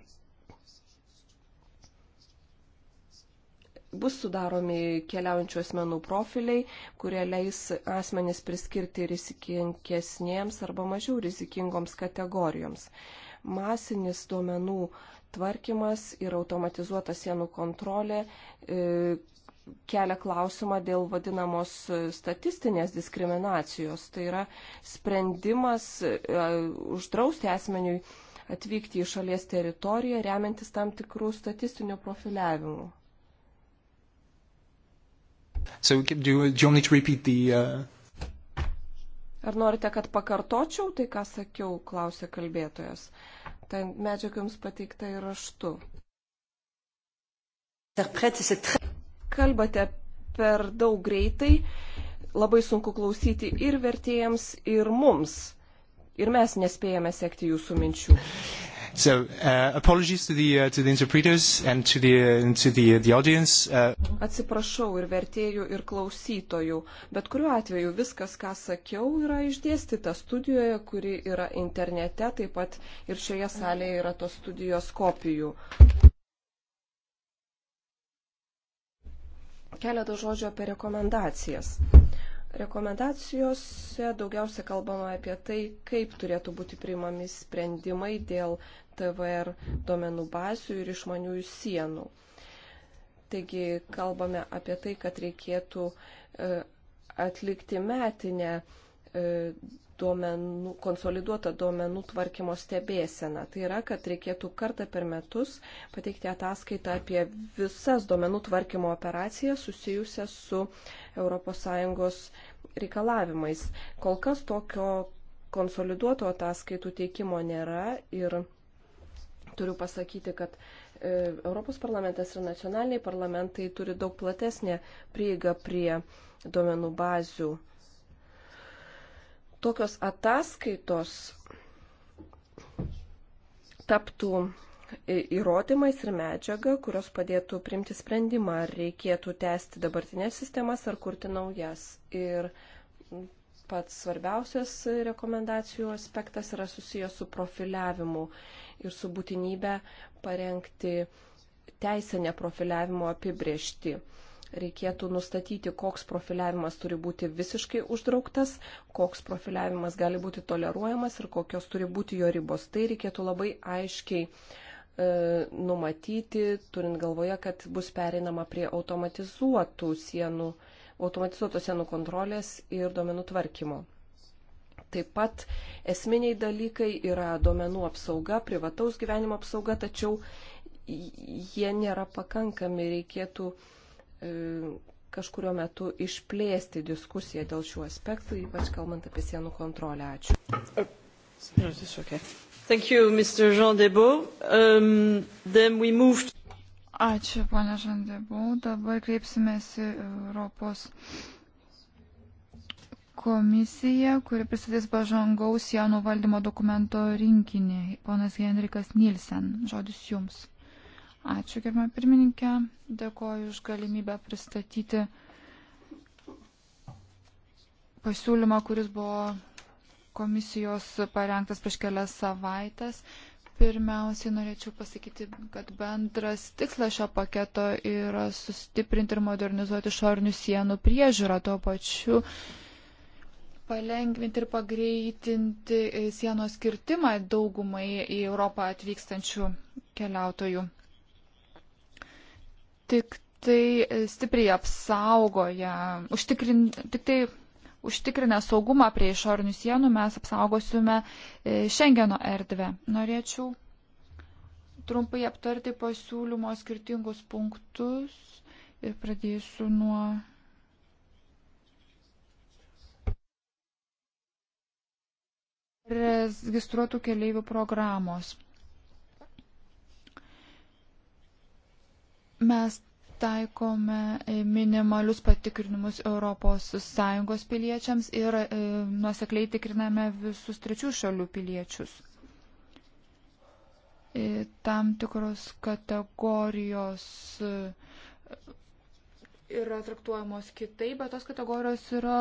[SPEAKER 3] Bus sudaromi keliaujančių asmenų profiliai, kurie leis asmenis priskirti rizikingesnėms arba mažiau rizikingoms kategorijoms. Masinis duomenų tvarkymas ir automatizuota sienų kontrolė e, kelia klausimą dėl vadinamos statistinės diskriminacijos. Tai yra sprendimas e, uždrausti asmeniui atvykti į šalies teritoriją remiantis tam tikrų statistinių profiliavimų.
[SPEAKER 2] So, do you, do you the, uh...
[SPEAKER 3] Ar norite, kad pakartočiau tai, ką sakiau, klausė kalbėtojas. Ta medžiaga jums pateikta ir raštu. Interprete, c'est très kalbate per daug greitai, labai sunku klausyti ir vertėjams, ir mums. Ir mes nespėjame sekti jūsų minčių.
[SPEAKER 1] So, uh, apologies to the, uh, to the interpreters and to the, uh, to the, uh, the audience. Uh...
[SPEAKER 3] Atsiprašau ir vertėjų, ir klausytojų, bet kuriuo atveju viskas, ką sakiau, yra išdėstyta studijoje, kuri yra internete, taip pat ir šioje salėje yra tos studijos kopijų. Keletą žodžių apie rekomendacijas. Rekomendacijose daugiausia kalbama apie tai, kaip turėtų būti priimami sprendimai dėl TVR duomenų bazių ir išmaniųjų sienų. Taigi kalbame apie tai, kad reikėtų e, atlikti metinę e, duomenų, konsoliduota duomenų tvarkymo stebėsena. Tai yra, kad reikėtų kartą per metus pateikti ataskaitą apie visas duomenų tvarkymo operacijas susijusias su ES reikalavimais. Kol kas tokio konsoliduoto ataskaitų teikimo nėra ir turiu pasakyti, kad e, Europos parlamentas ir nacionaliniai parlamentai turi daug platesnę prieigą prie duomenų bazių tokios ataskaitos taptų įrodymais ir medžiaga, kurios padėtų priimti sprendimą, ar reikėtų tęsti dabartinės sistemas ar kurti naujas. Ir pats svarbiausias rekomendacijų aspektas yra susijęs su profiliavimu ir su būtinybė parengti teisinę profiliavimo apibriešti reikėtų nustatyti, koks profiliavimas turi būti visiškai uždrauktas, koks profiliavimas gali būti toleruojamas ir kokios turi būti jo ribos. Tai reikėtų labai aiškiai e, numatyti, turint galvoje, kad bus pereinama prie automatizuotų sienų, automatizuotų sienų kontrolės ir duomenų tvarkymo. Taip pat esminiai dalykai yra duomenų apsauga, privataus gyvenimo apsauga, tačiau jie nėra pakankami, reikėtų uh, E, kažkurio metu išplėsti diskusiją dėl šių aspektų, ypač kalbant apie sienų kontrolę. Ačiū. Thank you, Mr. Jean Debo. Um, then we moved.
[SPEAKER 2] Ačiū, ponia Jean Debo. Dabar kreipsimės į Europos komisiją, kuri pristatys pažangaus sienų valdymo dokumento rinkinį. Ponas Henrikas Nilsen, žodis jums. Ačiū, gerbama pirmininkė. Dėkoju už galimybę pristatyti pasiūlymą, kuris buvo komisijos parengtas prieš kelias savaitės. Pirmiausiai norėčiau pasakyti, kad bendras tikslas šio paketo yra sustiprinti ir modernizuoti šornių sienų priežiūrą tuo pačiu palengvinti ir pagreitinti sienos kirtimą daugumai į Europą atvykstančių keliautojų tik tai e, stipriai apsaugoja, užtikrin, tik tai užtikrinę saugumą prie išorinių sienų mes apsaugosime e, Šengeno erdvę. Norėčiau trumpai aptarti pasiūlymo skirtingus punktus ir pradėsiu nuo. registruotų keleivių programos. Mes taikome e, minimalius patikrinimus ES piliečiams ir e, nuosekliai tikriname visus trečių šalių piliečius. E, tam tikros kategorijos yra traktuojamos kitaip, bet tos kategorijos yra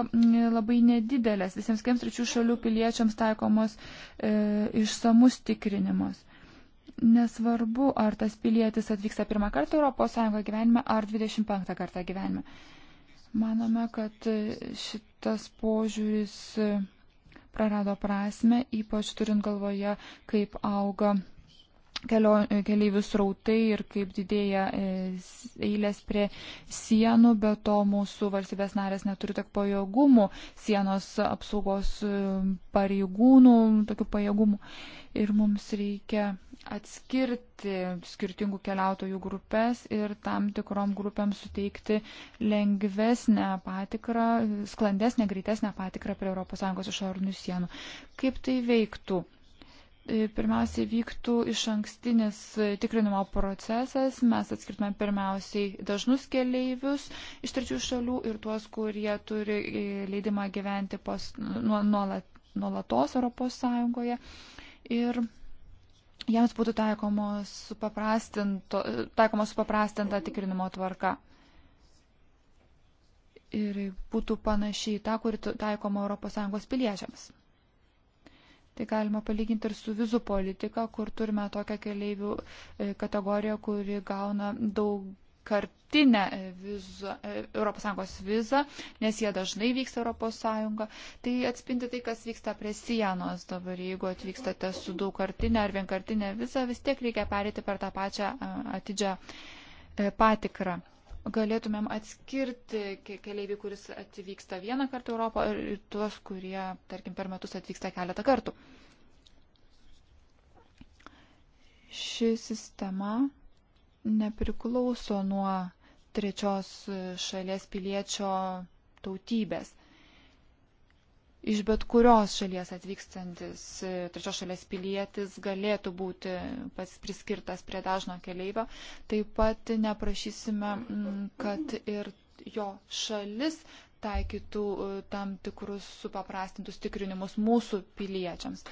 [SPEAKER 2] labai nedidelės. Visiems kiems trečių šalių piliečiams taikomos e, išsamus tikrinimas nesvarbu, ar tas pilietis atvyksta pirmą kartą Europos Sąjungo gyvenime, ar 25 kartą gyvenime. Manome, kad šitas požiūris prarado prasme, ypač turint galvoje, kaip auga keliaivių srautai ir kaip didėja e, eilės prie sienų, bet to mūsų valstybės narės neturi tiek pajėgumų, sienos apsaugos e, pareigūnų, tokių pajėgumų. Ir mums reikia atskirti skirtingų keliautojų grupės ir tam tikrom grupėm suteikti lengvesnę patikrą, sklandesnę, greitesnę patikrą prie ES išorinių sienų. Kaip tai veiktų? E, pirmiausiai vyktų iš ankstinis tikrinimo procesas, mes atskirtume pirmiausiai dažnus keleivius iš trečių šalių ir tuos, kurie turi e, leidimą gyventi pas, nuolat, nuolatos Europos Sąjungoje. Ir jiems būtų taikomos supaprastinta tikrinimo tvarka. Ir būtų panašiai ta, kuri taikoma ES piliečiams. Tai galima palyginti ir su vizų politika, kur turime tokią keleivių e, kategoriją, kuri gauna daug kartinę vizą, ES vizą, nes jie dažnai vyksta ES. Tai atspindi tai, kas vyksta prie sienos dabar. Jeigu atvykstate su daugkartinė ar vienkartinė viza, vis tiek reikia perėti per tą pačią atidžią e, patikrą. Galėtumėm atskirti keliaivį, kuris atvyksta vieną kartą Europą ir tuos, kurie, tarkim, per metus atvyksta keletą kartų. Ši sistema nepriklauso nuo trečios šalies piliečio tautybės. Iš bet kurios šalies atvykstantis e, trečios šalies pilietis galėtų būti pats priskirtas prie dažno keleivio. Taip pat neprašysime, mm, kad ir jo šalis taikytų e, tam tikrus supaprastintus tikrinimus mūsų piliečiams.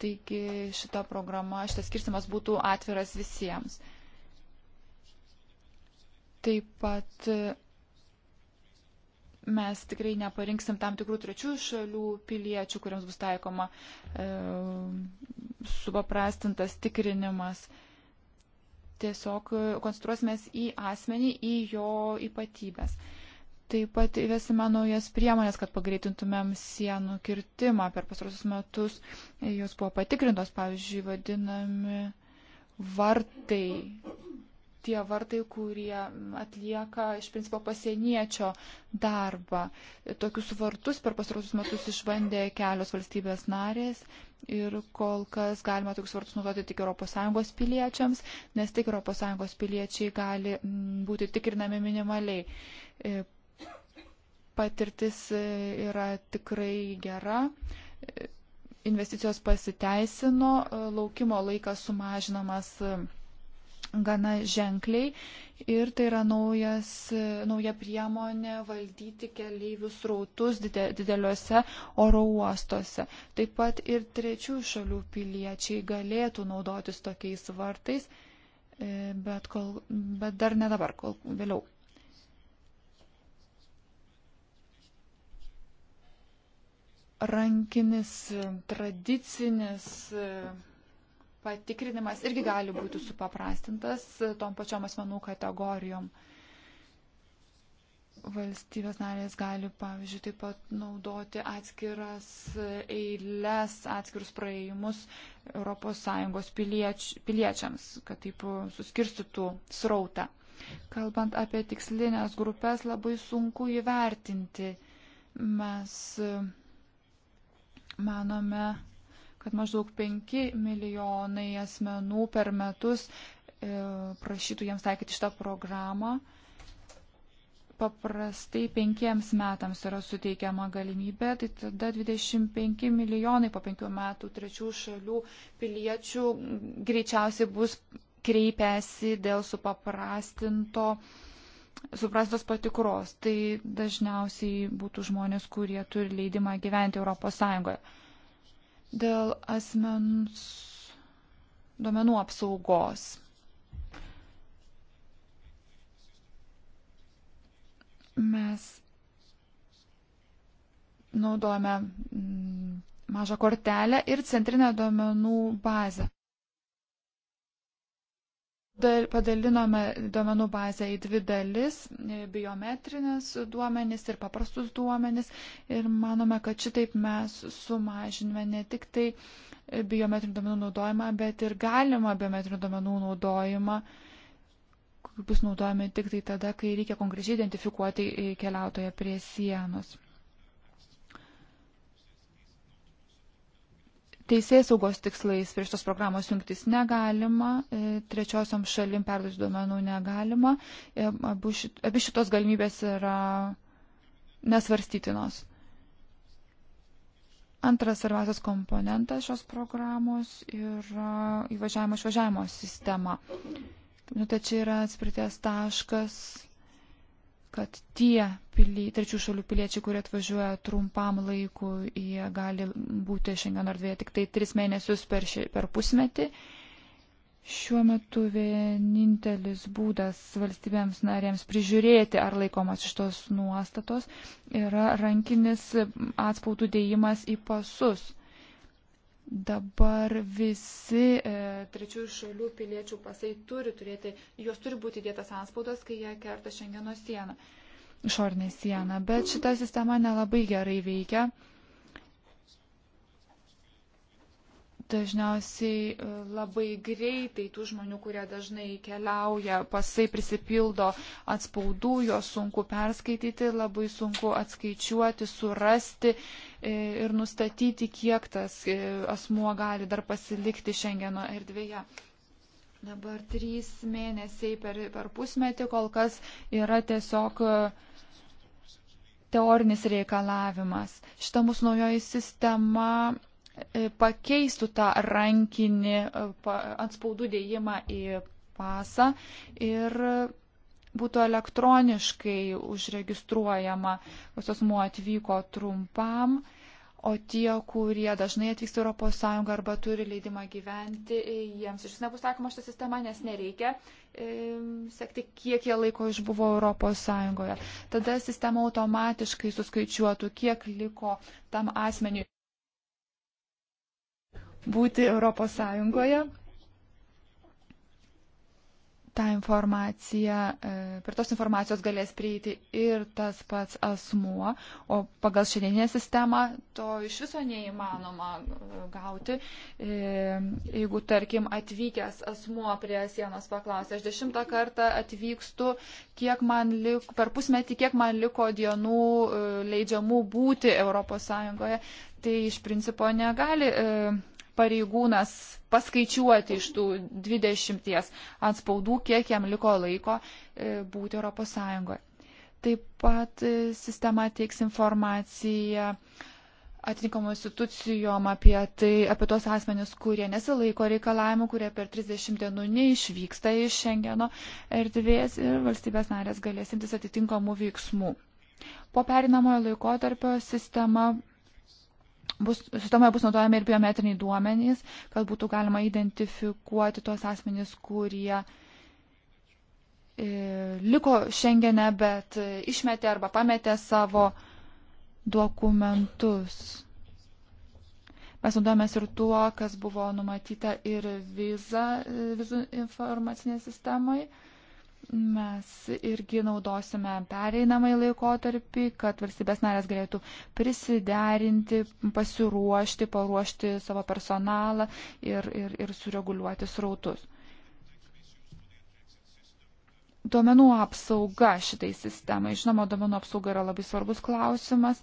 [SPEAKER 2] Taigi šita programa, šitas skirstimas būtų atviras visiems. Taip pat e, mes tikrai neparinksim tam tikrų trečių šalių piliečių, kuriems bus taikoma e, supaprastintas tikrinimas. Tiesiog e, konstruosimės į asmenį, į jo ypatybės. Taip pat įvesime naujas priemonės, kad pagreitintumėm sienų kirtimą. Per pasarosius metus e, jos buvo patikrintos, pavyzdžiui, vadinami vartai tie vartai, kurie atlieka iš principo pasieniečio darbą. Tokius vartus per pastarosius metus išbandė kelios valstybės narės ir kol kas galima tokius vartus naudoti tik ES piliečiams, nes tik ES piliečiai gali mm, būti tikrinami minimaliai. E, patirtis e, yra tikrai gera e, investicijos pasiteisino, laukimo laikas sumažinamas gana ženkliai ir tai yra naujas, nauja priemonė valdyti keleivių srautus dideliuose oro uostuose. Taip pat ir trečių šalių piliečiai galėtų naudotis tokiais vartais, e, bet, kol, bet dar ne dabar, kol vėliau. rankinis, tradicinis patikrinimas irgi gali būti supaprastintas tom pačiom asmenų kategorijom. Valstybės narės gali, pavyzdžiui, taip pat naudoti atskiras eiles, atskirus praėjimus ES pilieč, piliečiams, kad taip suskirstytų srautą. Kalbant apie tikslinės grupės, labai sunku įvertinti. Mes manome, kad maždaug 5 milijonai asmenų per metus e, prašytų jiems taikyti šitą programą. Paprastai penkiems metams yra suteikiama galimybė, tai tada 25 milijonai po penkių metų trečių šalių piliečių greičiausiai bus kreipęsi dėl supaprastinto, suprastos patikros. Tai dažniausiai būtų žmonės, kurie turi leidimą gyventi ES dėl asmens duomenų apsaugos. Mes naudojame mm, mažą kortelę ir centrinę duomenų bazę. Padalinome duomenų bazę į dvi dalis - biometrinės duomenys ir paprastus duomenys. Ir manome, kad šitaip mes sumažinime ne tik tai biometrinių duomenų naudojimą, bet ir galima biometrinių duomenų naudojimą, kur bus naudojami tik tai tada, kai reikia konkrečiai identifikuoti keliautoje prie sienos. Teisės saugos tikslais prie šitos programos jungtis negalima, e, trečiosiom šalim perduoti duomenų negalima, e, abi šitos galimybės yra nesvarstytinos. Antras svarbiausias komponentas šios programos yra įvažiavimo išvažiavimo sistema. Nu, tai čia yra atspirties taškas kad tie pili, trečių šalių piliečiai, kurie atvažiuoja trumpam laikui, jie gali būti šiandien erdvėje tik tai tris mėnesius per, ši, per pusmetį. Šiuo metu vienintelis būdas valstybėms narėms prižiūrėti, ar laikomas iš tos nuostatos, yra rankinis atspaudų dėjimas į pasus. Dabar visi e, trečiųjų šalių piliečių pasai turi turėti, jos turi būti dėtas anspaudas, kai jie kerta Šengeno sieną, išorinę sieną. Bet šita sistema nelabai gerai veikia. E, dažniausiai e, labai greitai tų žmonių, kurie dažnai keliauja, pasai prisipildo atspaudų, juos sunku perskaityti, labai sunku atskaičiuoti, surasti e, ir nustatyti, kiek tas e, asmuo gali dar pasilikti Šengeno erdvėje. Dabar trys mėnesiai per, per pusmetį kol kas yra tiesiog teorinis reikalavimas. Šita mūsų naujoji sistema E, pakeistų tą rankinį e, atspaudų dėjimą į pasą ir būtų elektroniškai užregistruojama, kas asmuo atvyko trumpam, o tie, kurie dažnai atvyksta Europos Sąjungą arba turi leidimą gyventi, e, jiems iš vis nebus taikoma šitą sistemą, nes nereikia e, sekti, kiek jie laiko išbuvo Europos Sąjungoje. Tada sistema automatiškai suskaičiuotų, kiek liko tam asmeniui būti Europos Sąjungoje. Ta informacija, e, prie tos informacijos galės prieiti ir tas pats asmuo, o pagal šiandieninę sistemą to iš viso neįmanoma e, gauti. E, jeigu, tarkim, atvykęs asmuo prie sienos paklausė, aš dešimtą kartą atvykstu, kiek man liko, per pusmetį, kiek man liko dienų leidžiamų būti Europos Sąjungoje, tai iš principo negali pareigūnas paskaičiuoti iš tų 20 atspaudų, kiek jam liko laiko e, būti ES. Taip pat e, sistema teiks informaciją atitinkamų institucijom apie tai, apie tos asmenis, kurie nesilaiko reikalavimų, kurie per 30 dienų neišvyksta iš Šengeno erdvės ir valstybės narės galės imtis atitinkamų veiksmų. Po perinamojo laikotarpio sistema bus, sistemoje bus naudojami ir biometriniai duomenys, kad būtų galima identifikuoti tuos asmenys, kurie e, liko šiandienę, bet e, išmetė arba pametė savo dokumentus. Mes naudojamės ir tuo, kas buvo numatyta ir viza, e, vizų informacinėje sistemoje. Mes irgi naudosime pereinamai laikotarpį, kad valstybės narės galėtų prisiderinti, pasiruošti, paruošti savo personalą ir, ir, ir sureguliuoti srautus. Duomenų apsauga šitai sistemai. Žinoma, duomenų apsauga yra labai svarbus klausimas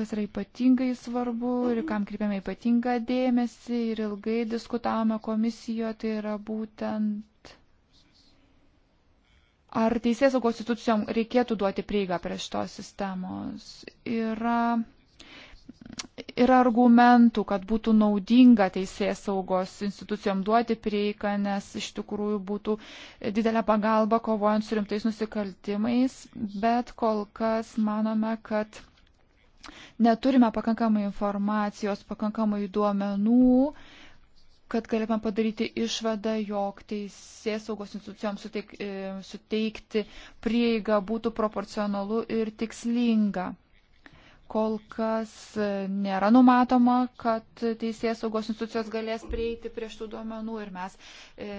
[SPEAKER 2] kas yra ypatingai svarbu ir kam kreipiame ypatingą dėmesį ir ilgai diskutavome komisijoje, tai yra būtent Ar teisės saugos institucijom reikėtų duoti prieigą prie šitos sistemos? Yra, yra argumentų, kad būtų naudinga teisės saugos institucijom duoti prieigą, nes iš tikrųjų būtų didelė pagalba kovojant su rimtais nusikaltimais, bet kol kas manome, kad neturime pakankamai informacijos, pakankamai duomenų kad galime padaryti išvadą, jog teisės saugos institucijoms suteik, e, suteikti prieigą būtų proporcionalu ir tikslinga. Kol kas e, nėra numatoma, kad teisės saugos institucijos galės prieiti prie šitų duomenų ir mes e,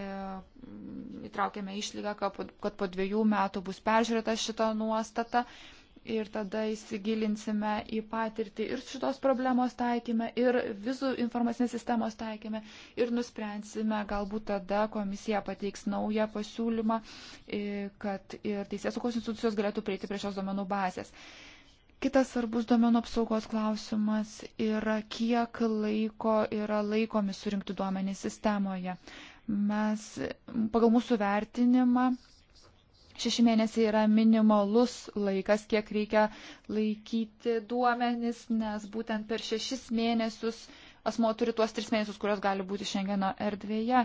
[SPEAKER 2] įtraukėme išlygą, kad po, kad po dviejų metų bus peržiūrėta šita nuostata. E, ir tada įsigilinsime į patirtį ir šitos problemos taikymę, ir vizų informacinės sistemos taikymę, ir nuspręsime, galbūt tada komisija pateiks naują pasiūlymą, e, kad ir teisės saugos institucijos galėtų prieiti prie šios domenų bazės. Kitas svarbus domenų apsaugos klausimas yra, kiek laiko yra laikomi surinkti duomenys sistemoje. Mes pagal mūsų vertinimą Šeši mėnesiai yra minimalus laikas, kiek reikia laikyti duomenis, nes būtent per šešis mėnesius asmo turi tuos tris mėnesius, kurios gali būti šiandieno erdvėje.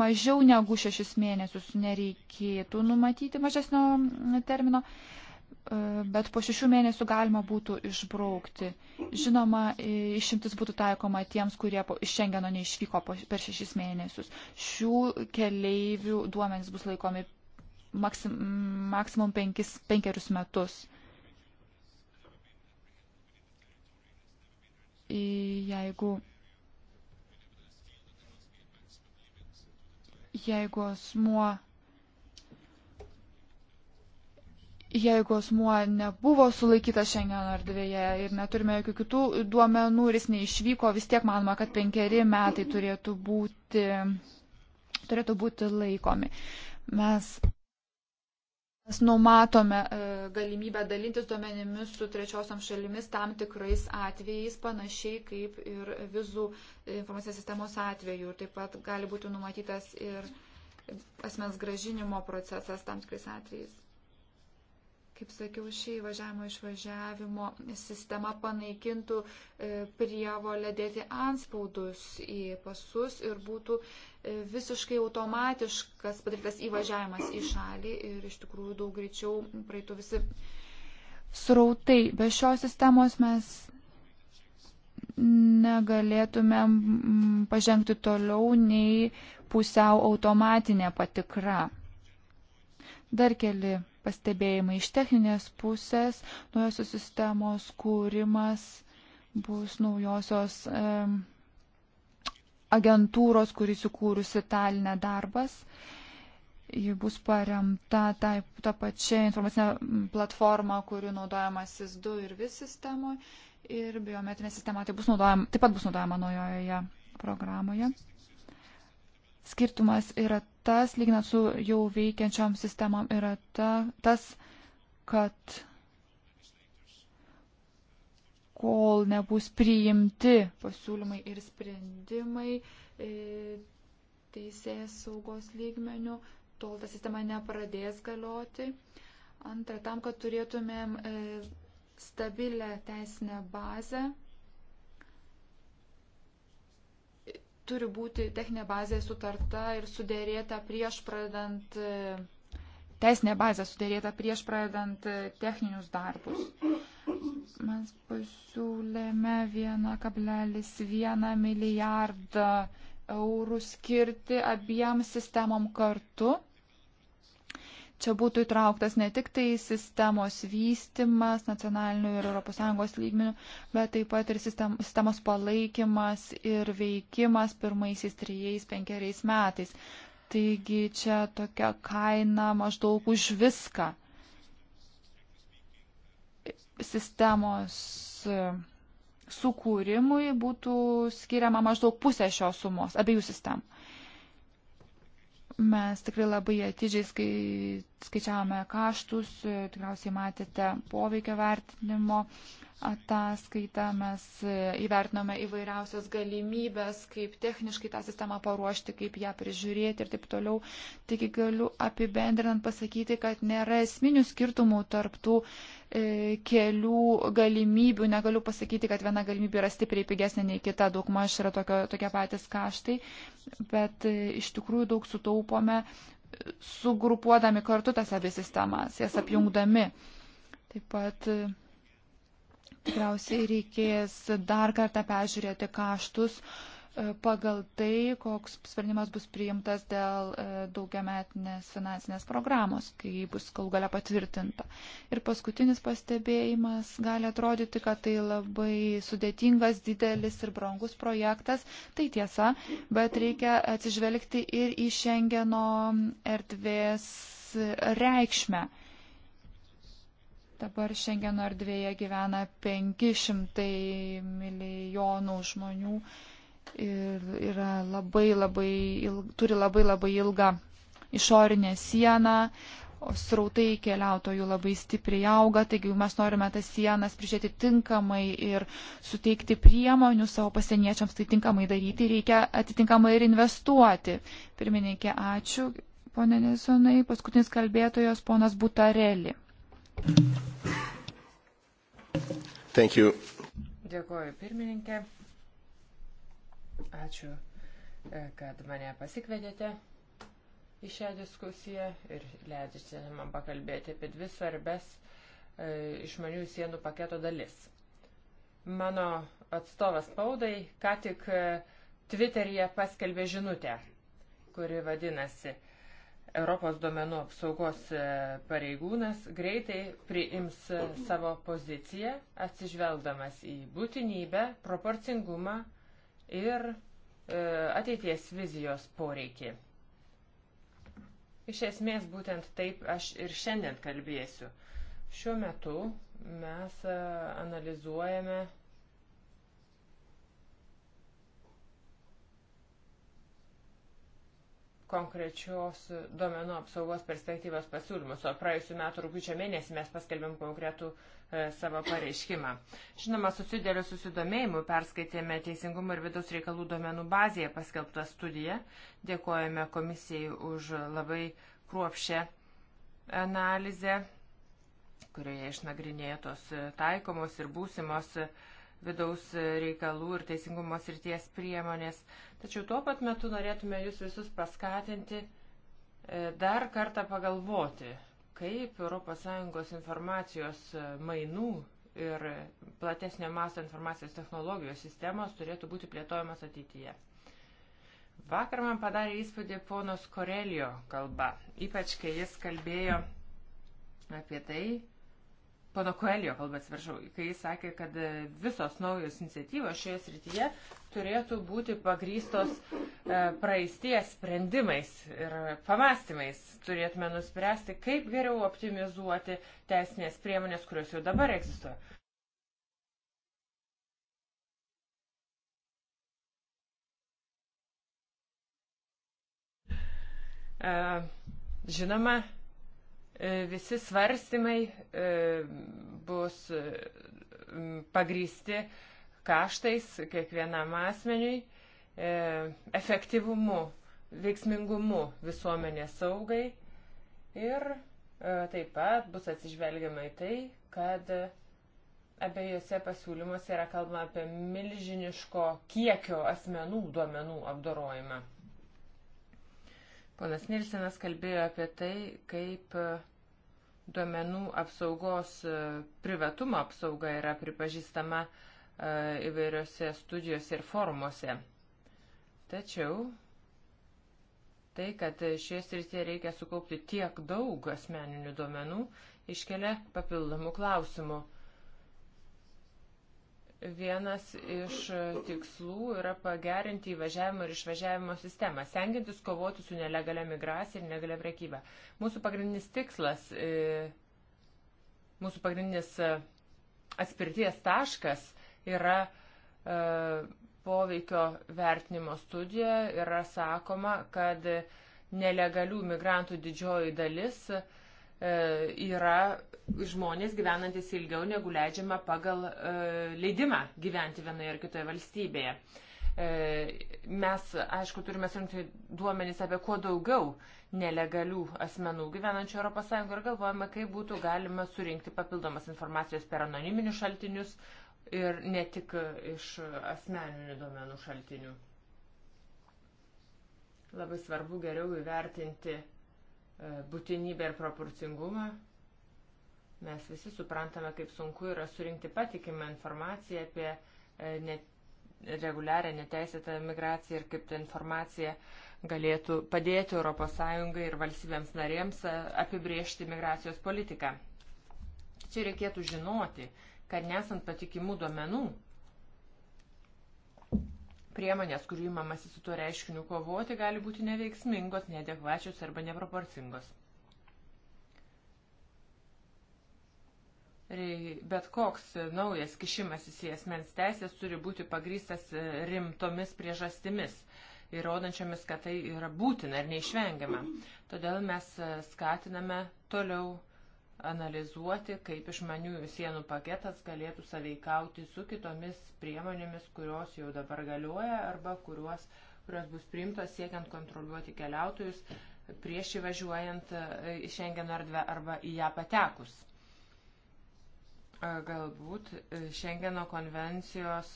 [SPEAKER 2] Mažiau negu šešis mėnesius nereikėtų numatyti mažesnio termino, bet po šešių mėnesių galima būtų išbraukti. Žinoma, išimtis būtų taikoma tiems, kurie iš šiandieno neišvyko per šešis mėnesius. Šių keleivių duomenys bus laikomi maksim, maksimum penkis, penkerius metus. Jeigu, jeigu asmuo jeigu asmuo nebuvo sulaikytas Šengeno erdvėje ir neturime jokių kitų duomenų ir jis neišvyko, vis tiek manoma, kad penkeri metai turėtų būti, turėtų būti laikomi. Mes Mes numatome e, galimybę dalintis duomenimis su trečiosiam šalimis tam tikrais atvejais, panašiai kaip ir vizų e, informacinės sistemos atveju. Taip pat gali būti numatytas ir asmens gražinimo procesas tam tikrais atvejais kaip sakiau, ši įvažiavimo išvažiavimo sistema panaikintų e, prievolę dėti anspaudus į pasus ir būtų e, visiškai automatiškas padarytas įvažiavimas į šalį ir iš tikrųjų daug greičiau praeitų visi srautai. Be šios sistemos mes negalėtumėm pažengti toliau nei pusiau automatinė patikra. Dar keli pastebėjimai. Iš techninės pusės naujosios sistemos kūrimas bus naujosios e, agentūros, kuris įkūrusi Talinę darbas. Ji bus paremta ta, ta pačia informacinė platforma, kuri naudojama SIS2 ir vis sistemoje. Ir biometrinė sistema tai bus naudojama, taip pat bus naudojama naujoje programoje skirtumas yra tas, lyginant su jau veikiančiom sistemom, yra ta, tas, kad kol nebus priimti pasiūlymai ir sprendimai e, teisės saugos lygmenių, tol ta sistema nepradės galioti. Antra, tam, kad turėtumėm e, stabilę teisinę bazę turi būti techninė bazė sutarta ir sudėrėta prieš pradant, e, teisinė bazė sudėrėta prieš pradant e, techninius darbus. Mes pasiūlėme 1,1 milijardą eurų skirti abiem sistemom kartu čia būtų įtrauktas ne tik tai sistemos vystimas nacionaliniu ir ES lygmeniu, bet taip pat ir sistem, sistemos palaikymas ir veikimas pirmaisiais trijais, penkeriais metais. Taigi čia tokia kaina maždaug už viską sistemos sukūrimui būtų skiriama maždaug pusė šios sumos, abiejų sistemų. Mes tikrai labai atidžiai skai, skaičiavome kaštus, tikriausiai matėte poveikio vertinimo ataskaitą. Mes įvertinome įvairiausias galimybės, kaip techniškai tą sistemą paruošti, kaip ją prižiūrėti ir taip toliau. Tik galiu apibendrinant pasakyti, kad nėra esminių skirtumų tarptų e, kelių galimybių. Negaliu pasakyti, kad viena galimybė yra stipriai pigesnė nei kita, daugmaž yra tokio, tokie patys kaštai, bet e, iš tikrųjų daug sutaupome e, sugrupuodami kartu tas abi sistemas, jas apjungdami. Taip pat Tikriausiai reikės dar kartą peržiūrėti kaštus e, pagal tai, koks sprendimas bus priimtas dėl e, daugiametinės finansinės programos, kai bus kol gale patvirtinta. Ir paskutinis pastebėjimas gali atrodyti, kad tai labai sudėtingas, didelis ir brangus projektas. Tai tiesa, bet reikia atsižvelgti ir į Šengeno erdvės reikšmę. Dabar Šengeno erdvėje gyvena 500 milijonų žmonių ir yra labai labai, ilg, turi labai labai ilgą išorinę sieną, o srautai keliautojų labai stipriai auga, taigi mes norime tas sienas prižiūrėti tinkamai ir suteikti priemonių savo pasieniečiams, tai tinkamai daryti reikia atitinkamai ir investuoti. Pirmininkė, ačiū, ponė Nesonai, paskutinis kalbėtojas, ponas Butareli.
[SPEAKER 3] Thank you.
[SPEAKER 1] Dėkuoju pirmininkė. Ačiū, e, kad mane pasikvedėte į šią diskusiją ir leidžiate man pakalbėti apie dvi svarbes e, išmanių sienų paketo dalis. Mano atstovas spaudai ką tik e, Twitteryje paskelbė žinutę, kuri vadinasi e, Europos duomenų apsaugos e, pareigūnas greitai priims e, savo poziciją, atsižvelgdamas į būtinybę, proporcingumą ir e, ateities vizijos poreikį. Iš esmės būtent taip aš ir šiandien kalbėsiu. Šiuo metu mes analizuojame konkrečios duomenų apsaugos perspektyvos pasiūlymus, o praėjusiu metu rūpiučio mėnesį mes paskelbėm konkretų e, savo pareiškimą. Žinoma, susidėliu susidomėjimu, perskaitėme Teisingumo ir vidaus reikalų duomenų bazėje paskelbtą studiją, dėkojame komisijai už labai kruopšę analizę, kurioje išnagrinėtos taikomos ir būsimos e, vidaus reikalų ir teisingumo srities priemonės. Tačiau tuo pat metu norėtume jūs visus paskatinti e, dar kartą pagalvoti, kaip ES informacijos e, mainų ir platesnio masto informacijos technologijos sistemos turėtų būti plėtojamas ateityje. Vakar man padarė įspūdį ponos Korelio kalba, ypač kai jis kalbėjo apie tai, pono Koelio kalbą atsiprašau, kai jis sakė, kad visos naujos iniciatyvos šioje srityje turėtų būti pagrystos e, praeisties sprendimais ir pamastymais. Turėtume nuspręsti, kaip geriau optimizuoti teisinės priemonės, kurios jau dabar egzistuoja. E, žinoma, E, visi svarstymai e, bus e, pagrysti kaštais kiekvienam asmeniui, efektyvumu, veiksmingumu visuomenės saugai ir taip pat bus atsižvelgiama į tai, kad abiejose pasiūlymuose yra kalbama apie milžiniško kiekio asmenų duomenų apdorojimą. Ponas Nilsenas kalbėjo apie tai, kaip uh, duomenų apsaugos e, privatumo apsauga yra pripažįstama e, įvairiose studijose ir formuose. Tačiau tai, kad šioje srityje reikia sukaupti tiek daug asmeninių duomenų, iškelia papildomų klausimų Vienas iš tikslų yra pagerinti įvažiavimo ir išvažiavimo sistemą, sengintis kovoti su nelegalia migracija ir nelegalia prekyba. Mūsų pagrindinis tikslas, e, mūsų pagrindinis e, atspirties taškas yra e, poveikio vertinimo studija, yra sakoma, kad nelegalių migrantų didžioji dalis uh, E, yra žmonės gyvenantis ilgiau negu leidžiama pagal e, leidimą gyventi vienoje ar kitoje valstybėje. E, mes, aišku, turime surinkti duomenys apie kuo daugiau nelegalių asmenų gyvenančių ES ir galvojame, kaip būtų galima surinkti papildomas informacijos per anoniminius šaltinius ir ne tik iš asmeninių duomenų šaltinių. Labai svarbu geriau įvertinti E, būtinybę ir proporcingumą. Mes visi suprantame, kaip sunku yra surinkti patikimą informaciją apie e, net, reguliarę neteisėtą migraciją ir kaip ta informacija galėtų padėti ES ir valstybėms narėms e, apibriežti migracijos politiką. Čia reikėtų žinoti, kad nesant patikimų duomenų, priemonės, kurių įmamasi su tuo reiškiniu kovoti, gali būti neveiksmingos, neadekvačios arba neproporcingos. Bet koks naujas kišimasis į asmens teisės turi būti pagrystas e, rimtomis priežastimis, įrodančiomis, kad tai yra būtina ir neišvengiama. Todėl mes e, skatiname toliau analizuoti, kaip išmaniųjų sienų paketas galėtų saveikauti su kitomis priemonėmis, kurios jau dabar galioja arba kuriuos, kurios bus priimtos siekiant kontroliuoti keliautojus prieš įvažiuojant e, į Šengeno erdvę arba į ją patekus. E, galbūt Šengeno e, konvencijos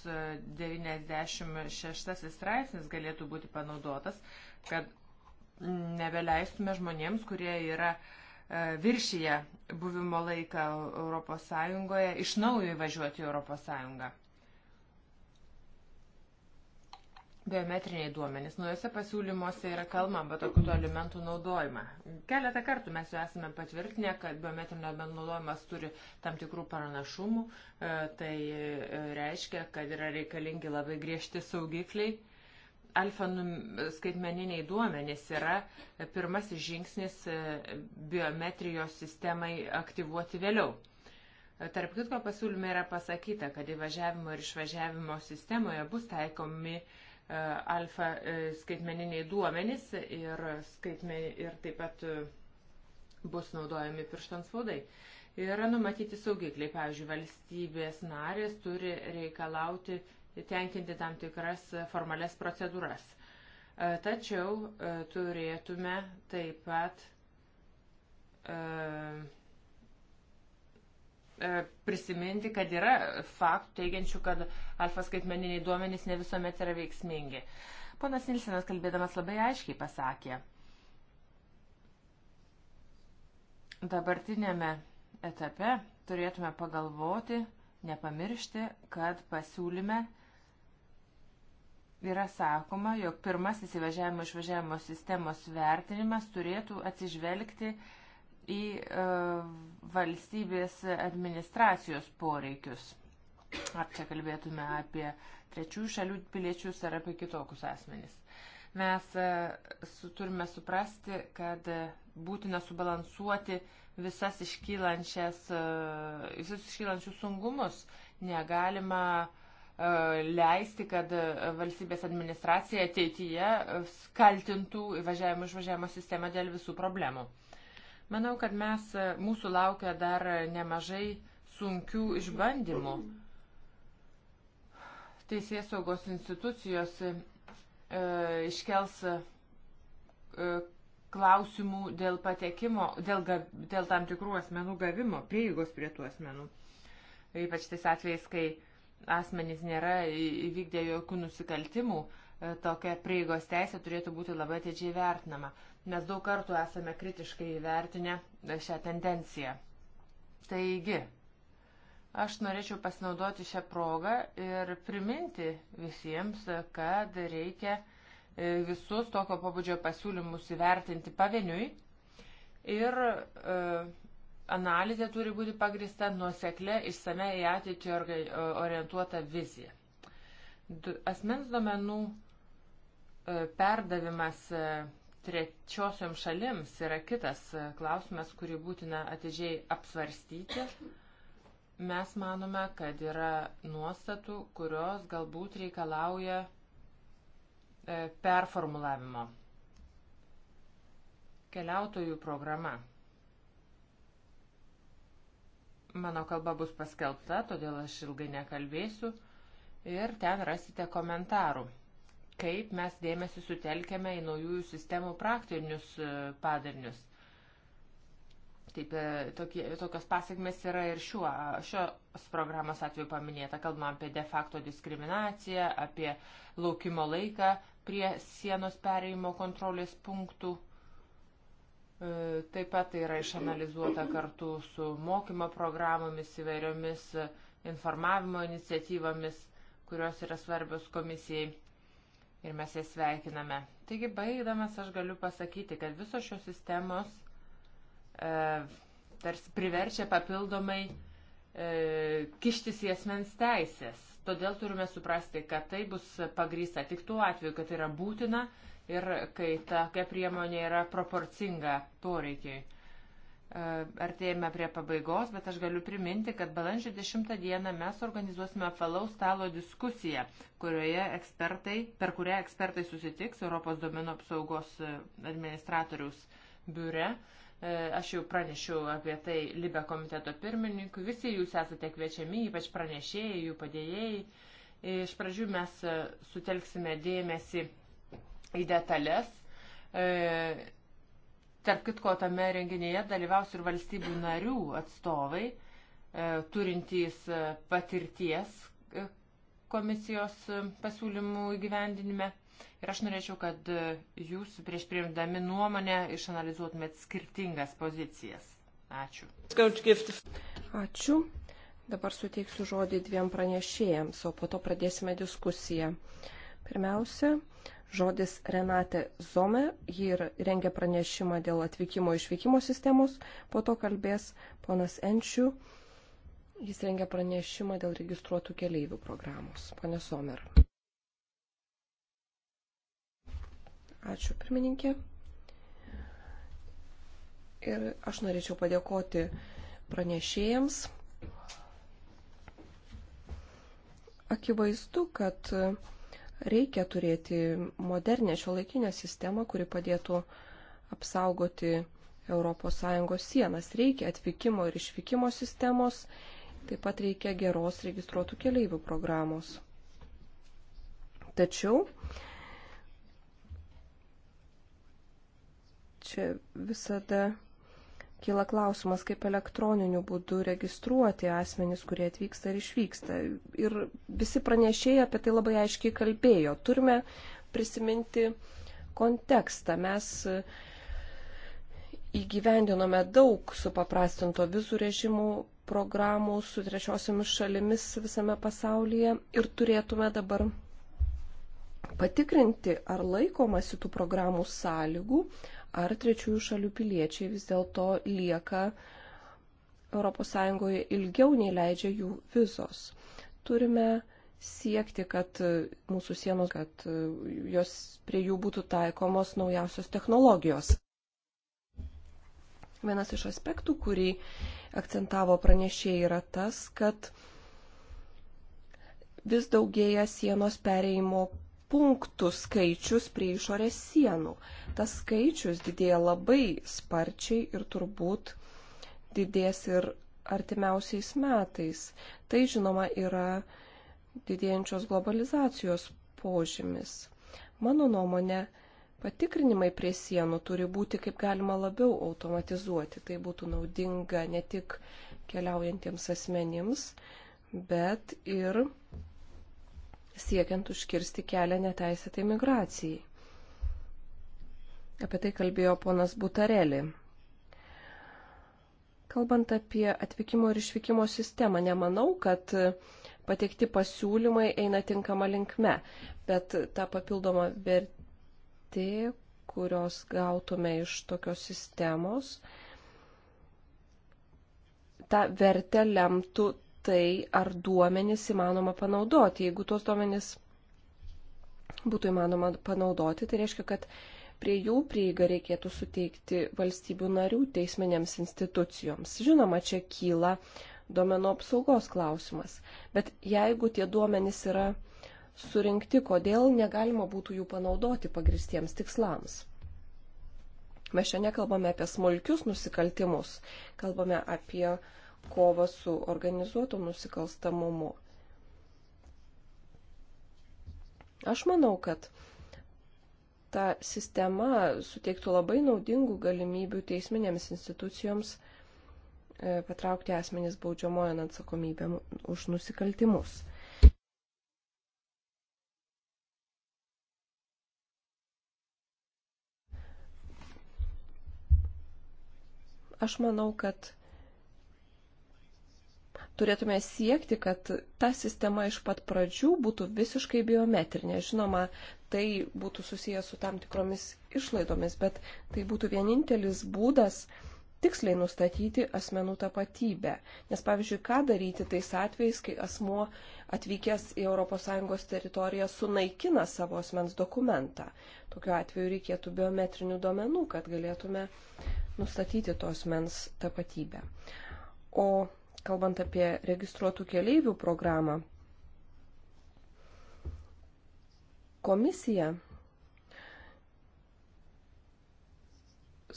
[SPEAKER 1] 96 straipsnis galėtų būti panaudotas, kad nebeleistume žmonėms, kurie yra uh, E, viršyje buvimo laiką ES, iš naujo įvažiuoti į ES. Biometriniai duomenys. Nuojose pasiūlymuose yra kalbama apie tokių elementų naudojimą. Keletą kartų mes jau esame patvirtinę, kad biometrinio duomenų naudojimas turi tam tikrų pranašumų. E, tai e, reiškia, kad yra reikalingi labai griežti saugikliai alfa skaitmeniniai duomenys yra pirmasis žingsnis e, biometrijos sistemai aktyvuoti vėliau. Tarp kitko pasiūlyme yra pasakyta, kad įvažiavimo ir išvažiavimo sistemoje bus taikomi e, alfa e, skaitmeniniai duomenys ir, skaitmen, ir taip pat bus naudojami pirštanspaudai. Yra numatyti saugikliai, pavyzdžiui, valstybės narės turi reikalauti tenkinti tam tikras formales procedūras. E, tačiau e, turėtume taip pat e, prisiminti, kad yra faktų teigiančių, kad alfa skaitmeniniai duomenys ne visuomet yra veiksmingi. Ponas Nilsenas kalbėdamas labai aiškiai pasakė, dabartinėme etape turėtume pagalvoti, nepamiršti, kad pasiūlyme yra sakoma, jog pirmasis įvažiavimo išvažiavimo sistemos vertinimas turėtų atsižvelgti į e, valstybės administracijos poreikius. Ar čia kalbėtume apie trečių šalių piliečius ar apie kitokius asmenys. Mes e, su, turime suprasti, kad e, būtina subalansuoti visas iškylančias, e, visus iškylančius sungumus. Negalima e, leisti, kad valstybės administracija ateityje skaltintų įvažiavimo išvažiavimo sistemą dėl visų problemų. Manau, kad mes, mūsų laukia dar nemažai sunkių išbandymų. Teisės saugos institucijos e, iškels e, klausimų dėl patekimo, dėl, dėl tam tikrų asmenų gavimo, prieigos prie tų asmenų. Ypač tais atvejais, kai asmenys nėra įvykdę jokių nusikaltimų, e, tokia prieigos teisė turėtų būti labai atidžiai vertinama. Mes daug kartų esame kritiškai įvertinę šią tendenciją. Taigi, aš norėčiau pasinaudoti šią progą ir priminti visiems, kad reikia e, visus tokio pabudžio pasiūlymus įvertinti pavieniui ir e, analizė turi būti pagrista nuosekle išsame į ateitį orientuota vizija. Asmens duomenų e, perdavimas e, trečiosiom šalims yra kitas e, klausimas, kurį būtina atidžiai apsvarstyti. Mes manome, kad yra nuostatų, kurios galbūt reikalauja performulavimo. Keliautojų programa Mano kalba bus paskelbta, todėl aš ilgai nekalbėsiu ir ten rasite komentarų, kaip mes dėmesį sutelkėme į naujųjų sistemų praktinius e, padarinius. Taip, e, tokie, tokios pasiekmes yra ir šiuo, šios programos atveju paminėta, kalbama apie de facto diskriminaciją, apie laukimo laiką prie sienos pereimo kontrolės punktų E, taip pat tai yra išanalizuota kartu su mokymo programomis įvairiomis e, informavimo iniciatyvomis, kurios yra svarbios komisijai. Ir mes jas sveikiname. Taigi, baigdamas, aš galiu pasakyti, kad visos šios sistemos e, tarsi priverčia papildomai e, kištis į asmens teisės. Todėl turime suprasti, kad tai bus pagrysta tik tuo atveju, kad yra būtina ir kai tokia priemonė yra proporcinga poreikiai. E, artėjame prie pabaigos, bet aš galiu priminti, kad balandžio 10 dieną mes organizuosime falaus stalo diskusiją, ekspertai, per kurią ekspertai susitiks Europos domino apsaugos administratoriaus biure. E, aš jau pranešiau apie tai Libe komiteto pirmininkui. Visi jūs esate kviečiami, ypač pranešėjai, jų padėjėjai. E, iš pradžių mes e, sutelksime dėmesį į detalės. Tark kitko, tame renginyje dalyvaus ir valstybių narių atstovai, turintys patirties komisijos pasiūlymų įgyvendinime. Ir aš norėčiau, kad jūs prieš priimdami nuomonę išanalizuotumėt skirtingas pozicijas.
[SPEAKER 3] Ačiū. Ačiū. Dabar suteiksiu žodį dviem pranešėjams, o po to pradėsime diskusiją. Pirmiausia, žodis Renate Zome, ji ir rengia pranešimą dėl atvykimo išvykimo sistemos, po to kalbės ponas Enčių, jis rengia pranešimą dėl registruotų keleivių programos. Pane Somer. Ačiū, pirmininkė. Ir aš norėčiau padėkoti pranešėjams. Akivaizdu, kad reikia turėti modernę šiuolaikinę sistemą, kuri padėtų apsaugoti ES sienas. Reikia atvykimo ir išvykimo sistemos, taip pat reikia geros registruotų keleivių programos. Tačiau čia visada kyla klausimas, kaip elektroniniu būdu registruoti asmenys, kurie atvyksta ir išvyksta. Ir visi pranešėjai apie tai labai aiškiai kalbėjo. Turime prisiminti kontekstą. Mes įgyvendinome daug supaprastinto vizų režimų programų su trečiosiomis šalimis visame pasaulyje ir turėtume dabar patikrinti, ar laikomasi tų programų sąlygų, ar trečiųjų šalių piliečiai vis dėlto lieka ES ilgiau nei leidžia jų vizos. Turime siekti, kad mūsų sienos, kad jos prie jų būtų taikomos naujausios technologijos. Vienas iš aspektų, kurį akcentavo pranešėjai, yra tas, kad vis daugėja sienos pereimo punktų skaičius prie išorės sienų. Tas skaičius didėja labai sparčiai ir turbūt didės ir artimiausiais metais. Tai, žinoma, yra didėjančios globalizacijos požymis. Mano nuomonė, patikrinimai prie sienų turi būti kaip galima labiau automatizuoti. Tai būtų naudinga ne tik keliaujantiems asmenims, bet ir siekiant užkirsti kelią neteisėtai migracijai. Apie tai kalbėjo ponas Butarelį. Kalbant apie atvykimo ir išvykimo sistemą, nemanau, kad pateikti pasiūlymai eina tinkama linkme, bet ta papildoma vertė, kurios gautume iš tokios sistemos, tą vertę lemtų tai, ar duomenis įmanoma panaudoti. Jeigu tuos duomenis būtų įmanoma panaudoti, tai reiškia, kad prie jų prieigą reikėtų suteikti valstybių narių teisminėms institucijoms. Žinoma, čia kyla duomenų apsaugos klausimas. Bet jeigu tie duomenys yra surinkti, kodėl negalima būtų jų panaudoti pagristiems tikslams? Mes čia nekalbame apie smulkius nusikaltimus, kalbame apie uh, kovą su organizuotu nusikalstamumu. Aš manau, kad ta sistema suteiktų labai naudingų galimybių teisminėms institucijoms e, patraukti asmenys baudžiamojon atsakomybėm už nusikaltimus. Aš manau, kad turėtume siekti, kad ta sistema iš pat pradžių būtų visiškai biometrinė. Žinoma, tai būtų susijęs su tam tikromis išlaidomis, bet tai būtų vienintelis būdas tiksliai nustatyti asmenų tapatybę. Nes, pavyzdžiui, ką daryti tais atvejais, kai asmuo atvykęs į ES teritoriją sunaikina savo asmens dokumentą. Tokiu atveju reikėtų biometrinių duomenų, kad galėtume nustatyti to asmens tapatybę. O kalbant apie registruotų keleivių programą, komisija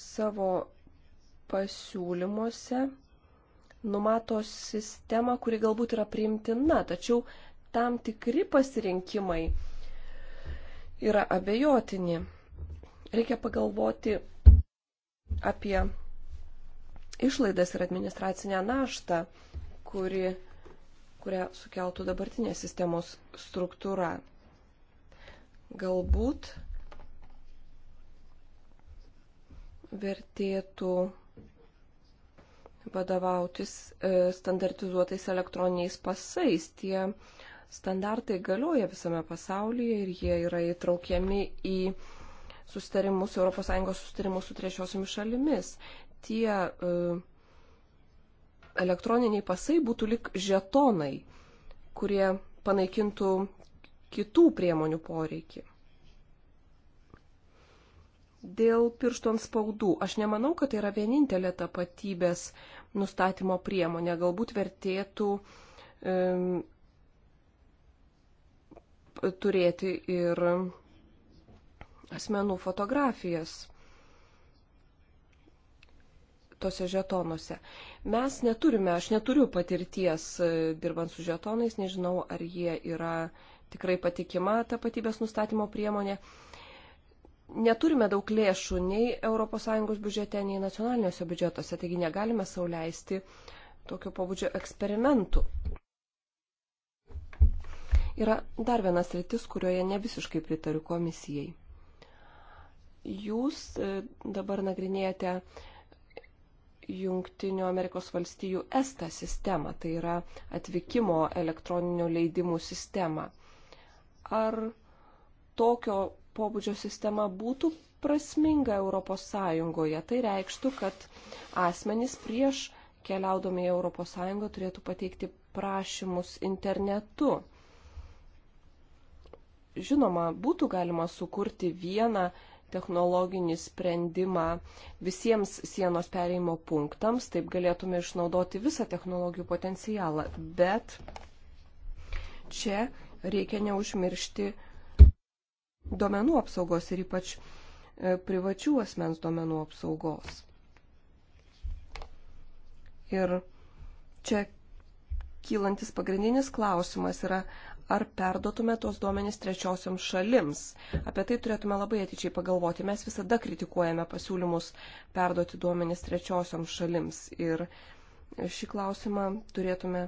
[SPEAKER 3] savo pasiūlymuose numato sistemą, kuri galbūt yra priimtina, tačiau tam tikri pasirinkimai yra abejotini. Reikia pagalvoti apie išlaidas ir administracinę naštą, kuri, kurią sukeltų dabartinės sistemos struktūra. Galbūt vertėtų vadovautis e, standartizuotais elektroniniais pasais. Tie standartai galioja visame pasaulyje ir jie yra įtraukiami į sustarimus, ES sustarimus su trečiosiomis šalimis tie e, elektroniniai pasai būtų lik žetonai, kurie panaikintų kitų priemonių poreikį. Dėl pirštų ant spaudų. Aš nemanau, kad tai yra vienintelė tapatybės nustatymo priemonė. Galbūt vertėtų um, turėti ir asmenų fotografijas tose žetonuose. Mes neturime, aš neturiu patirties e, dirbant su žetonais, nežinau, ar jie yra tikrai patikima tapatybės nustatymo priemonė. Neturime daug lėšų nei ES biudžete, nei nacionaliniuose biudžetuose, taigi negalime sauliaisti tokio pabudžio eksperimentų. Yra dar vienas rytis, kurioje ne visiškai pritariu komisijai. Jūs e, dabar nagrinėjate Junktinių Amerikos valstijų ESTA sistemą, tai yra atvykimo elektroninių leidimų sistemą. Ar tokio pobūdžio sistema būtų prasminga Europos Sąjungoje? Tai reikštų, kad asmenys prieš keliaudami į Europos Sąjungą turėtų pateikti prašymus internetu. Žinoma, būtų galima sukurti vieną technologinį sprendimą visiems sienos pereimo punktams, taip galėtume išnaudoti visą technologijų potencialą. Bet čia reikia neužmiršti duomenų apsaugos ir ypač e, privačių asmens duomenų apsaugos. Ir čia kylantis pagrindinis klausimas yra, ar perduotume tos duomenys trečiosioms šalims. Apie tai turėtume labai atidžiai pagalvoti. Mes visada kritikuojame pasiūlymus perduoti duomenys trečiosioms šalims. Ir šį klausimą turėtume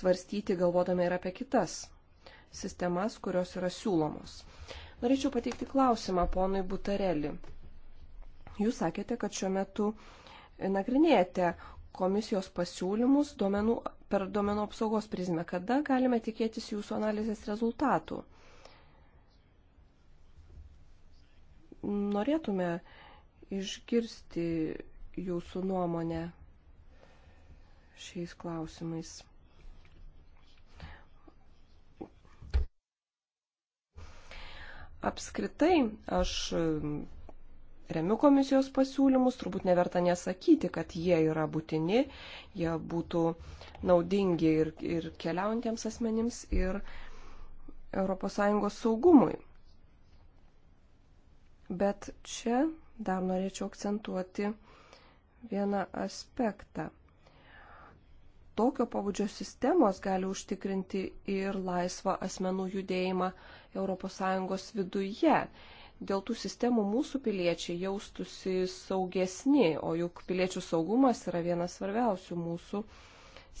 [SPEAKER 3] svarstyti galvodami ir apie kitas sistemas, kurios yra siūlomos. Norėčiau pateikti klausimą ponui Butareli. Jūs sakėte, kad šiuo metu nagrinėjate komisijos pasiūlymus duomenų, per duomenų apsaugos prizmę. Kada galime tikėtis jūsų analizės rezultatų? Norėtume išgirsti jūsų nuomonę šiais klausimais. Apskritai, aš remiu komisijos pasiūlymus, turbūt neverta nesakyti, kad jie yra būtini, jie būtų naudingi ir, ir keliaujantiems asmenims, ir ES saugumui. Bet čia dar norėčiau akcentuoti vieną aspektą. Tokio pabudžio sistemos gali užtikrinti ir laisvą asmenų judėjimą ES viduje dėl tų sistemų mūsų piliečiai jaustusi saugesni, o juk piliečių saugumas yra vienas svarbiausių mūsų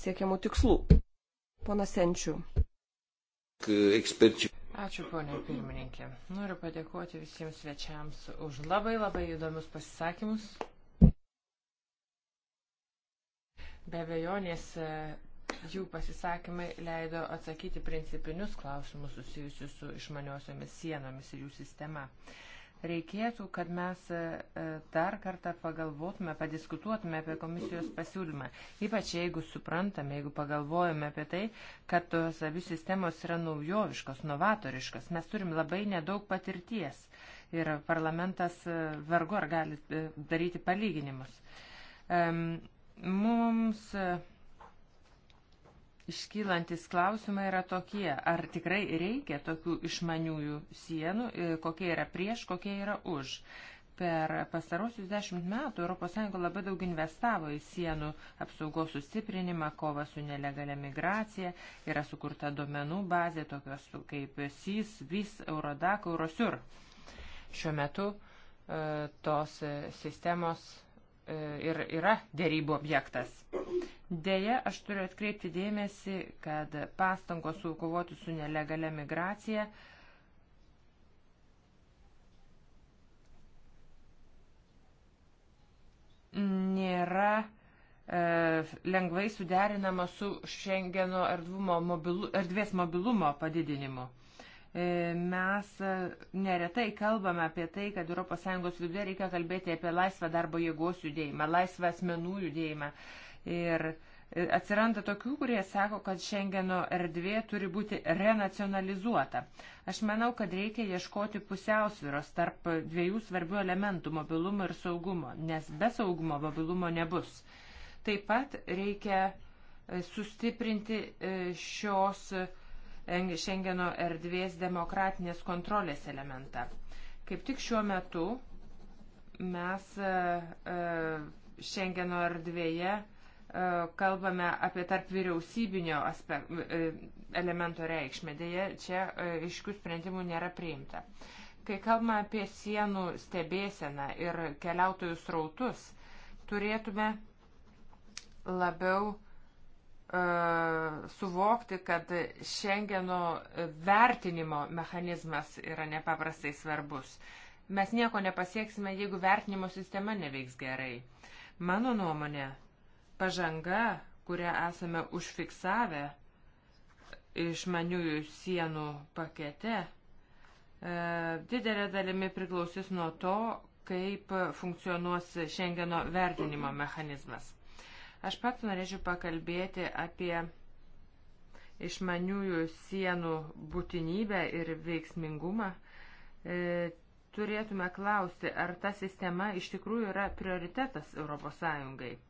[SPEAKER 3] siekiamų tikslų. Pana Senčių.
[SPEAKER 1] Eksperčių.
[SPEAKER 3] Ačiū, ponė pirmininkė.
[SPEAKER 1] Noriu padėkoti visiems svečiams už labai labai įdomius pasisakymus. Be abejonės Jų pasisakymai leido atsakyti principinius klausimus susijusius su išmaniosiomis sienomis ir jų sistema. Reikėtų, kad mes e, e, dar kartą pagalvotume, padiskutuotume apie komisijos pasiūlymą. Ypač jeigu suprantame, jeigu pagalvojame apie tai, kad tos abi sistemos yra naujoviškos, novatoriškos. Mes turim labai nedaug patirties ir parlamentas e, vargu ar gali daryti palyginimus. Mums iškylantis klausimai yra tokie, ar tikrai reikia tokių išmaniųjų sienų, e, kokie yra prieš, kokie yra už. Per pastarosius dešimt metų ES labai daug investavo į sienų apsaugos sustiprinimą, kovą su nelegalia migracija, yra sukurta domenų bazė, tokios kaip SIS, VIS, Eurodac, Eurosur. Šiuo metu e, tos e, sistemos E, ir yra dėrybų objektas. Deja, aš turiu atkreipti dėmesį, kad pastangos sukovoti su nelegalia migracija nėra e, lengvai suderinama su Schengeno mobilu, erdvės mobilumo padidinimu. E, mes e, neretai kalbame apie tai, kad ES viduje reikia kalbėti apie laisvą darbo jėgos judėjimą, laisvą asmenų judėjimą. Ir e, atsiranda tokių, kurie sako, kad Schengeno erdvė turi būti renacionalizuota. Aš manau, kad reikia ieškoti pusiausviros tarp dviejų svarbių elementų - mobilumo ir saugumo, nes be saugumo mobilumo nebus. Taip pat reikia sustiprinti šios Šengeno erdvės demokratinės kontrolės elementą. Kaip tik šiuo metu mes e, e, Šengeno erdvėje e, kalbame apie tarp vyriausybinio aspekt, elemento reikšmę. Deja, čia iškių sprendimų nėra priimta. Kai kalbame apie sienų stebėseną ir keliautojų srautus, turėtume labiau E, suvokti, kad Schengeno vertinimo mechanizmas yra nepaprastai svarbus. Mes nieko nepasieksime, jeigu vertinimo sistema neveiks gerai. Mano nuomonė, pažanga, kurią esame užfiksavę išmaniųjų sienų pakete, e, didelė dalimi priklausys nuo to, kaip funkcionuos Schengeno vertinimo mechanizmas. Aš pats norėčiau pakalbėti apie išmaniųjų sienų būtinybę ir veiksmingumą. E, turėtume klausti, ar ta sistema iš tikrųjų yra prioritetas ES.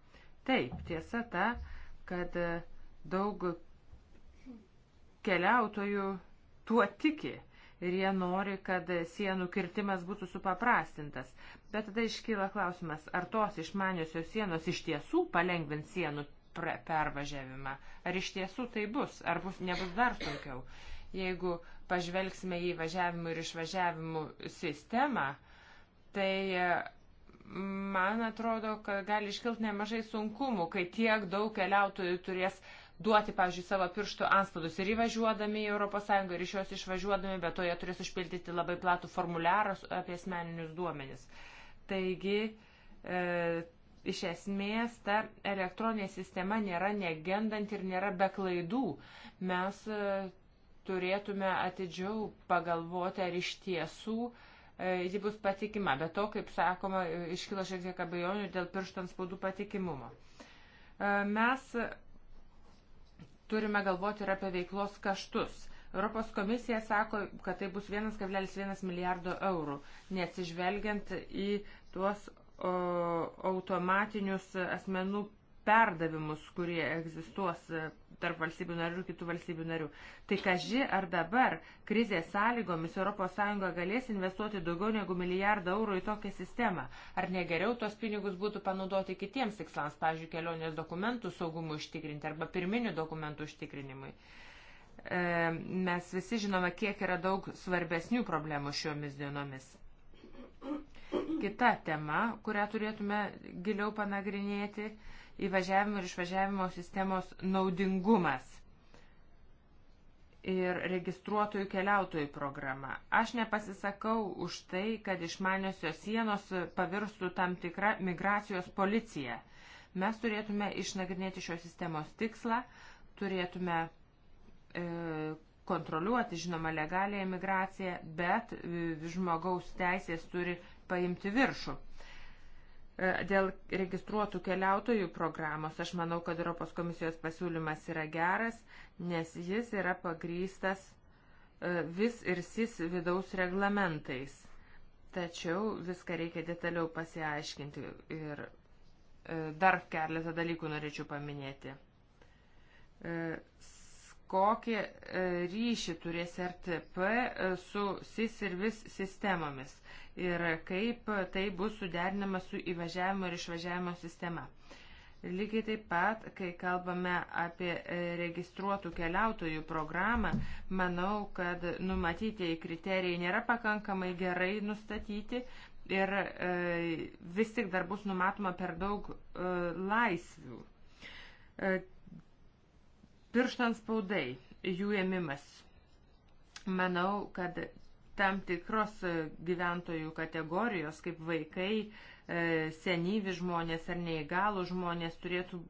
[SPEAKER 1] Taip, tiesa ta, kad daug keliautojų tuo tiki ir jie nori, kad sienų kirtimas būtų supaprastintas. Bet tada iškyla klausimas, ar tos išmaniosios sienos iš tiesų palengvins sienų pervažiavimą, ar iš tiesų tai bus, ar bus, nebus dar sunkiau. Jeigu pažvelgsime į važiavimų ir išvažiavimų sistemą, tai man atrodo, kad gali iškilti nemažai sunkumų, kai tiek daug keliautojų turės duoti, pavyzdžiui, savo pirštų anspaudus ir įvažiuodami į ES ir iš jos išvažiuodami, bet to jie turės užpildyti labai platų formuliarą apie asmeninius duomenis. Taigi, e, iš esmės ta elektroninė sistema nėra negendant ir nėra be klaidų. Mes e, turėtume atidžiau pagalvoti, ar iš tiesų e, ji bus patikima. Bet to, kaip sakoma, iškilo šiek tiek abejonių dėl pirštant spaudų patikimumo. E, mes turime galvoti ir apie veiklos kaštus. Europos komisija sako, kad tai bus 1,1 milijardo eurų, neatsižvelgiant į tuos o, automatinius asmenų perdavimus, kurie egzistuos tarp valstybių narių ir kitų valstybių narių. Tai kaži, ar dabar krizės sąlygomis ES galės investuoti daugiau negu milijardą eurų į tokią sistemą? Ar negeriau tos pinigus būtų panaudoti kitiems tikslams, pavyzdžiui, kelionės dokumentų saugumų užtikrinti arba pirminių dokumentų užtikrinimui? E, mes visi žinome, kiek yra daug svarbesnių problemų šiomis dienomis. Kita tema, kurią turėtume giliau panagrinėti, įvažiavimo ir išvažiavimo sistemos naudingumas ir registruotojų keliautojų programa. Aš nepasisakau už tai, kad išmaniosios sienos pavirstų tam tikrą migracijos policiją. Mes turėtume išnagrinėti šios sistemos tikslą, turėtume e, kontroliuoti, žinoma, legalią imigraciją, bet e, žmogaus teisės turi paimti viršų. E, dėl registruotų keliautojų programos aš manau, kad Europos komisijos pasiūlymas yra geras, nes jis yra pagrystas e, vis ir sis vidaus reglamentais. Tačiau viską reikia detaliau pasiaiškinti ir e, dar keletą dalykų norėčiau paminėti kokį e, ryšį turės RTP e, su SIS ir vis sistemomis ir kaip tai bus suderinama su įvažiavimo ir išvažiavimo sistema. Lygiai taip pat, kai kalbame apie e, registruotų keliautojų programą, manau, kad numatytieji kriterijai nėra pakankamai gerai nustatyti ir e, vis tik dar bus numatoma per daug e, laisvių. E, Pirštant spaudai, jų ėmimas. Manau, kad tam tikros e, gyventojų kategorijos, kaip vaikai, e, senyvi žmonės ar neįgalų žmonės, turėtų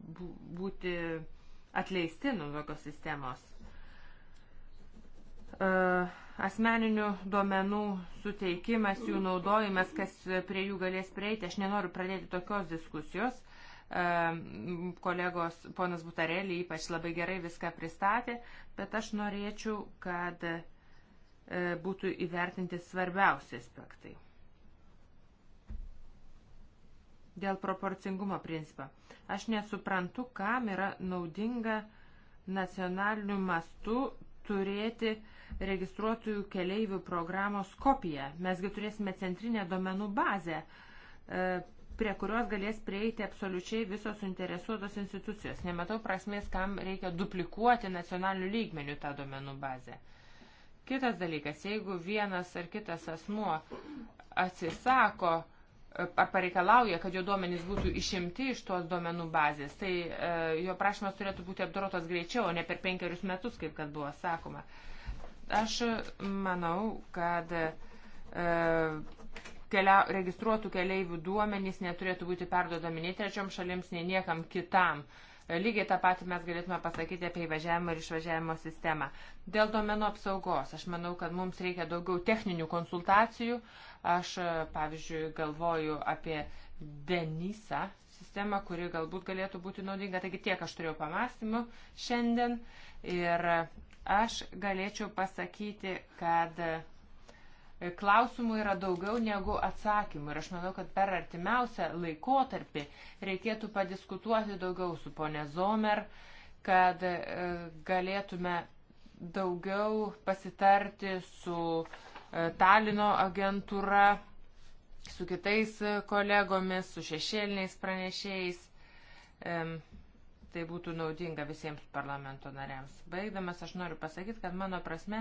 [SPEAKER 1] būti atleisti nuo tokios sistemos. E, asmeninių duomenų suteikimas, jų naudojimas, kas prie jų galės prieiti, aš nenoriu pradėti tokios diskusijos kolegos ponas Butarelį ypač labai gerai viską pristatė, bet aš norėčiau, kad e, būtų įvertinti svarbiausi aspektai. Dėl proporcingumo principą. Aš nesuprantu, kam yra naudinga nacionaliniu mastu turėti registruotųjų keleivių programos kopiją. Mesgi turėsime centrinę domenų bazę e, prie kurios galės prieiti absoliučiai visos suinteresuotos institucijos. Nematau prasmės, kam reikia duplikuoti nacionalinių lygmenių tą domenų bazę. Kitas dalykas, jeigu vienas ar kitas asmuo atsisako ar pareikalauja, kad jo duomenys būtų išimti iš tos duomenų bazės, tai e, jo prašymas turėtų būti apdorotas greičiau, o ne per penkerius metus, kaip kad buvo sakoma. Aš manau, kad e, kelia, registruotų keleivių duomenys neturėtų būti perdodami nei trečiom šalims, nei niekam kitam. E, lygiai tą patį mes galėtume pasakyti apie įvažiavimo ir išvažiavimo sistemą. Dėl domenų apsaugos, aš manau, kad mums reikia daugiau techninių konsultacijų. Aš, e, pavyzdžiui, galvoju apie Denisa sistemą, kuri galbūt galėtų būti naudinga. Taigi tiek aš turėjau pamastymų šiandien. Ir aš galėčiau pasakyti, kad E, klausimų yra daugiau negu atsakymų ir aš manau, kad per artimiausią laikotarpį reikėtų padiskutuoti daugiau su ponė Zomer, kad e, galėtume daugiau pasitarti su e, Talino agentūra, su kitais kolegomis, su šešėliniais pranešėjais. Tai būtų naudinga visiems parlamento nariams. Baigdamas aš noriu pasakyti, kad mano prasme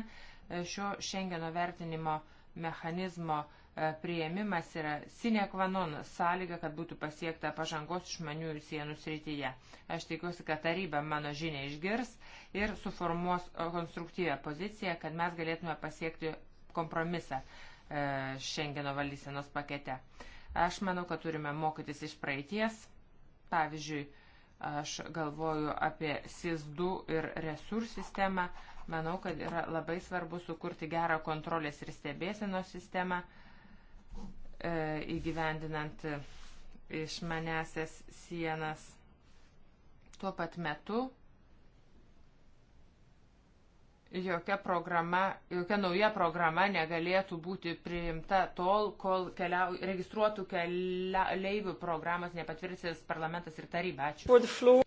[SPEAKER 1] šio Šengeno vertinimo mechanizmo e, prieimimas yra sinekvanon sąlyga, kad būtų pasiekta pažangos išmaniųjų sienų srityje. Aš tikiuosi, kad taryba mano žinia išgirs ir suformuos e, konstruktyvę poziciją, kad mes galėtume pasiekti kompromisą Šengeno e, valdysenos pakete. Aš manau, kad turime mokytis iš praeities. Pavyzdžiui, aš galvoju apie SIS2 ir resurs sistemą manau, kad yra labai svarbu sukurti gerą kontrolės ir stebėsenos sistemą e, įgyvendinant išmanesias sienas. Tuo pat metu jokia programa, jokia nauja programa negalėtų būti priimta tol, kol keliau, registruotų keliaivių programas nepatvirtins parlamentas ir taryba. Ačiū.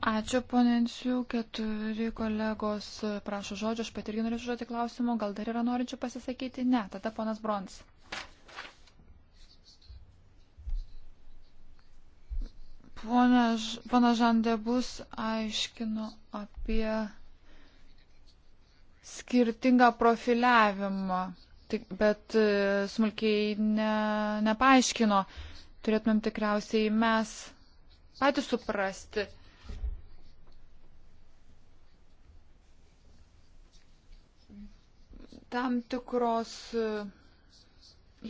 [SPEAKER 2] Ačiū, ponensiu, keturi kolegos prašo žodžio, aš pat irgi norėčiau žodžiu klausimų, gal dar yra norinčių pasisakyti? Ne, tada ponas Brons. Pone, pana Žandebus aiškino apie skirtingą profiliavimą, tik, bet e, smulkiai ne, nepaaiškino. Turėtumėm tikriausiai mes patys suprasti. Tam tikros e,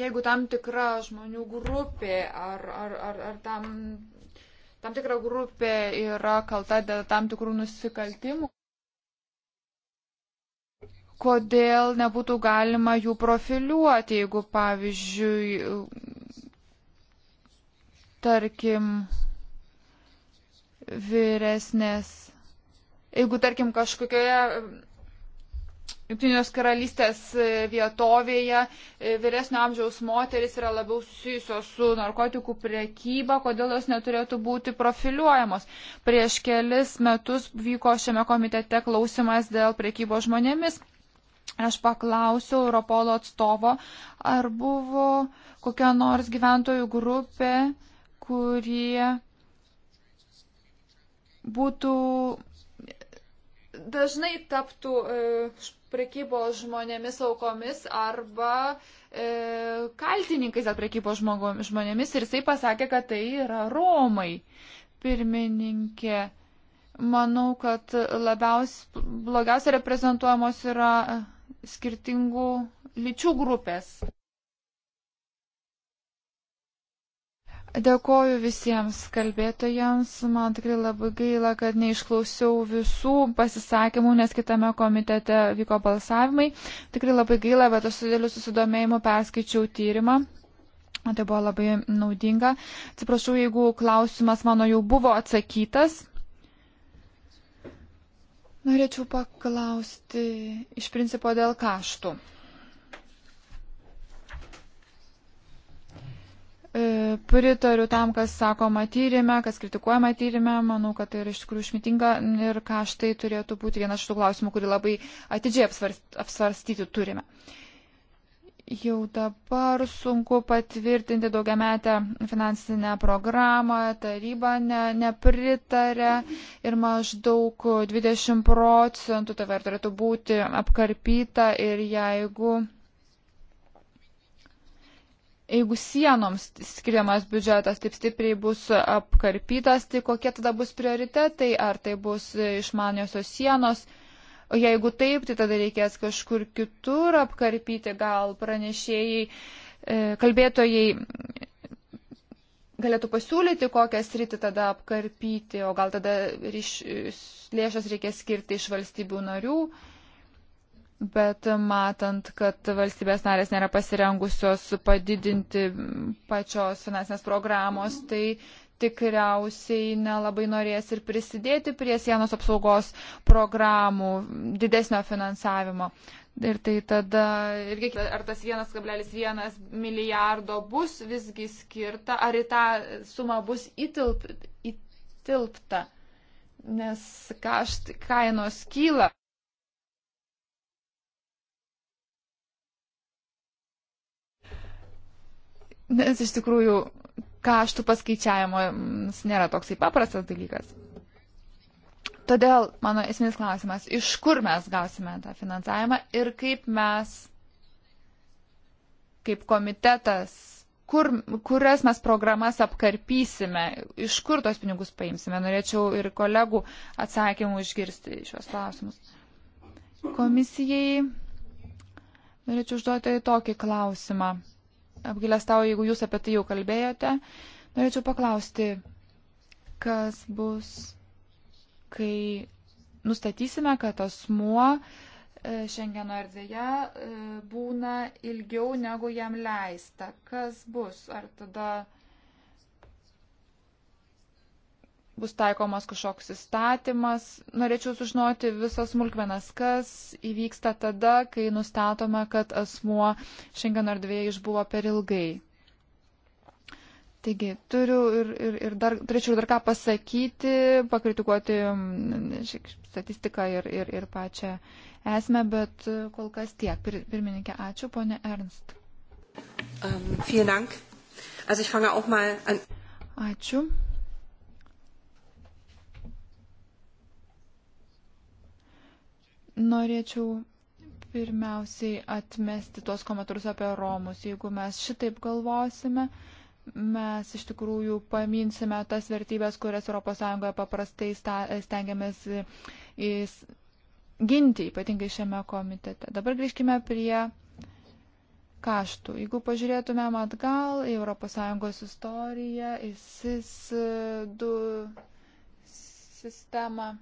[SPEAKER 2] jeigu tam tikra žmonių grupė ar, ar, ar, ar tam, tam tikra grupė yra kalta dėl tam tikrų nusikaltimų, kodėl nebūtų galima jų profiliuoti, jeigu, pavyzdžiui, tarkim, vyresnės, jeigu, tarkim, kažkokioje e, Junktinės karalystės e, vietovėje e, vyresnio amžiaus moteris yra labiau susijusios su narkotikų priekyba, kodėl jos neturėtų būti profiliuojamos. Prieš kelis metus vyko šiame komitete klausimas dėl priekybos žmonėmis. Aš paklausiau Europolo atstovo, ar buvo kokia nors gyventojų grupė, kurie būtų dažnai taptų e, prekybos žmonėmis aukomis arba e, kaltininkais dėl prekybos žmonėmis ir jisai pasakė, kad tai yra Romai. Pirmininkė, manau, kad labiausiai, blogiausiai reprezentuojamos yra skirtingų lyčių grupės. Dėkoju visiems kalbėtojams. Man tikrai labai gaila, kad neišklausiau visų pasisakymų, nes kitame komitete vyko balsavimai. Tikrai labai gaila, bet aš su dideliu susidomėjimu perskaičiau tyrimą. Tai buvo labai naudinga. Atsiprašau, jeigu klausimas mano jau buvo atsakytas. Norėčiau paklausti iš principo dėl kaštų. E, pritariu tam, kas sakoma tyrimė, kas kritikuojama tyrimė, manau, kad tai yra iš tikrųjų išmitinga ir kaštai turėtų būti vienas iš tų klausimų, kurį labai atidžiai apsvarstyti turime. Jau dabar sunku patvirtinti daugiametę finansinę programą, taryba ne, nepritarė ir maždaug 20 procentų TVR tai turėtų būti apkarpyta ir jeigu, jeigu sienoms skiriamas biudžetas taip stipriai bus apkarpytas, tai kokie tada bus prioritetai, ar tai bus išmaniosios sienos. O jeigu taip, tai tada reikės kažkur kitur apkarpyti, gal pranešėjai, e, kalbėtojai galėtų pasiūlyti, kokią sritį tada apkarpyti, o gal tada ryš, lėšas reikės skirti iš valstybių narių. Bet matant, kad valstybės narės nėra pasirengusios padidinti pačios finansinės programos, tai tikriausiai nelabai norės ir prisidėti prie sienos apsaugos programų didesnio finansavimo. Ir tai tada, irgi, ar tas 1,1 milijardo bus visgi skirta, ar į tą sumą bus įtilp, įtilpta, nes kašt, kainos kyla. Nes iš tikrųjų kaštų paskaičiavimas mm, nėra toksai paprastas dalykas. Todėl mano esminis klausimas, iš kur mes gausime tą finansavimą ir kaip mes, kaip komitetas, kur, kurias mes programas apkarpysime, iš kur tos pinigus paimsime. Norėčiau ir kolegų atsakymų išgirsti šios klausimus. Komisijai norėčiau užduoti tokį klausimą apgailestauju, jeigu jūs apie tai jau kalbėjote. Norėčiau paklausti, kas bus, kai nustatysime, kad asmuo e, Šengeno erdvėje e, būna ilgiau negu jam leista. Kas bus? Ar tada bus taikomas kažkoks įstatymas. Norėčiau sužinoti visas smulkmenas, kas įvyksta tada, kai nustatome, kad asmuo šiandien ar dviejai išbuvo per ilgai. Taigi, turiu ir, ir, ir dar, turėčiau dar ką pasakyti, pakritikuoti mm, statistiką ir, ir, ir pačią esmę, bet kol kas tiek. Pir, pirmininkė, ačiū, ponė Ernst.
[SPEAKER 3] Um,
[SPEAKER 2] Ačiū. Norėčiau pirmiausiai atmesti tuos komentarus apie Romus. Jeigu mes šitaip galvosime, mes iš tikrųjų paminsime tas vertybės, kurias ES paprastai stengiamės ginti, ypatingai šiame komitete. Dabar grįžkime prie kaštų. Jeigu pažiūrėtumėm atgal į ES istoriją, į SIS2 sistemą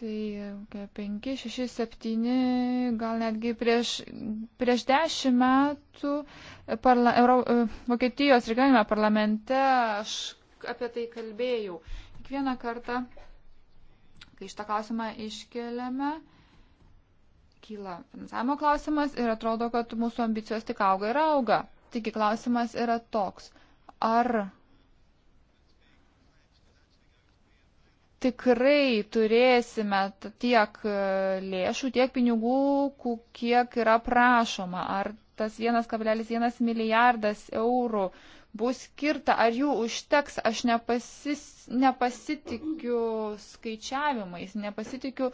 [SPEAKER 2] Tai 5, 6, 7, gal netgi prieš, prieš 10 metų e, parla, Euro, e, Vokietijos regionime parlamente aš apie tai kalbėjau. Kiekvieną kartą, kai šitą klausimą iškeliame, kyla finansavimo klausimas ir atrodo, kad mūsų ambicijos tik auga ir auga. Tik klausimas yra toks, ar tikrai turėsime tiek e, lėšų, tiek pinigų, kiek yra prašoma. Ar tas 1,1 milijardas eurų bus skirta, ar jų užteks, aš nepasis, nepasitikiu skaičiavimais, nepasitikiu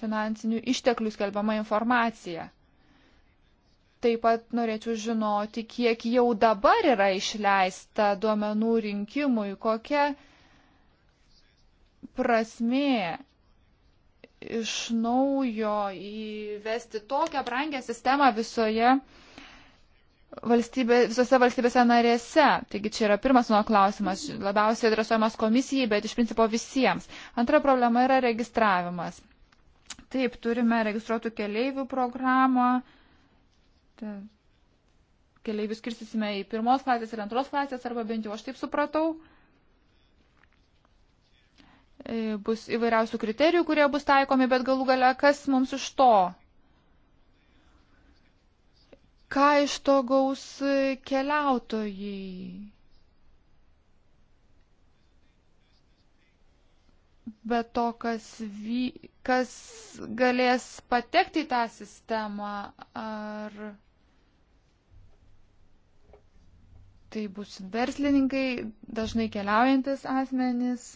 [SPEAKER 2] finansinių išteklių skelbiama informacija. Taip pat norėčiau žinoti, kiek jau dabar yra išleista duomenų rinkimui, kokia prasmė iš naujo įvesti tokią brangę sistemą visoje valstybė, visose valstybėse narėse. Taigi čia yra pirmas mano klausimas, labiausiai adresuojamas komisijai, bet iš principo visiems. Antra problema yra registravimas. Taip, turime registruotų keleivių programą. Ta, keleivius skirstysime į pirmos klasės ir antros klasės, arba bent jau aš taip supratau. E, bus įvairiausių kriterijų, kurie bus taikomi, bet galų gale, kas mums iš to? Ką iš to gaus e, keliautojai? Be to, kas, vy, kas galės patekti į tą sistemą, ar tai bus verslininkai, dažnai keliaujantis asmenys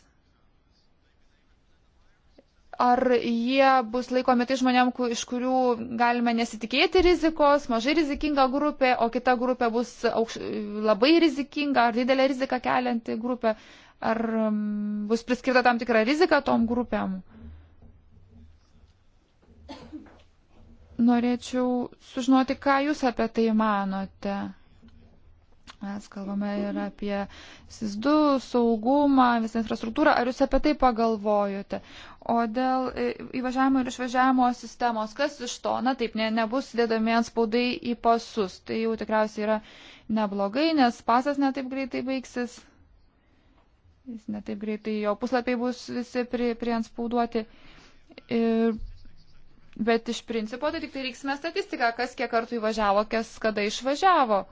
[SPEAKER 2] ar jie bus laikomi tai žmonėm, iš kurių galime nesitikėti rizikos, mažai rizikinga grupė, o kita grupė bus aukš... labai rizikinga ar didelė rizika kelianti grupė, ar mm, bus priskirta tam tikra rizika tom grupėm. Norėčiau sužinoti, ką Jūs apie tai manote. Mes kalbame ir apie SIS2, saugumą, visą infrastruktūrą. Ar jūs apie tai pagalvojote? O dėl e, įvažiavimo ir išvažiavimo sistemos, kas iš to? Na taip, ne, nebus dėdami ant spaudai į pasus. Tai jau tikriausiai yra neblogai, nes pasas netaip greitai baigsis. Jis netaip greitai, jo puslapiai bus visi prie, prie ant spauduoti. Ir Bet iš principo tai tik tai reiksime statistiką, kas kiek kartų įvažiavo, kas kada išvažiavo.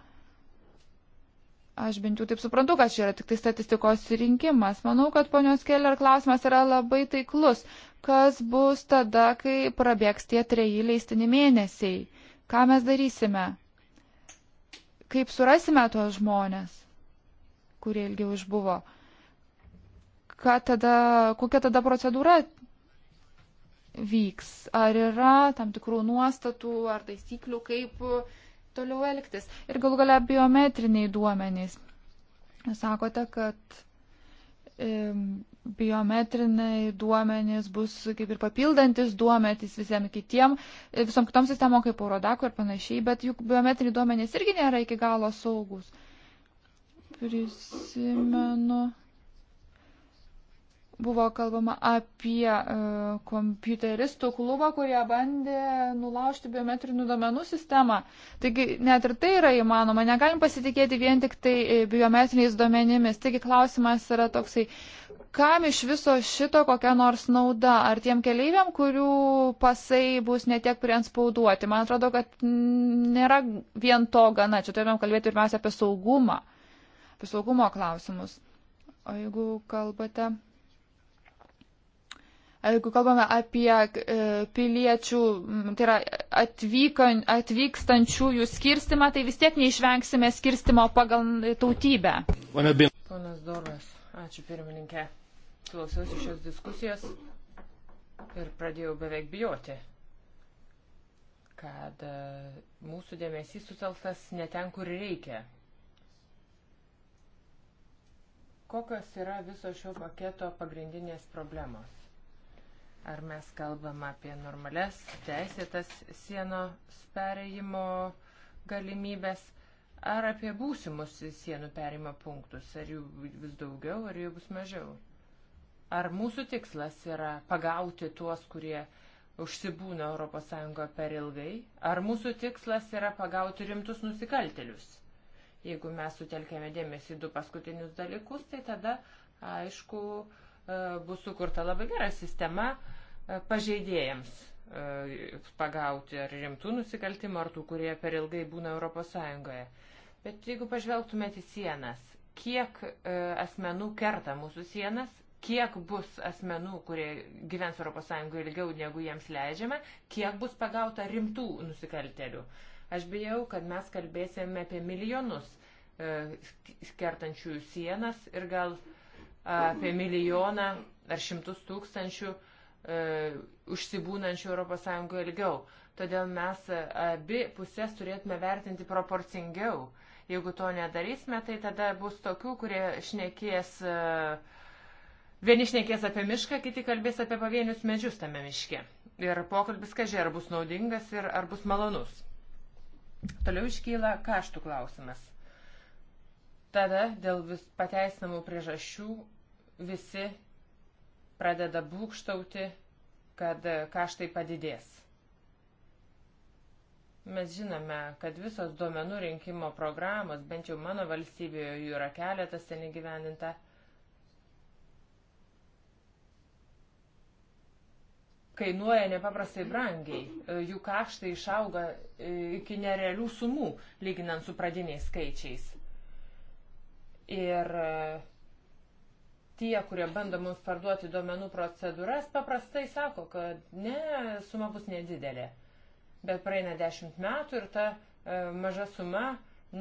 [SPEAKER 2] Aš bent jau taip suprantu, kad čia yra tik tai statistikos rinkimas. Manau, kad ponios Keller klausimas yra labai taiklus. Kas bus tada, kai prabėgs tie treji leistini mėnesiai? Ką mes darysime? Kaip surasime tuos žmonės, kurie ilgiau išbuvo? Ką tada, kokia tada procedūra vyks? Ar yra tam tikrų nuostatų ar taisyklių, kaip toliau elgtis. Ir gal galia biometriniai duomenys. Sakote, kad biometriniai duomenys bus kaip ir papildantis duomenys visiems kitiem, visom kitom sistemom kaip Eurodako ir panašiai, bet juk biometriniai duomenys irgi nėra iki galo saugus. Prisimenu buvo kalbama apie e, kompiuteristų klubą, kurie bandė nulaužti biometrinių domenų sistemą. Taigi net ir tai yra įmanoma, negalim pasitikėti vien tik tai e, biometriniais domenimis. Taigi klausimas yra toksai, kam iš viso šito kokia nors nauda? Ar tiem keleiviam, kurių pasai bus netiek prienspauduoti? Man atrodo, kad nėra vien to gana. Čia turėtumėm kalbėti pirmiausia apie saugumą, apie saugumo klausimus. O jeigu kalbate jeigu kalbame apie e, piliečių, tai yra atvyka, atvykstančiųjų skirstimą, tai vis tiek neišvengsime skirstimo pagal tautybę.
[SPEAKER 1] Ponas Doras, ačiū pirmininkė. Klausiausi šios diskusijos ir pradėjau beveik bijoti, kad e, mūsų dėmesys sutelktas ne ten, kur reikia. Kokios yra viso šio paketo pagrindinės problemos? Ar mes kalbam apie normales teisėtas sienos perėjimo galimybės, ar apie būsimus sienų perėjimo punktus, ar jų vis daugiau, ar jų bus mažiau. Ar mūsų tikslas yra pagauti tuos, kurie užsibūna ES per ilgai, ar mūsų tikslas yra pagauti rimtus nusikaltelius. Jeigu mes sutelkėme dėmesį į du paskutinius dalykus, tai tada, aišku, e, bus sukurta labai gera sistema, pažeidėjams e, pagauti ar rimtų nusikaltimų, ar tų, kurie per ilgai būna ES. Bet jeigu pažvelgtumėte į sienas, kiek e, asmenų kerta mūsų sienas, kiek bus asmenų, kurie gyvens ES ilgiau negu jiems leidžiama, kiek bus pagauta rimtų nusikaltelių. Aš bijau, kad mes kalbėsime apie milijonus e, kertančių sienas ir gal apie milijoną ar šimtus tūkstančių E, užsibūnančių ES ilgiau. Todėl mes abi pusės turėtume vertinti proporcingiau. Jeigu to nedarysime, tai tada bus tokių, kurie šnekės, e, vieni šnekės apie mišką, kiti kalbės apie pavienius medžius tame miške. Ir pokalbis, kažkai, ar bus naudingas ir ar bus malonus. Toliau iškyla kaštų klausimas. Tada dėl vis pateisinamų priežasčių visi pradeda būkštauti, kad kaštai padidės. Mes žinome, kad visos duomenų rinkimo programos, bent jau mano valstybėje jų yra keletas ten įgyvendinta, kainuoja nepaprastai brangiai. Jų kaštai išauga e, iki nerealių sumų, lyginant su pradiniais skaičiais. Ir e, tie, kurie bando mums parduoti duomenų procedūras, paprastai sako, kad ne, suma bus nedidelė. Bet praeina dešimt metų ir ta e, maža suma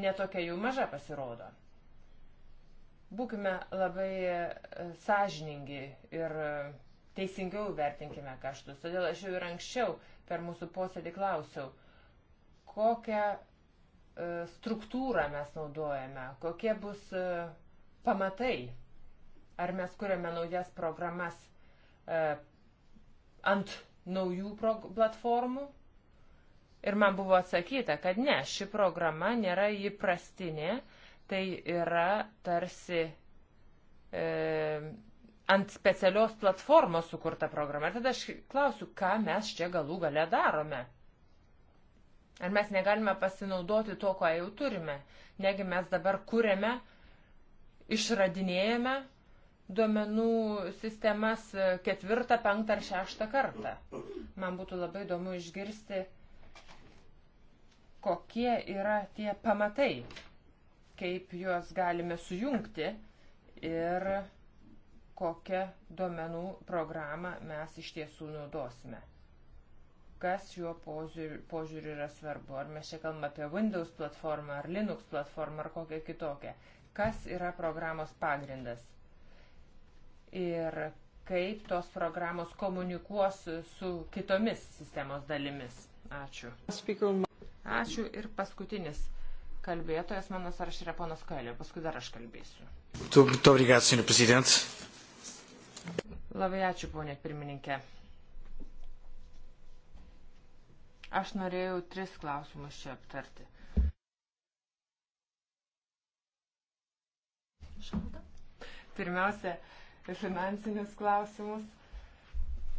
[SPEAKER 1] netokia jau maža pasirodo. Būkime labai e, sąžiningi ir e, teisingiau vertinkime kaštus. Todėl aš jau ir anksčiau per mūsų posėdį klausiau, kokią e, struktūrą mes naudojame, kokie bus e, pamatai Ar mes kuriame naujas programas e, ant naujų prog platformų? Ir man buvo atsakyta, kad ne, ši programa nėra įprastinė, tai yra tarsi e, ant specialios platformos sukurta programa. Ir tada aš klausiu, ką mes čia galų gale darome. Ar mes negalime pasinaudoti to, ką jau turime? Negi mes dabar kūrėme, išradinėjame duomenų sistemas ketvirtą, penktą ar šeštą kartą. Man būtų labai įdomu išgirsti, kokie yra tie pamatai, kaip juos galime sujungti ir kokią duomenų programą mes iš tiesų naudosime. Kas juo požiūriu, požiūriu yra svarbu, ar mes čia kalbame apie Windows platformą, ar Linux platformą, ar kokią kitokią. Kas yra programos pagrindas? ir kaip tos programos komunikuos su kitomis sistemos dalimis. Ačiū. Ačiū ir paskutinis kalbėtojas mano sąrašė yra ponas Kailio, paskui dar aš kalbėsiu.
[SPEAKER 3] Muito obrigado, senhor presidente.
[SPEAKER 1] Labai ačiū, ponė pirmininkė. Aš norėjau tris klausimus čia aptarti. Šalta. Pirmiausia, finansinius klausimus,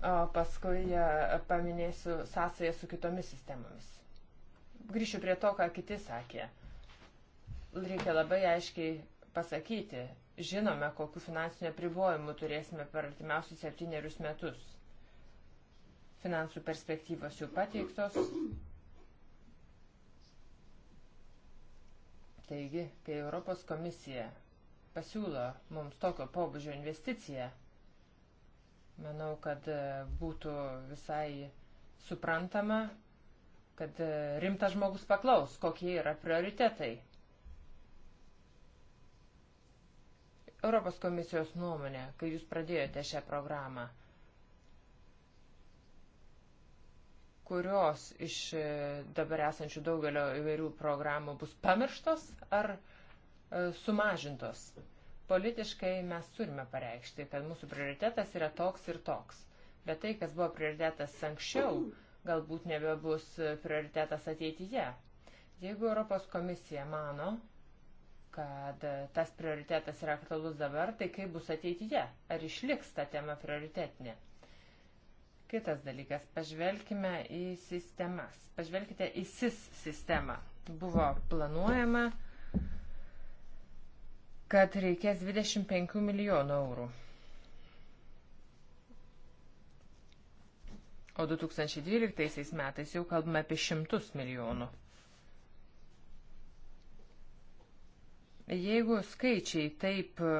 [SPEAKER 1] o paskui e, paminėsiu sąsąją su kitomis sistemomis. Grįšiu prie to, ką kiti sakė. Reikia labai aiškiai pasakyti, žinome, kokiu finansiniu pribojimu turėsime per artimiausius septynerius metus. Finansų perspektyvos jau pateiktos. Taigi, kai Europos komisija pasiūlo mums tokio pobūdžio investiciją. Manau, kad e, būtų visai suprantama, kad e, rimtas žmogus paklaus, kokie yra prioritetai. Europos komisijos nuomonė, kai jūs pradėjote šią programą, kurios iš e, dabar esančių daugelio įvairių programų bus pamirštos, ar uh, E, sumažintos. Politiškai mes turime pareikšti, kad mūsų prioritetas yra toks ir toks. Bet tai, kas buvo prioritetas anksčiau, galbūt nebebus prioritetas ateityje. Jeigu Europos komisija mano, kad tas prioritetas yra aktualus dabar, tai kaip bus ateityje? Ar išliks ta tema prioritetinė? Kitas dalykas, pažvelkime į sistemas. Pažvelkite į SIS sistemą. Buvo planuojama kad reikės 25 milijonų eurų. O 2012 metais jau kalbame apie šimtus milijonų. Jeigu skaičiai taip e,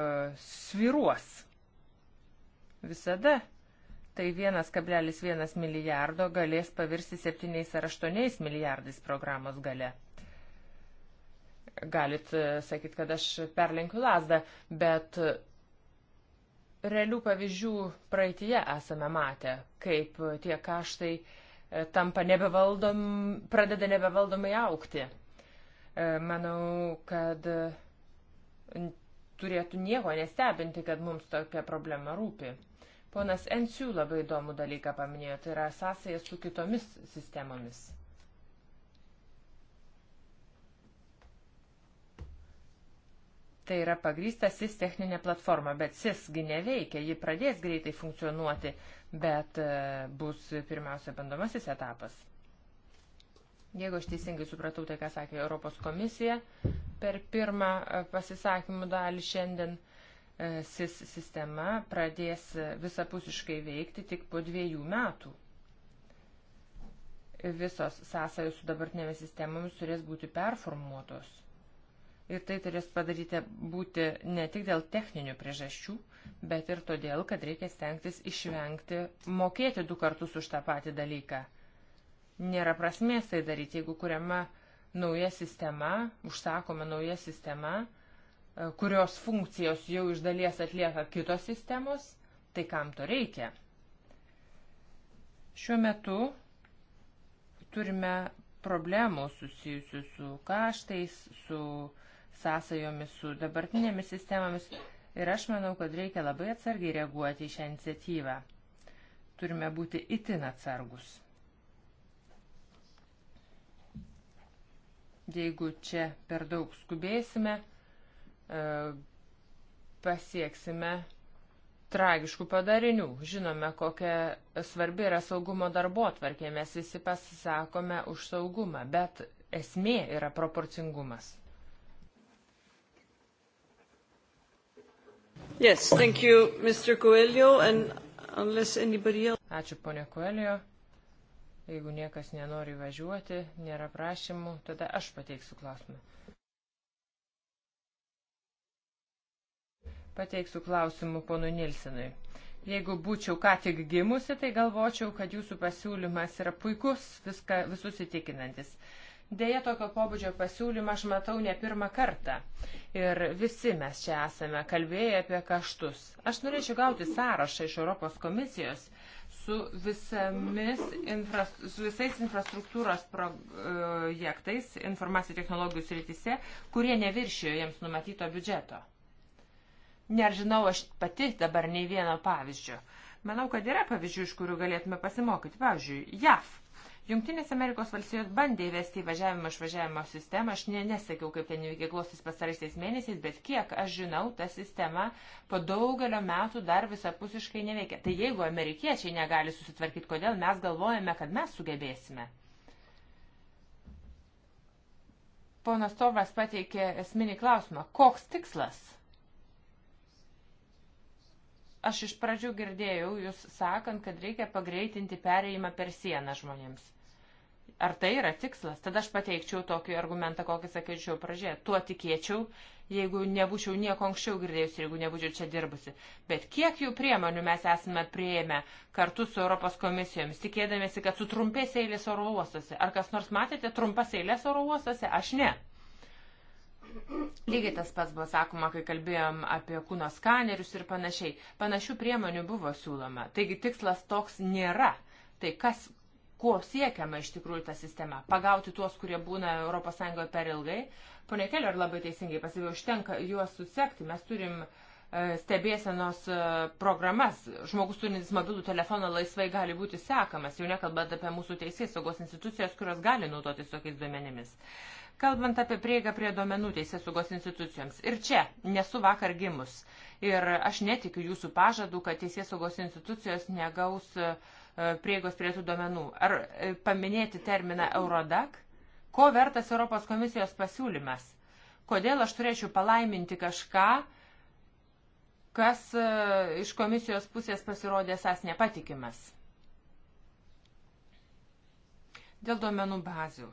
[SPEAKER 1] sviruos, visada tai 1,1 milijardo galės pavirsti 7 ar 8 milijardais programos gale galit e, sakyti, kad aš perlenkiu lasdą, bet realių pavyzdžių praeitie esame matę, kaip tie kaštai e, tampa nebevaldom, pradeda nebevaldomai aukti. E, manau, kad turėtų nieko nestebinti, kad mums tokia problema rūpi. Ponas Ensių labai įdomų dalyką paminėjo, tai yra sąsaja su kitomis sistemomis. Tai yra pagrįsta SIS techninė platforma, bet SIS gi neveikia, ji pradės greitai funkcionuoti, bet e, bus pirmiausia bandomasis etapas. Jeigu aš teisingai supratau tai, ką sakė Europos komisija per pirmą e, pasisakymų dalį šiandien, e, SIS sistema pradės visapusiškai veikti tik po dviejų metų. Visos sąsajos su dabartinėmis sistemomis turės būti performuotos. Ir tai turės padaryti būti ne tik dėl techninių priežasčių, bet ir todėl, kad reikia stengtis išvengti mokėti du kartus už tą patį dalyką. Nėra prasmės tai daryti, jeigu kuriama nauja sistema, užsakoma nauja sistema, e, kurios funkcijos jau iš dalies atlieka kitos sistemos, tai kam to reikia? Šiuo metu turime problemų susijusių su kaštais, su uh, sąsajomis su dabartinėmis sistemomis ir aš manau, kad reikia labai atsargiai reaguoti į šią iniciatyvą. Turime būti itin atsargus. Jeigu čia per daug skubėsime, e, pasieksime tragiškų padarinių. Žinome, kokia svarbi yra saugumo darbo atvarkė, mes visi pasisakome už saugumą, bet esmė yra proporcingumas.
[SPEAKER 3] Yes, thank you, Mr. Coelho,
[SPEAKER 1] and unless anybody else... Ačiū, ponė Coelho. Jeigu niekas nenori važiuoti, nėra prašymų, tada aš pateiksiu klausimą. Pateiksiu klausimų ponui Nilsenui. Jeigu būčiau ką tik gimusi, tai galvočiau, kad jūsų pasiūlymas yra puikus, viską, visus įtikinantis. Deja, tokio pobūdžio pasiūlymą aš matau ne pirmą kartą. Ir visi mes čia esame kalbėję apie kaštus. Aš norėčiau gauti sąrašą iš Europos komisijos su, visamis, infras, su visais infrastruktūros projektais informacijų technologijų srityse, kurie neviršijo jiems numatyto biudžeto. Nežinau, aš pati dabar nei vieno pavyzdžio. Manau, kad yra pavyzdžių, iš kurių galėtume pasimokyti. Pavyzdžiui, JAV Junktinės Amerikos valstijos bandė įvesti įvažiavimo išvažiavimo sistemą, aš ne, nesakiau, kaip ten įvykė glostis pastaraisiais mėnesiais, bet kiek aš žinau, ta sistema po daugelio metų dar visapusiškai neveikia. Tai jeigu amerikiečiai negali susitvarkyti, kodėl mes galvojame, kad mes sugebėsime? Ponas Tovas pateikė esminį klausimą, koks tikslas? Aš iš pradžių girdėjau jūs sakant, kad reikia pagreitinti pereimą per sieną žmonėms. Ar tai yra tikslas? Tada aš pateikčiau tokį argumentą, kokį sakyčiau pradžioje. Tuo tikėčiau, jeigu nebūčiau nieko anksčiau girdėjusi, jeigu nebūčiau čia dirbusi. Bet kiek jų priemonių mes esame prieėmę kartu su Europos komisijomis, tikėdamėsi, kad sutrumpės eilės oro uostose. Ar kas nors matėte trumpas eilės oro uostose? Aš ne. Lygiai tas pats buvo sakoma, kai kalbėjom apie kūno skanerius ir panašiai. Panašių priemonių buvo siūloma. Taigi tikslas toks nėra. Tai kas ko siekiama iš tikrųjų tą sistemą. Pagauti tuos, kurie būna ES per ilgai. Pone Keller labai teisingai pasivėjo, užtenka juos susekti. Mes turim e, stebėsenos e, programas. Žmogus turintis mobilų telefoną laisvai gali būti sekamas, jau nekalbant apie mūsų teisės saugos institucijas, kurios gali naudotis tokiais duomenimis. Kalbant apie prieigą prie duomenų teisės saugos institucijoms. Ir čia nesu vakar gimus. Ir aš netikiu jūsų pažadų, kad teisės saugos institucijos negaus uh, E, prieigos prie tų duomenų. Ar e, paminėti terminą Eurodac? Ko vertas Europos komisijos pasiūlymas? Kodėl aš turėčiau palaiminti kažką, kas e, iš komisijos pusės pasirodė esas nepatikimas? Dėl duomenų bazių.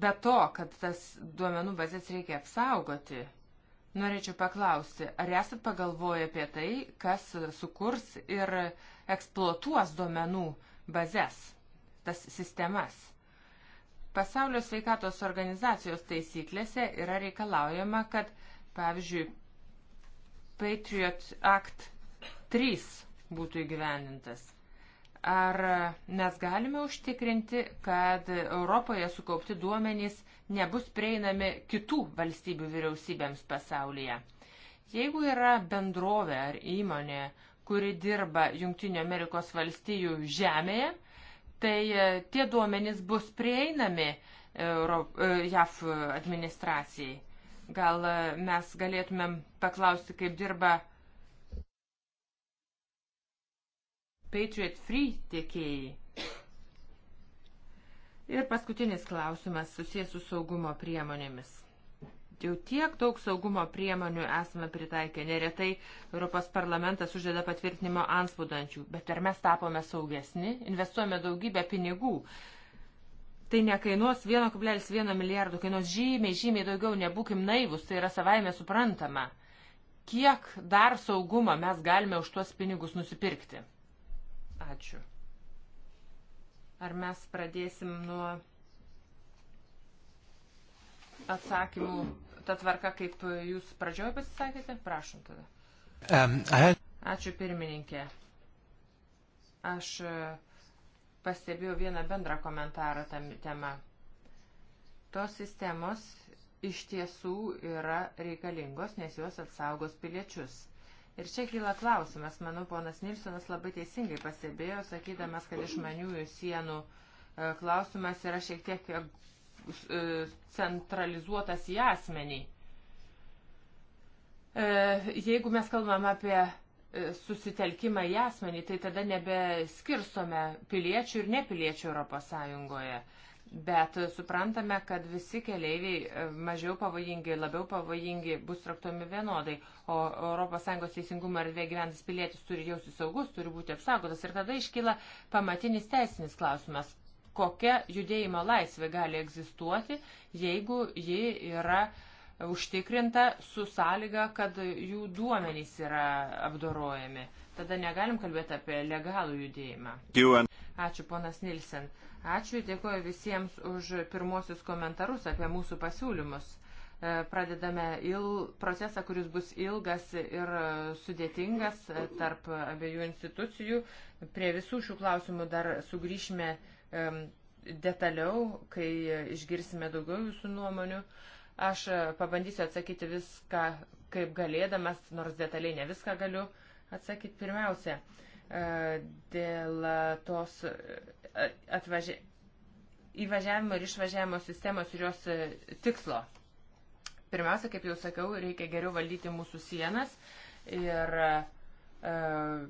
[SPEAKER 1] Be to, kad tas duomenų bazės reikia apsaugoti, Norėčiau paklausti, ar esat pagalvoję apie tai, kas sukurs ir eksploatuos duomenų bazės, tas sistemas? Pasaulio sveikatos organizacijos taisyklėse yra reikalaujama, kad, pavyzdžiui, Patriot Act 3 būtų įgyvendintas. Ar mes galime užtikrinti, kad Europoje sukaupti duomenys nebus prieinami kitų valstybių vyriausybėms pasaulyje? Jeigu yra bendrovė ar įmonė, kuri dirba Junktinio Amerikos valstijų žemėje, tai e, tie duomenys bus prieinami e, Euro, e, JAF administracijai. Gal mes galėtumėm paklausti, kaip dirba uh, Patriot Free tiekėjai. Ir paskutinis klausimas susijęs su saugumo priemonėmis. Jau tiek daug saugumo priemonių esame pritaikę. Neretai Europos parlamentas uždeda patvirtinimo anspūdančių. Bet ar mes tapome saugesni? Investuojame daugybę pinigų. Tai nekainuos 1,1 milijardų, kainuos žymiai, žymiai daugiau, nebūkim naivus, tai yra savaime suprantama. Kiek dar saugumo mes galime už tuos pinigus nusipirkti? Ačiū. Ar mes pradėsim nuo atsakymų, ta tvarka, kaip jūs pradžioje pasisakėte? Prašom tada. Um, had... Ačiū pirmininkė. Aš e, pastebėjau vieną bendrą komentarą tam tema. Tos sistemos iš tiesų yra reikalingos, nes jos apsaugos piliečius Ir čia kyla klausimas, manau, ponas Nilsonas labai teisingai pastebėjo, sakydamas, kad išmaniųjų sienų e, klausimas yra šiek tiek e, e, centralizuotas į asmenį. Jeigu mes kalbam apie susitelkimą į asmenį, tai tada nebeskirstome piliečių ir nepiliečių Europos Sąjungoje bet suprantame, kad visi keleiviai e, mažiau pavojingi, labiau pavojingi bus traktuomi vienodai, o ES teisingumo erdvė gyventas pilietis turi jausti saugus, turi būti apsaugotas ir tada iškyla pamatinis teisinis klausimas kokia judėjimo laisvė gali egzistuoti, jeigu ji yra užtikrinta su sąlyga, kad jų duomenys yra apdorojami. Tada negalim kalbėti apie legalų judėjimą. Ačiū, ponas Nilsen. Ačiū, dėkuoju visiems už pirmosius komentarus apie mūsų pasiūlymus. E, pradedame il, procesą, kuris bus ilgas ir sudėtingas e, tarp abiejų institucijų. Prie visų šių klausimų dar sugrįšime detaliau, kai išgirsime daugiau jūsų nuomonių. Aš e, pabandysiu atsakyti viską, kaip galėdamas, nors detaliai ne viską galiu atsakyti pirmiausia. E, dėl tos e, atvažia, įvažiavimo ir išvažiavimo sistemos ir jos e, tikslo. Pirmiausia, kaip jau sakiau, reikia geriau valdyti mūsų sienas ir uh,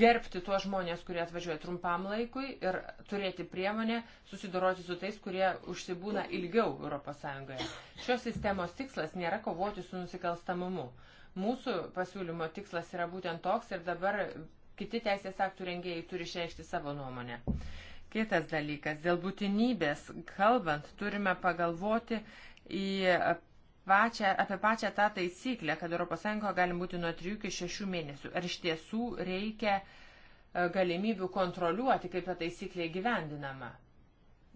[SPEAKER 1] gerbti tuos žmonės, kurie atvažiuoja trumpam laikui ir turėti priemonę susidoroti su tais, kurie užsibūna ilgiau ES. Šios sistemos tikslas nėra kovoti su nusikalstamumu. Mūsų pasiūlymo tikslas yra būtent toks ir dabar kiti teisės aktų rengėjai turi išreikšti savo nuomonę. Kitas dalykas, dėl būtinybės, kalbant, turime pagalvoti į pačią, apie pačią tą taisyklę, kad ES gali būti nuo 3 iki 6 mėnesių. Ar iš tiesų reikia e, galimybių kontroliuoti, kaip ta taisyklė įgyvendinama?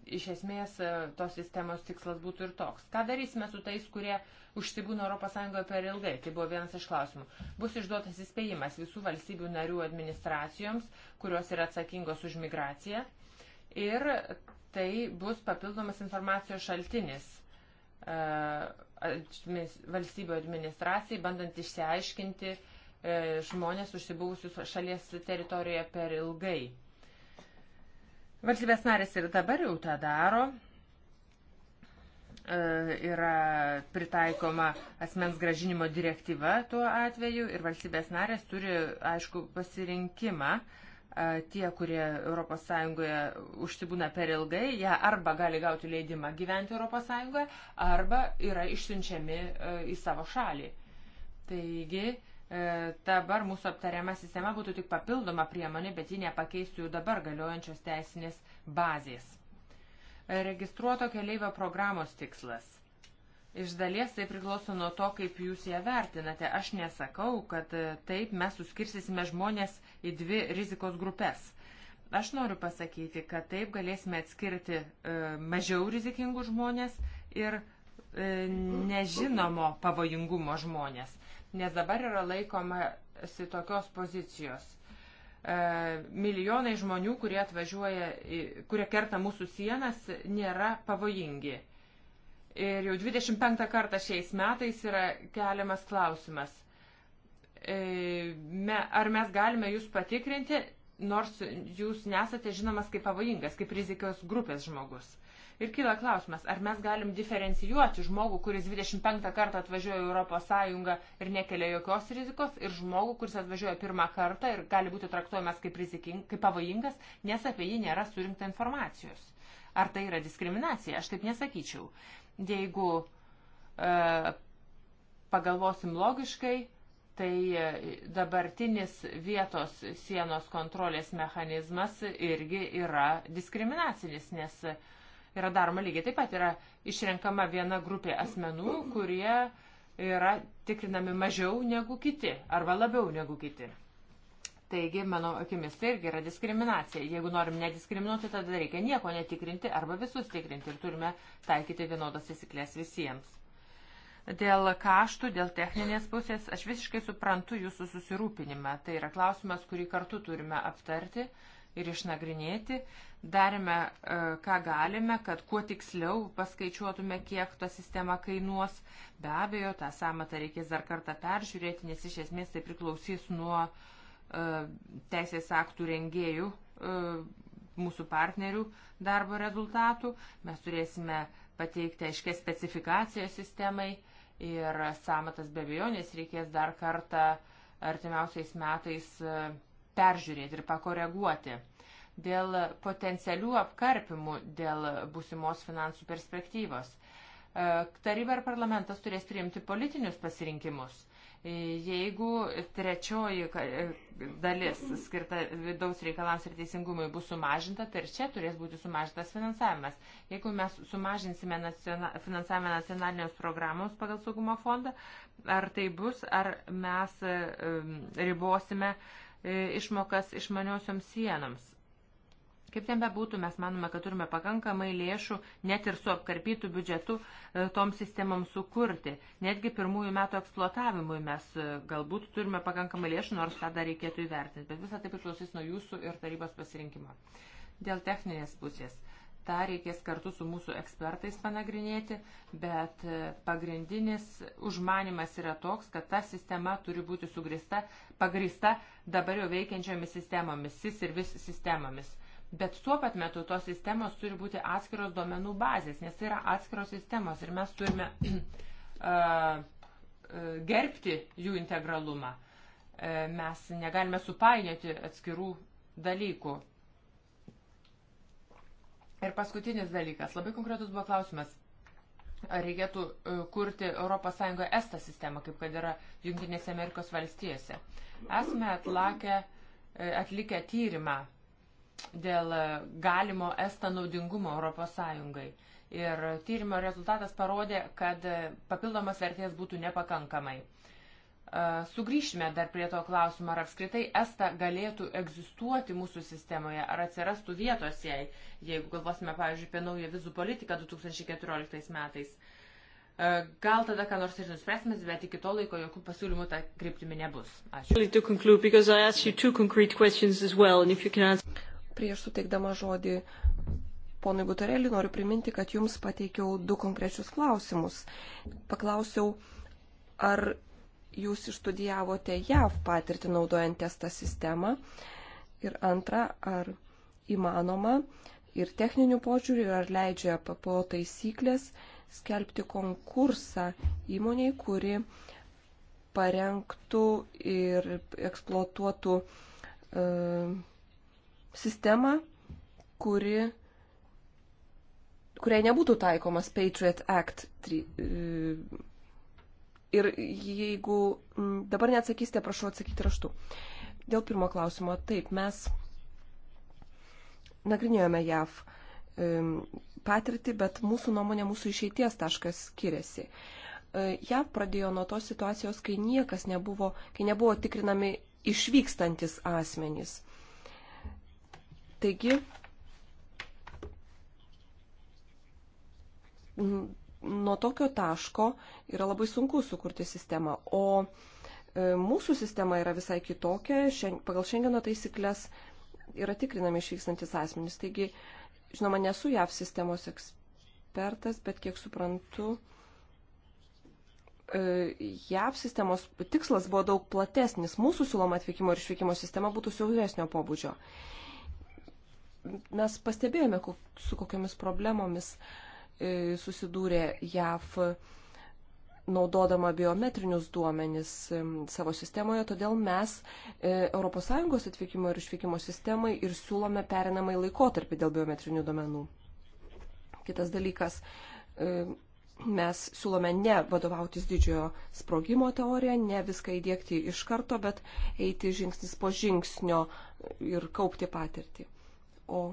[SPEAKER 1] iš esmės e, tos sistemos tikslas būtų ir toks. Ką darysime su tais, kurie užsibūna ES per ilgai? Tai buvo vienas iš klausimų. Bus išduotas įspėjimas visų valstybių narių administracijoms, kurios yra atsakingos už migraciją. Ir tai bus papildomas informacijos šaltinis e, valstybių administracijai, bandant išsiaiškinti e, žmonės užsibūvusius šalies teritorijoje per ilgai Valstybės narės ir dabar jau tą daro. E, yra pritaikoma asmens gražinimo direktyva tuo atveju ir valstybės narės turi aišku pasirinkimą. E, tie, kurie ES užsibūna per ilgai, jie arba gali gauti leidimą gyventi ES, arba yra išsiunčiami e, į savo šalį. Taigi, E, dabar mūsų aptariama sistema būtų tik papildoma priemonė, bet ji nepakeistų jau dabar galiojančios teisinės bazės. E, registruoto keleivio programos tikslas. Iš dalies tai priklauso nuo to, kaip jūs ją vertinate. Aš nesakau, kad e, taip mes suskirsime žmonės į dvi rizikos grupės. Aš noriu pasakyti, kad taip galėsime atskirti e, mažiau rizikingų žmonės ir e, nežinomo pavojingumo žmonės nes dabar yra laikomasi tokios pozicijos. E, milijonai žmonių, kurie atvažiuoja, kurie kerta mūsų sienas, nėra pavojingi. Ir jau 25 kartą šiais metais yra keliamas klausimas. E, ar mes galime jūs patikrinti, nors jūs nesate žinomas kaip pavojingas, kaip rizikos grupės žmogus. Ir kyla klausimas, ar mes galim diferencijuoti žmogų, kuris 25 kartą atvažiuoja į ES ir nekelia jokios rizikos, ir žmogų, kuris atvažiuoja pirmą kartą ir gali būti traktuojamas kaip, riziking, kaip pavojingas, nes apie jį nėra surinkta informacijos. Ar tai yra diskriminacija? Aš taip nesakyčiau. Jeigu e, pagalvosim logiškai, tai e, dabartinis vietos sienos kontrolės mechanizmas irgi yra diskriminacinis, nes yra daroma lygiai taip pat yra išrenkama viena grupė asmenų, kurie yra tikrinami mažiau negu kiti arba labiau negu kiti. Taigi, mano akimis, tai irgi yra diskriminacija. Jeigu norim nediskriminuoti, tada reikia nieko netikrinti arba visus tikrinti ir turime taikyti vienodas įsiklės visiems. Dėl kaštų, dėl techninės pusės, aš visiškai suprantu jūsų susirūpinimą. Tai yra klausimas, kurį kartu turime aptarti. Uh, ir išnagrinėti. Darėme, e, ką galime, kad kuo tiksliau paskaičiuotume, kiek ta sistema kainuos. Be abejo, tą samatą reikės dar kartą peržiūrėti, nes iš esmės tai priklausys nuo e, teisės aktų rengėjų, e, mūsų partnerių darbo rezultatų. Mes turėsime pateikti aiškės specifikaciją sistemai ir samatas be abejonės reikės dar kartą artimiausiais metais peržiūrėti ir pakoreguoti. Dėl potencialių apkarpimų dėl būsimos finansų perspektyvos. E, taryba ir parlamentas turės priimti politinius pasirinkimus. E, jeigu trečioji e, dalis skirta vidaus reikalams ir teisingumui bus sumažinta, tai ir čia turės būti sumažintas finansavimas. Jeigu mes sumažinsime nacional, finansavimą nacionalinėms programoms pagal saugumo fondą, ar tai bus, ar mes ribosime uh, E, išmokas išmaniosioms sienams. Kaip ten bebūtų, mes manome, kad turime pakankamai lėšų, net ir su apkarpytų biudžetu, e, tom sistemom sukurti. Netgi pirmųjų metų eksploatavimui mes e, galbūt turime pakankamai lėšų, nors tą dar reikėtų įvertinti. Bet visą tai priklausys nuo jūsų ir tarybos pasirinkimo. Dėl techninės pusės. Uh, tą reikės kartu su mūsų ekspertais panagrinėti, bet e, pagrindinis užmanimas yra toks, kad ta sistema turi būti sugrista, pagrista dabar jau veikiančiomis sistemomis, SIS ir vis sistemomis. Bet tuo pat metu tos sistemos turi būti atskiros duomenų bazės, nes tai yra atskiros sistemos ir mes turime uh, gerbti jų integralumą. Uh, mes negalime supainioti atskirų dalykų. Ir paskutinis dalykas, labai konkretus buvo klausimas, ar reikėtų e, kurti ES ESTA sistemą, kaip kad yra Junktinėse Amerikos valstijose. Esame atlakę, e, atlikę tyrimą dėl e, galimo ESTA naudingumo ES. Ir tyrimo rezultatas parodė, kad papildomas vertės būtų nepakankamai. Sugryšime dar prie to klausimo, ar apskritai ESTA galėtų egzistuoti mūsų sistemoje, ar atsirastų vietos jai, jeigu galvosime, pavyzdžiui, apie naują vizų politiką 2014 metais. Gal tada, ką nors ir nuspręsime, bet iki to laiko jokių pasiūlymų tą kryptimį nebus.
[SPEAKER 3] Ačiū. Prieš suteikdama žodį ponui Gutarelį noriu priminti, kad jums pateikiau du konkrečius klausimus. Paklausiau, ar jūs išstudijavote JAV patirtį naudojant testą sistemą? Ir antra, ar įmanoma ir techninių požiūrių, ar leidžia PPO taisyklės skelbti konkursą įmoniai, kuri parengtų ir eksploatuotų e, sistemą, kuri, kuriai nebūtų taikomas Patriot Act tri, e, Ir jeigu dabar neatsakysite, prašau atsakyti raštu. Dėl pirmo klausimo, taip, mes nagrinėjome JAV patirtį, bet mūsų nuomonė, mūsų išeities taškas skiriasi. E, JAV pradėjo nuo tos situacijos, kai niekas nebuvo, kai nebuvo tikrinami išvykstantis asmenys. Taigi, nuo tokio taško yra labai sunku sukurti sistemą. O e, mūsų sistema yra visai kitokia. Pagal šiandieno taisyklės yra tikrinami išvykstantis asmenys. Taigi, žinoma, nesu JAV sistemos ekspertas, bet kiek suprantu, e, JAV sistemos tikslas buvo daug platesnis. Mūsų siūloma atvykimo ir išvykimo sistema būtų siauresnio pobūdžio. Mes pastebėjome, su kokiamis problemomis uh, E, susidūrė JAV naudodama biometrinius duomenis e, savo sistemoje, todėl mes e, ES atvykimo ir išvykimo sistemai ir siūlome perinamai laikotarpį dėl biometrinių duomenų. Kitas dalykas, mes siūlome ne vadovautis didžiojo sprogimo teoriją, ne viską įdėkti iš karto, bet eiti žingsnis po žingsnio ir kaupti patirtį. O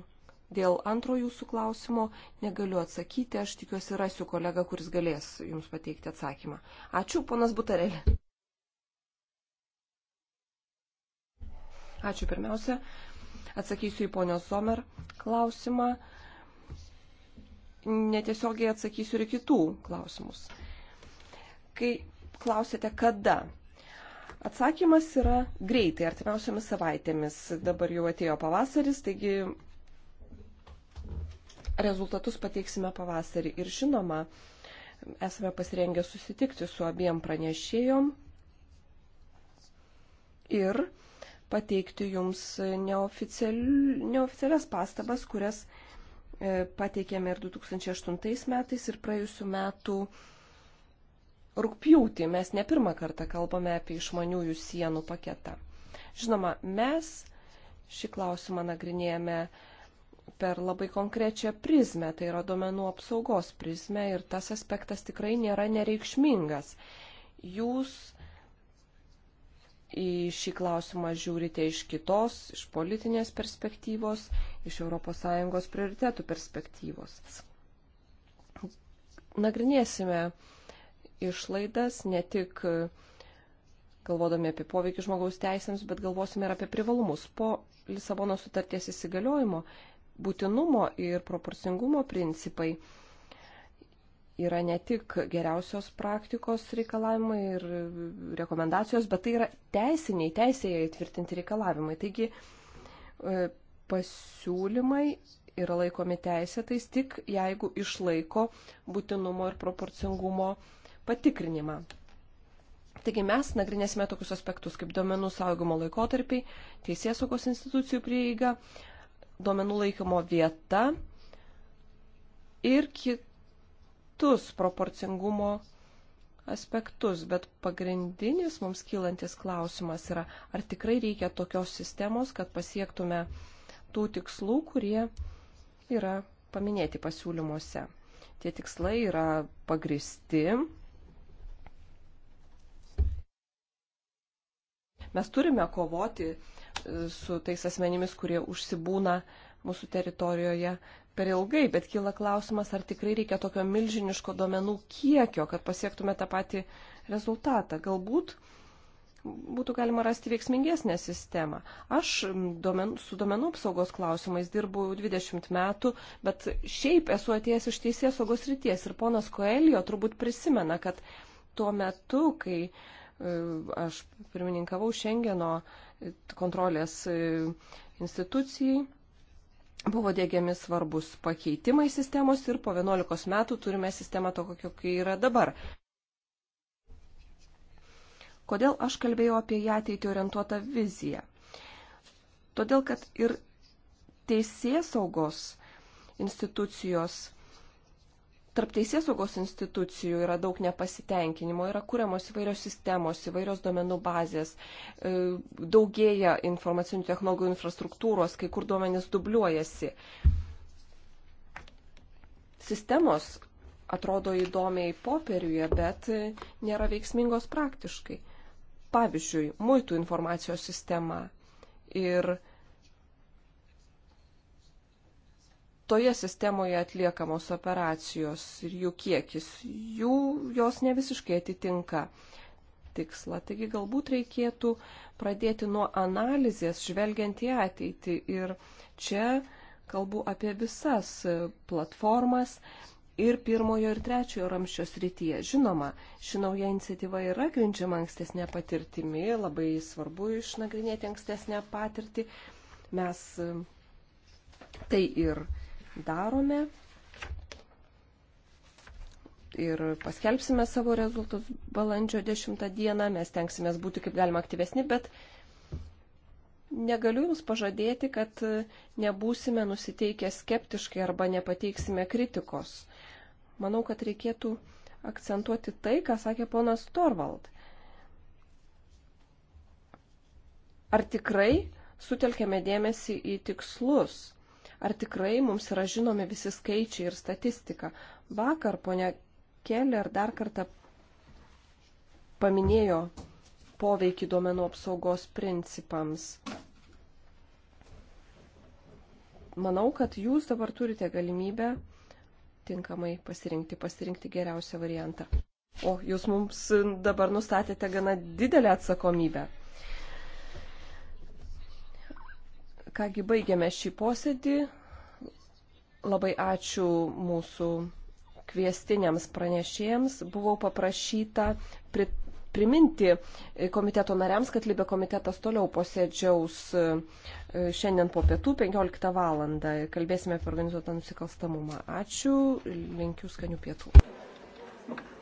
[SPEAKER 3] Dėl antro jūsų klausimo negaliu atsakyti, aš tikiuosi rasiu kolegą, kuris galės jums pateikti atsakymą. Ačiū, ponas Butarelė. Ačiū pirmiausia. Atsakysiu į ponios Somer klausimą. Netiesiogiai atsakysiu ir kitų klausimus. Kai klausėte, kada Atsakymas yra greitai, artimiausiamis savaitėmis. Dabar jau atėjo pavasaris, taigi rezultatus pateiksime pavasarį. Ir žinoma, esame pasirengę susitikti su abiem pranešėjom ir pateikti jums neoficialias pastabas, kurias e, pateikėme ir 2008 metais ir praėjusiu metu rūpjūtį. Mes ne pirmą kartą kalbame apie išmaniųjų sienų paketą. Žinoma, mes šį klausimą nagrinėjame per labai konkrečią prizmę, tai yra duomenų apsaugos prizmę ir tas aspektas tikrai nėra nereikšmingas. Jūs į šį klausimą žiūrite iš kitos, iš politinės perspektyvos, iš ES prioritetų perspektyvos. Nagrinėsime išlaidas ne tik galvodami apie poveikį žmogaus teisėms, bet galvosime ir apie privalumus. Po Lisabono sutarties įsigaliojimo būtinumo ir proporcingumo principai yra ne tik geriausios praktikos reikalavimai ir rekomendacijos, bet tai yra teisiniai, teisėje įtvirtinti reikalavimai. Taigi e, pasiūlymai yra laikomi teisėtais tik jeigu išlaiko būtinumo ir proporcingumo patikrinimą. Taigi mes nagrinėsime tokius aspektus kaip duomenų saugimo laikotarpiai, teisėsaugos institucijų prieiga, duomenų laikymo vieta ir kitus proporcingumo aspektus. Bet pagrindinis mums kylantis klausimas yra, ar tikrai reikia tokios sistemos, kad pasiektume tų tikslų, kurie yra paminėti pasiūlymuose. Tie tikslai yra pagristi. Mes turime kovoti su tais asmenimis, kurie užsibūna mūsų teritorijoje per ilgai, bet kyla klausimas, ar tikrai reikia tokio milžiniško duomenų kiekio, kad pasiektume tą patį rezultatą. Galbūt būtų galima rasti veiksmingesnę sistemą. Aš duomen, su duomenų apsaugos klausimais dirbu 20 metų, bet šiaip esu atėjęs iš teisės saugos ryties ir ponas Koelio turbūt prisimena, kad tuo metu, kai e, aš pirmininkavau Šengeno kontrolės e, institucijai. Buvo dėgiami svarbus pakeitimai sistemos ir po 11 metų turime sistemą to, kokio kai yra dabar. Kodėl aš kalbėjau apie į ateitį orientuotą viziją? Todėl, kad ir teisės saugos institucijos Tarp teisės saugos institucijų yra daug nepasitenkinimo, yra kuriamos įvairios sistemos, įvairios duomenų bazės, e, daugėja informacinių technologijų infrastruktūros, kai kur duomenys dubliuojasi. Sistemos atrodo įdomiai popieriuje, bet nėra veiksmingos praktiškai. Pavyzdžiui, muitų informacijos sistema ir toje sistemoje atliekamos operacijos ir jų kiekis, jų jos ne visiškai atitinka tikslą. Taigi galbūt reikėtų pradėti nuo analizės, žvelgiant į ateitį. Ir čia kalbu apie visas platformas ir pirmojo ir trečiojo ramščio srityje. Žinoma, ši nauja iniciatyva yra grindžiama ankstesnė patirtimi, labai svarbu išnagrinėti ankstesnę patirtį. Mes tai ir darome ir paskelbsime savo rezultatus balandžio 10 dieną, mes tenksimės būti kaip galima aktyvesni, bet negaliu Jums pažadėti, kad nebūsime nusiteikę skeptiškai arba nepateiksime kritikos. Manau, kad reikėtų akcentuoti tai, ką sakė ponas Torvald. Ar tikrai sutelkėme dėmesį į tikslus? ar tikrai mums yra žinomi visi skaičiai ir statistika. Vakar ponia Keller dar kartą paminėjo poveikį duomenų apsaugos principams. Manau, kad jūs dabar turite galimybę tinkamai pasirinkti, pasirinkti geriausią variantą. O jūs mums dabar nustatėte gana didelę atsakomybę. Kągi baigiame šį posėdį. Labai ačiū mūsų kviestiniams pranešėjams. Buvau paprašyta pri, priminti komiteto nariams, kad Libė komitetas toliau posėdžiaus e, šiandien po pietų 15 val. Kalbėsime apie organizuotą nusikalstamumą. Ačiū, linkiu skanių pietų. Thank you.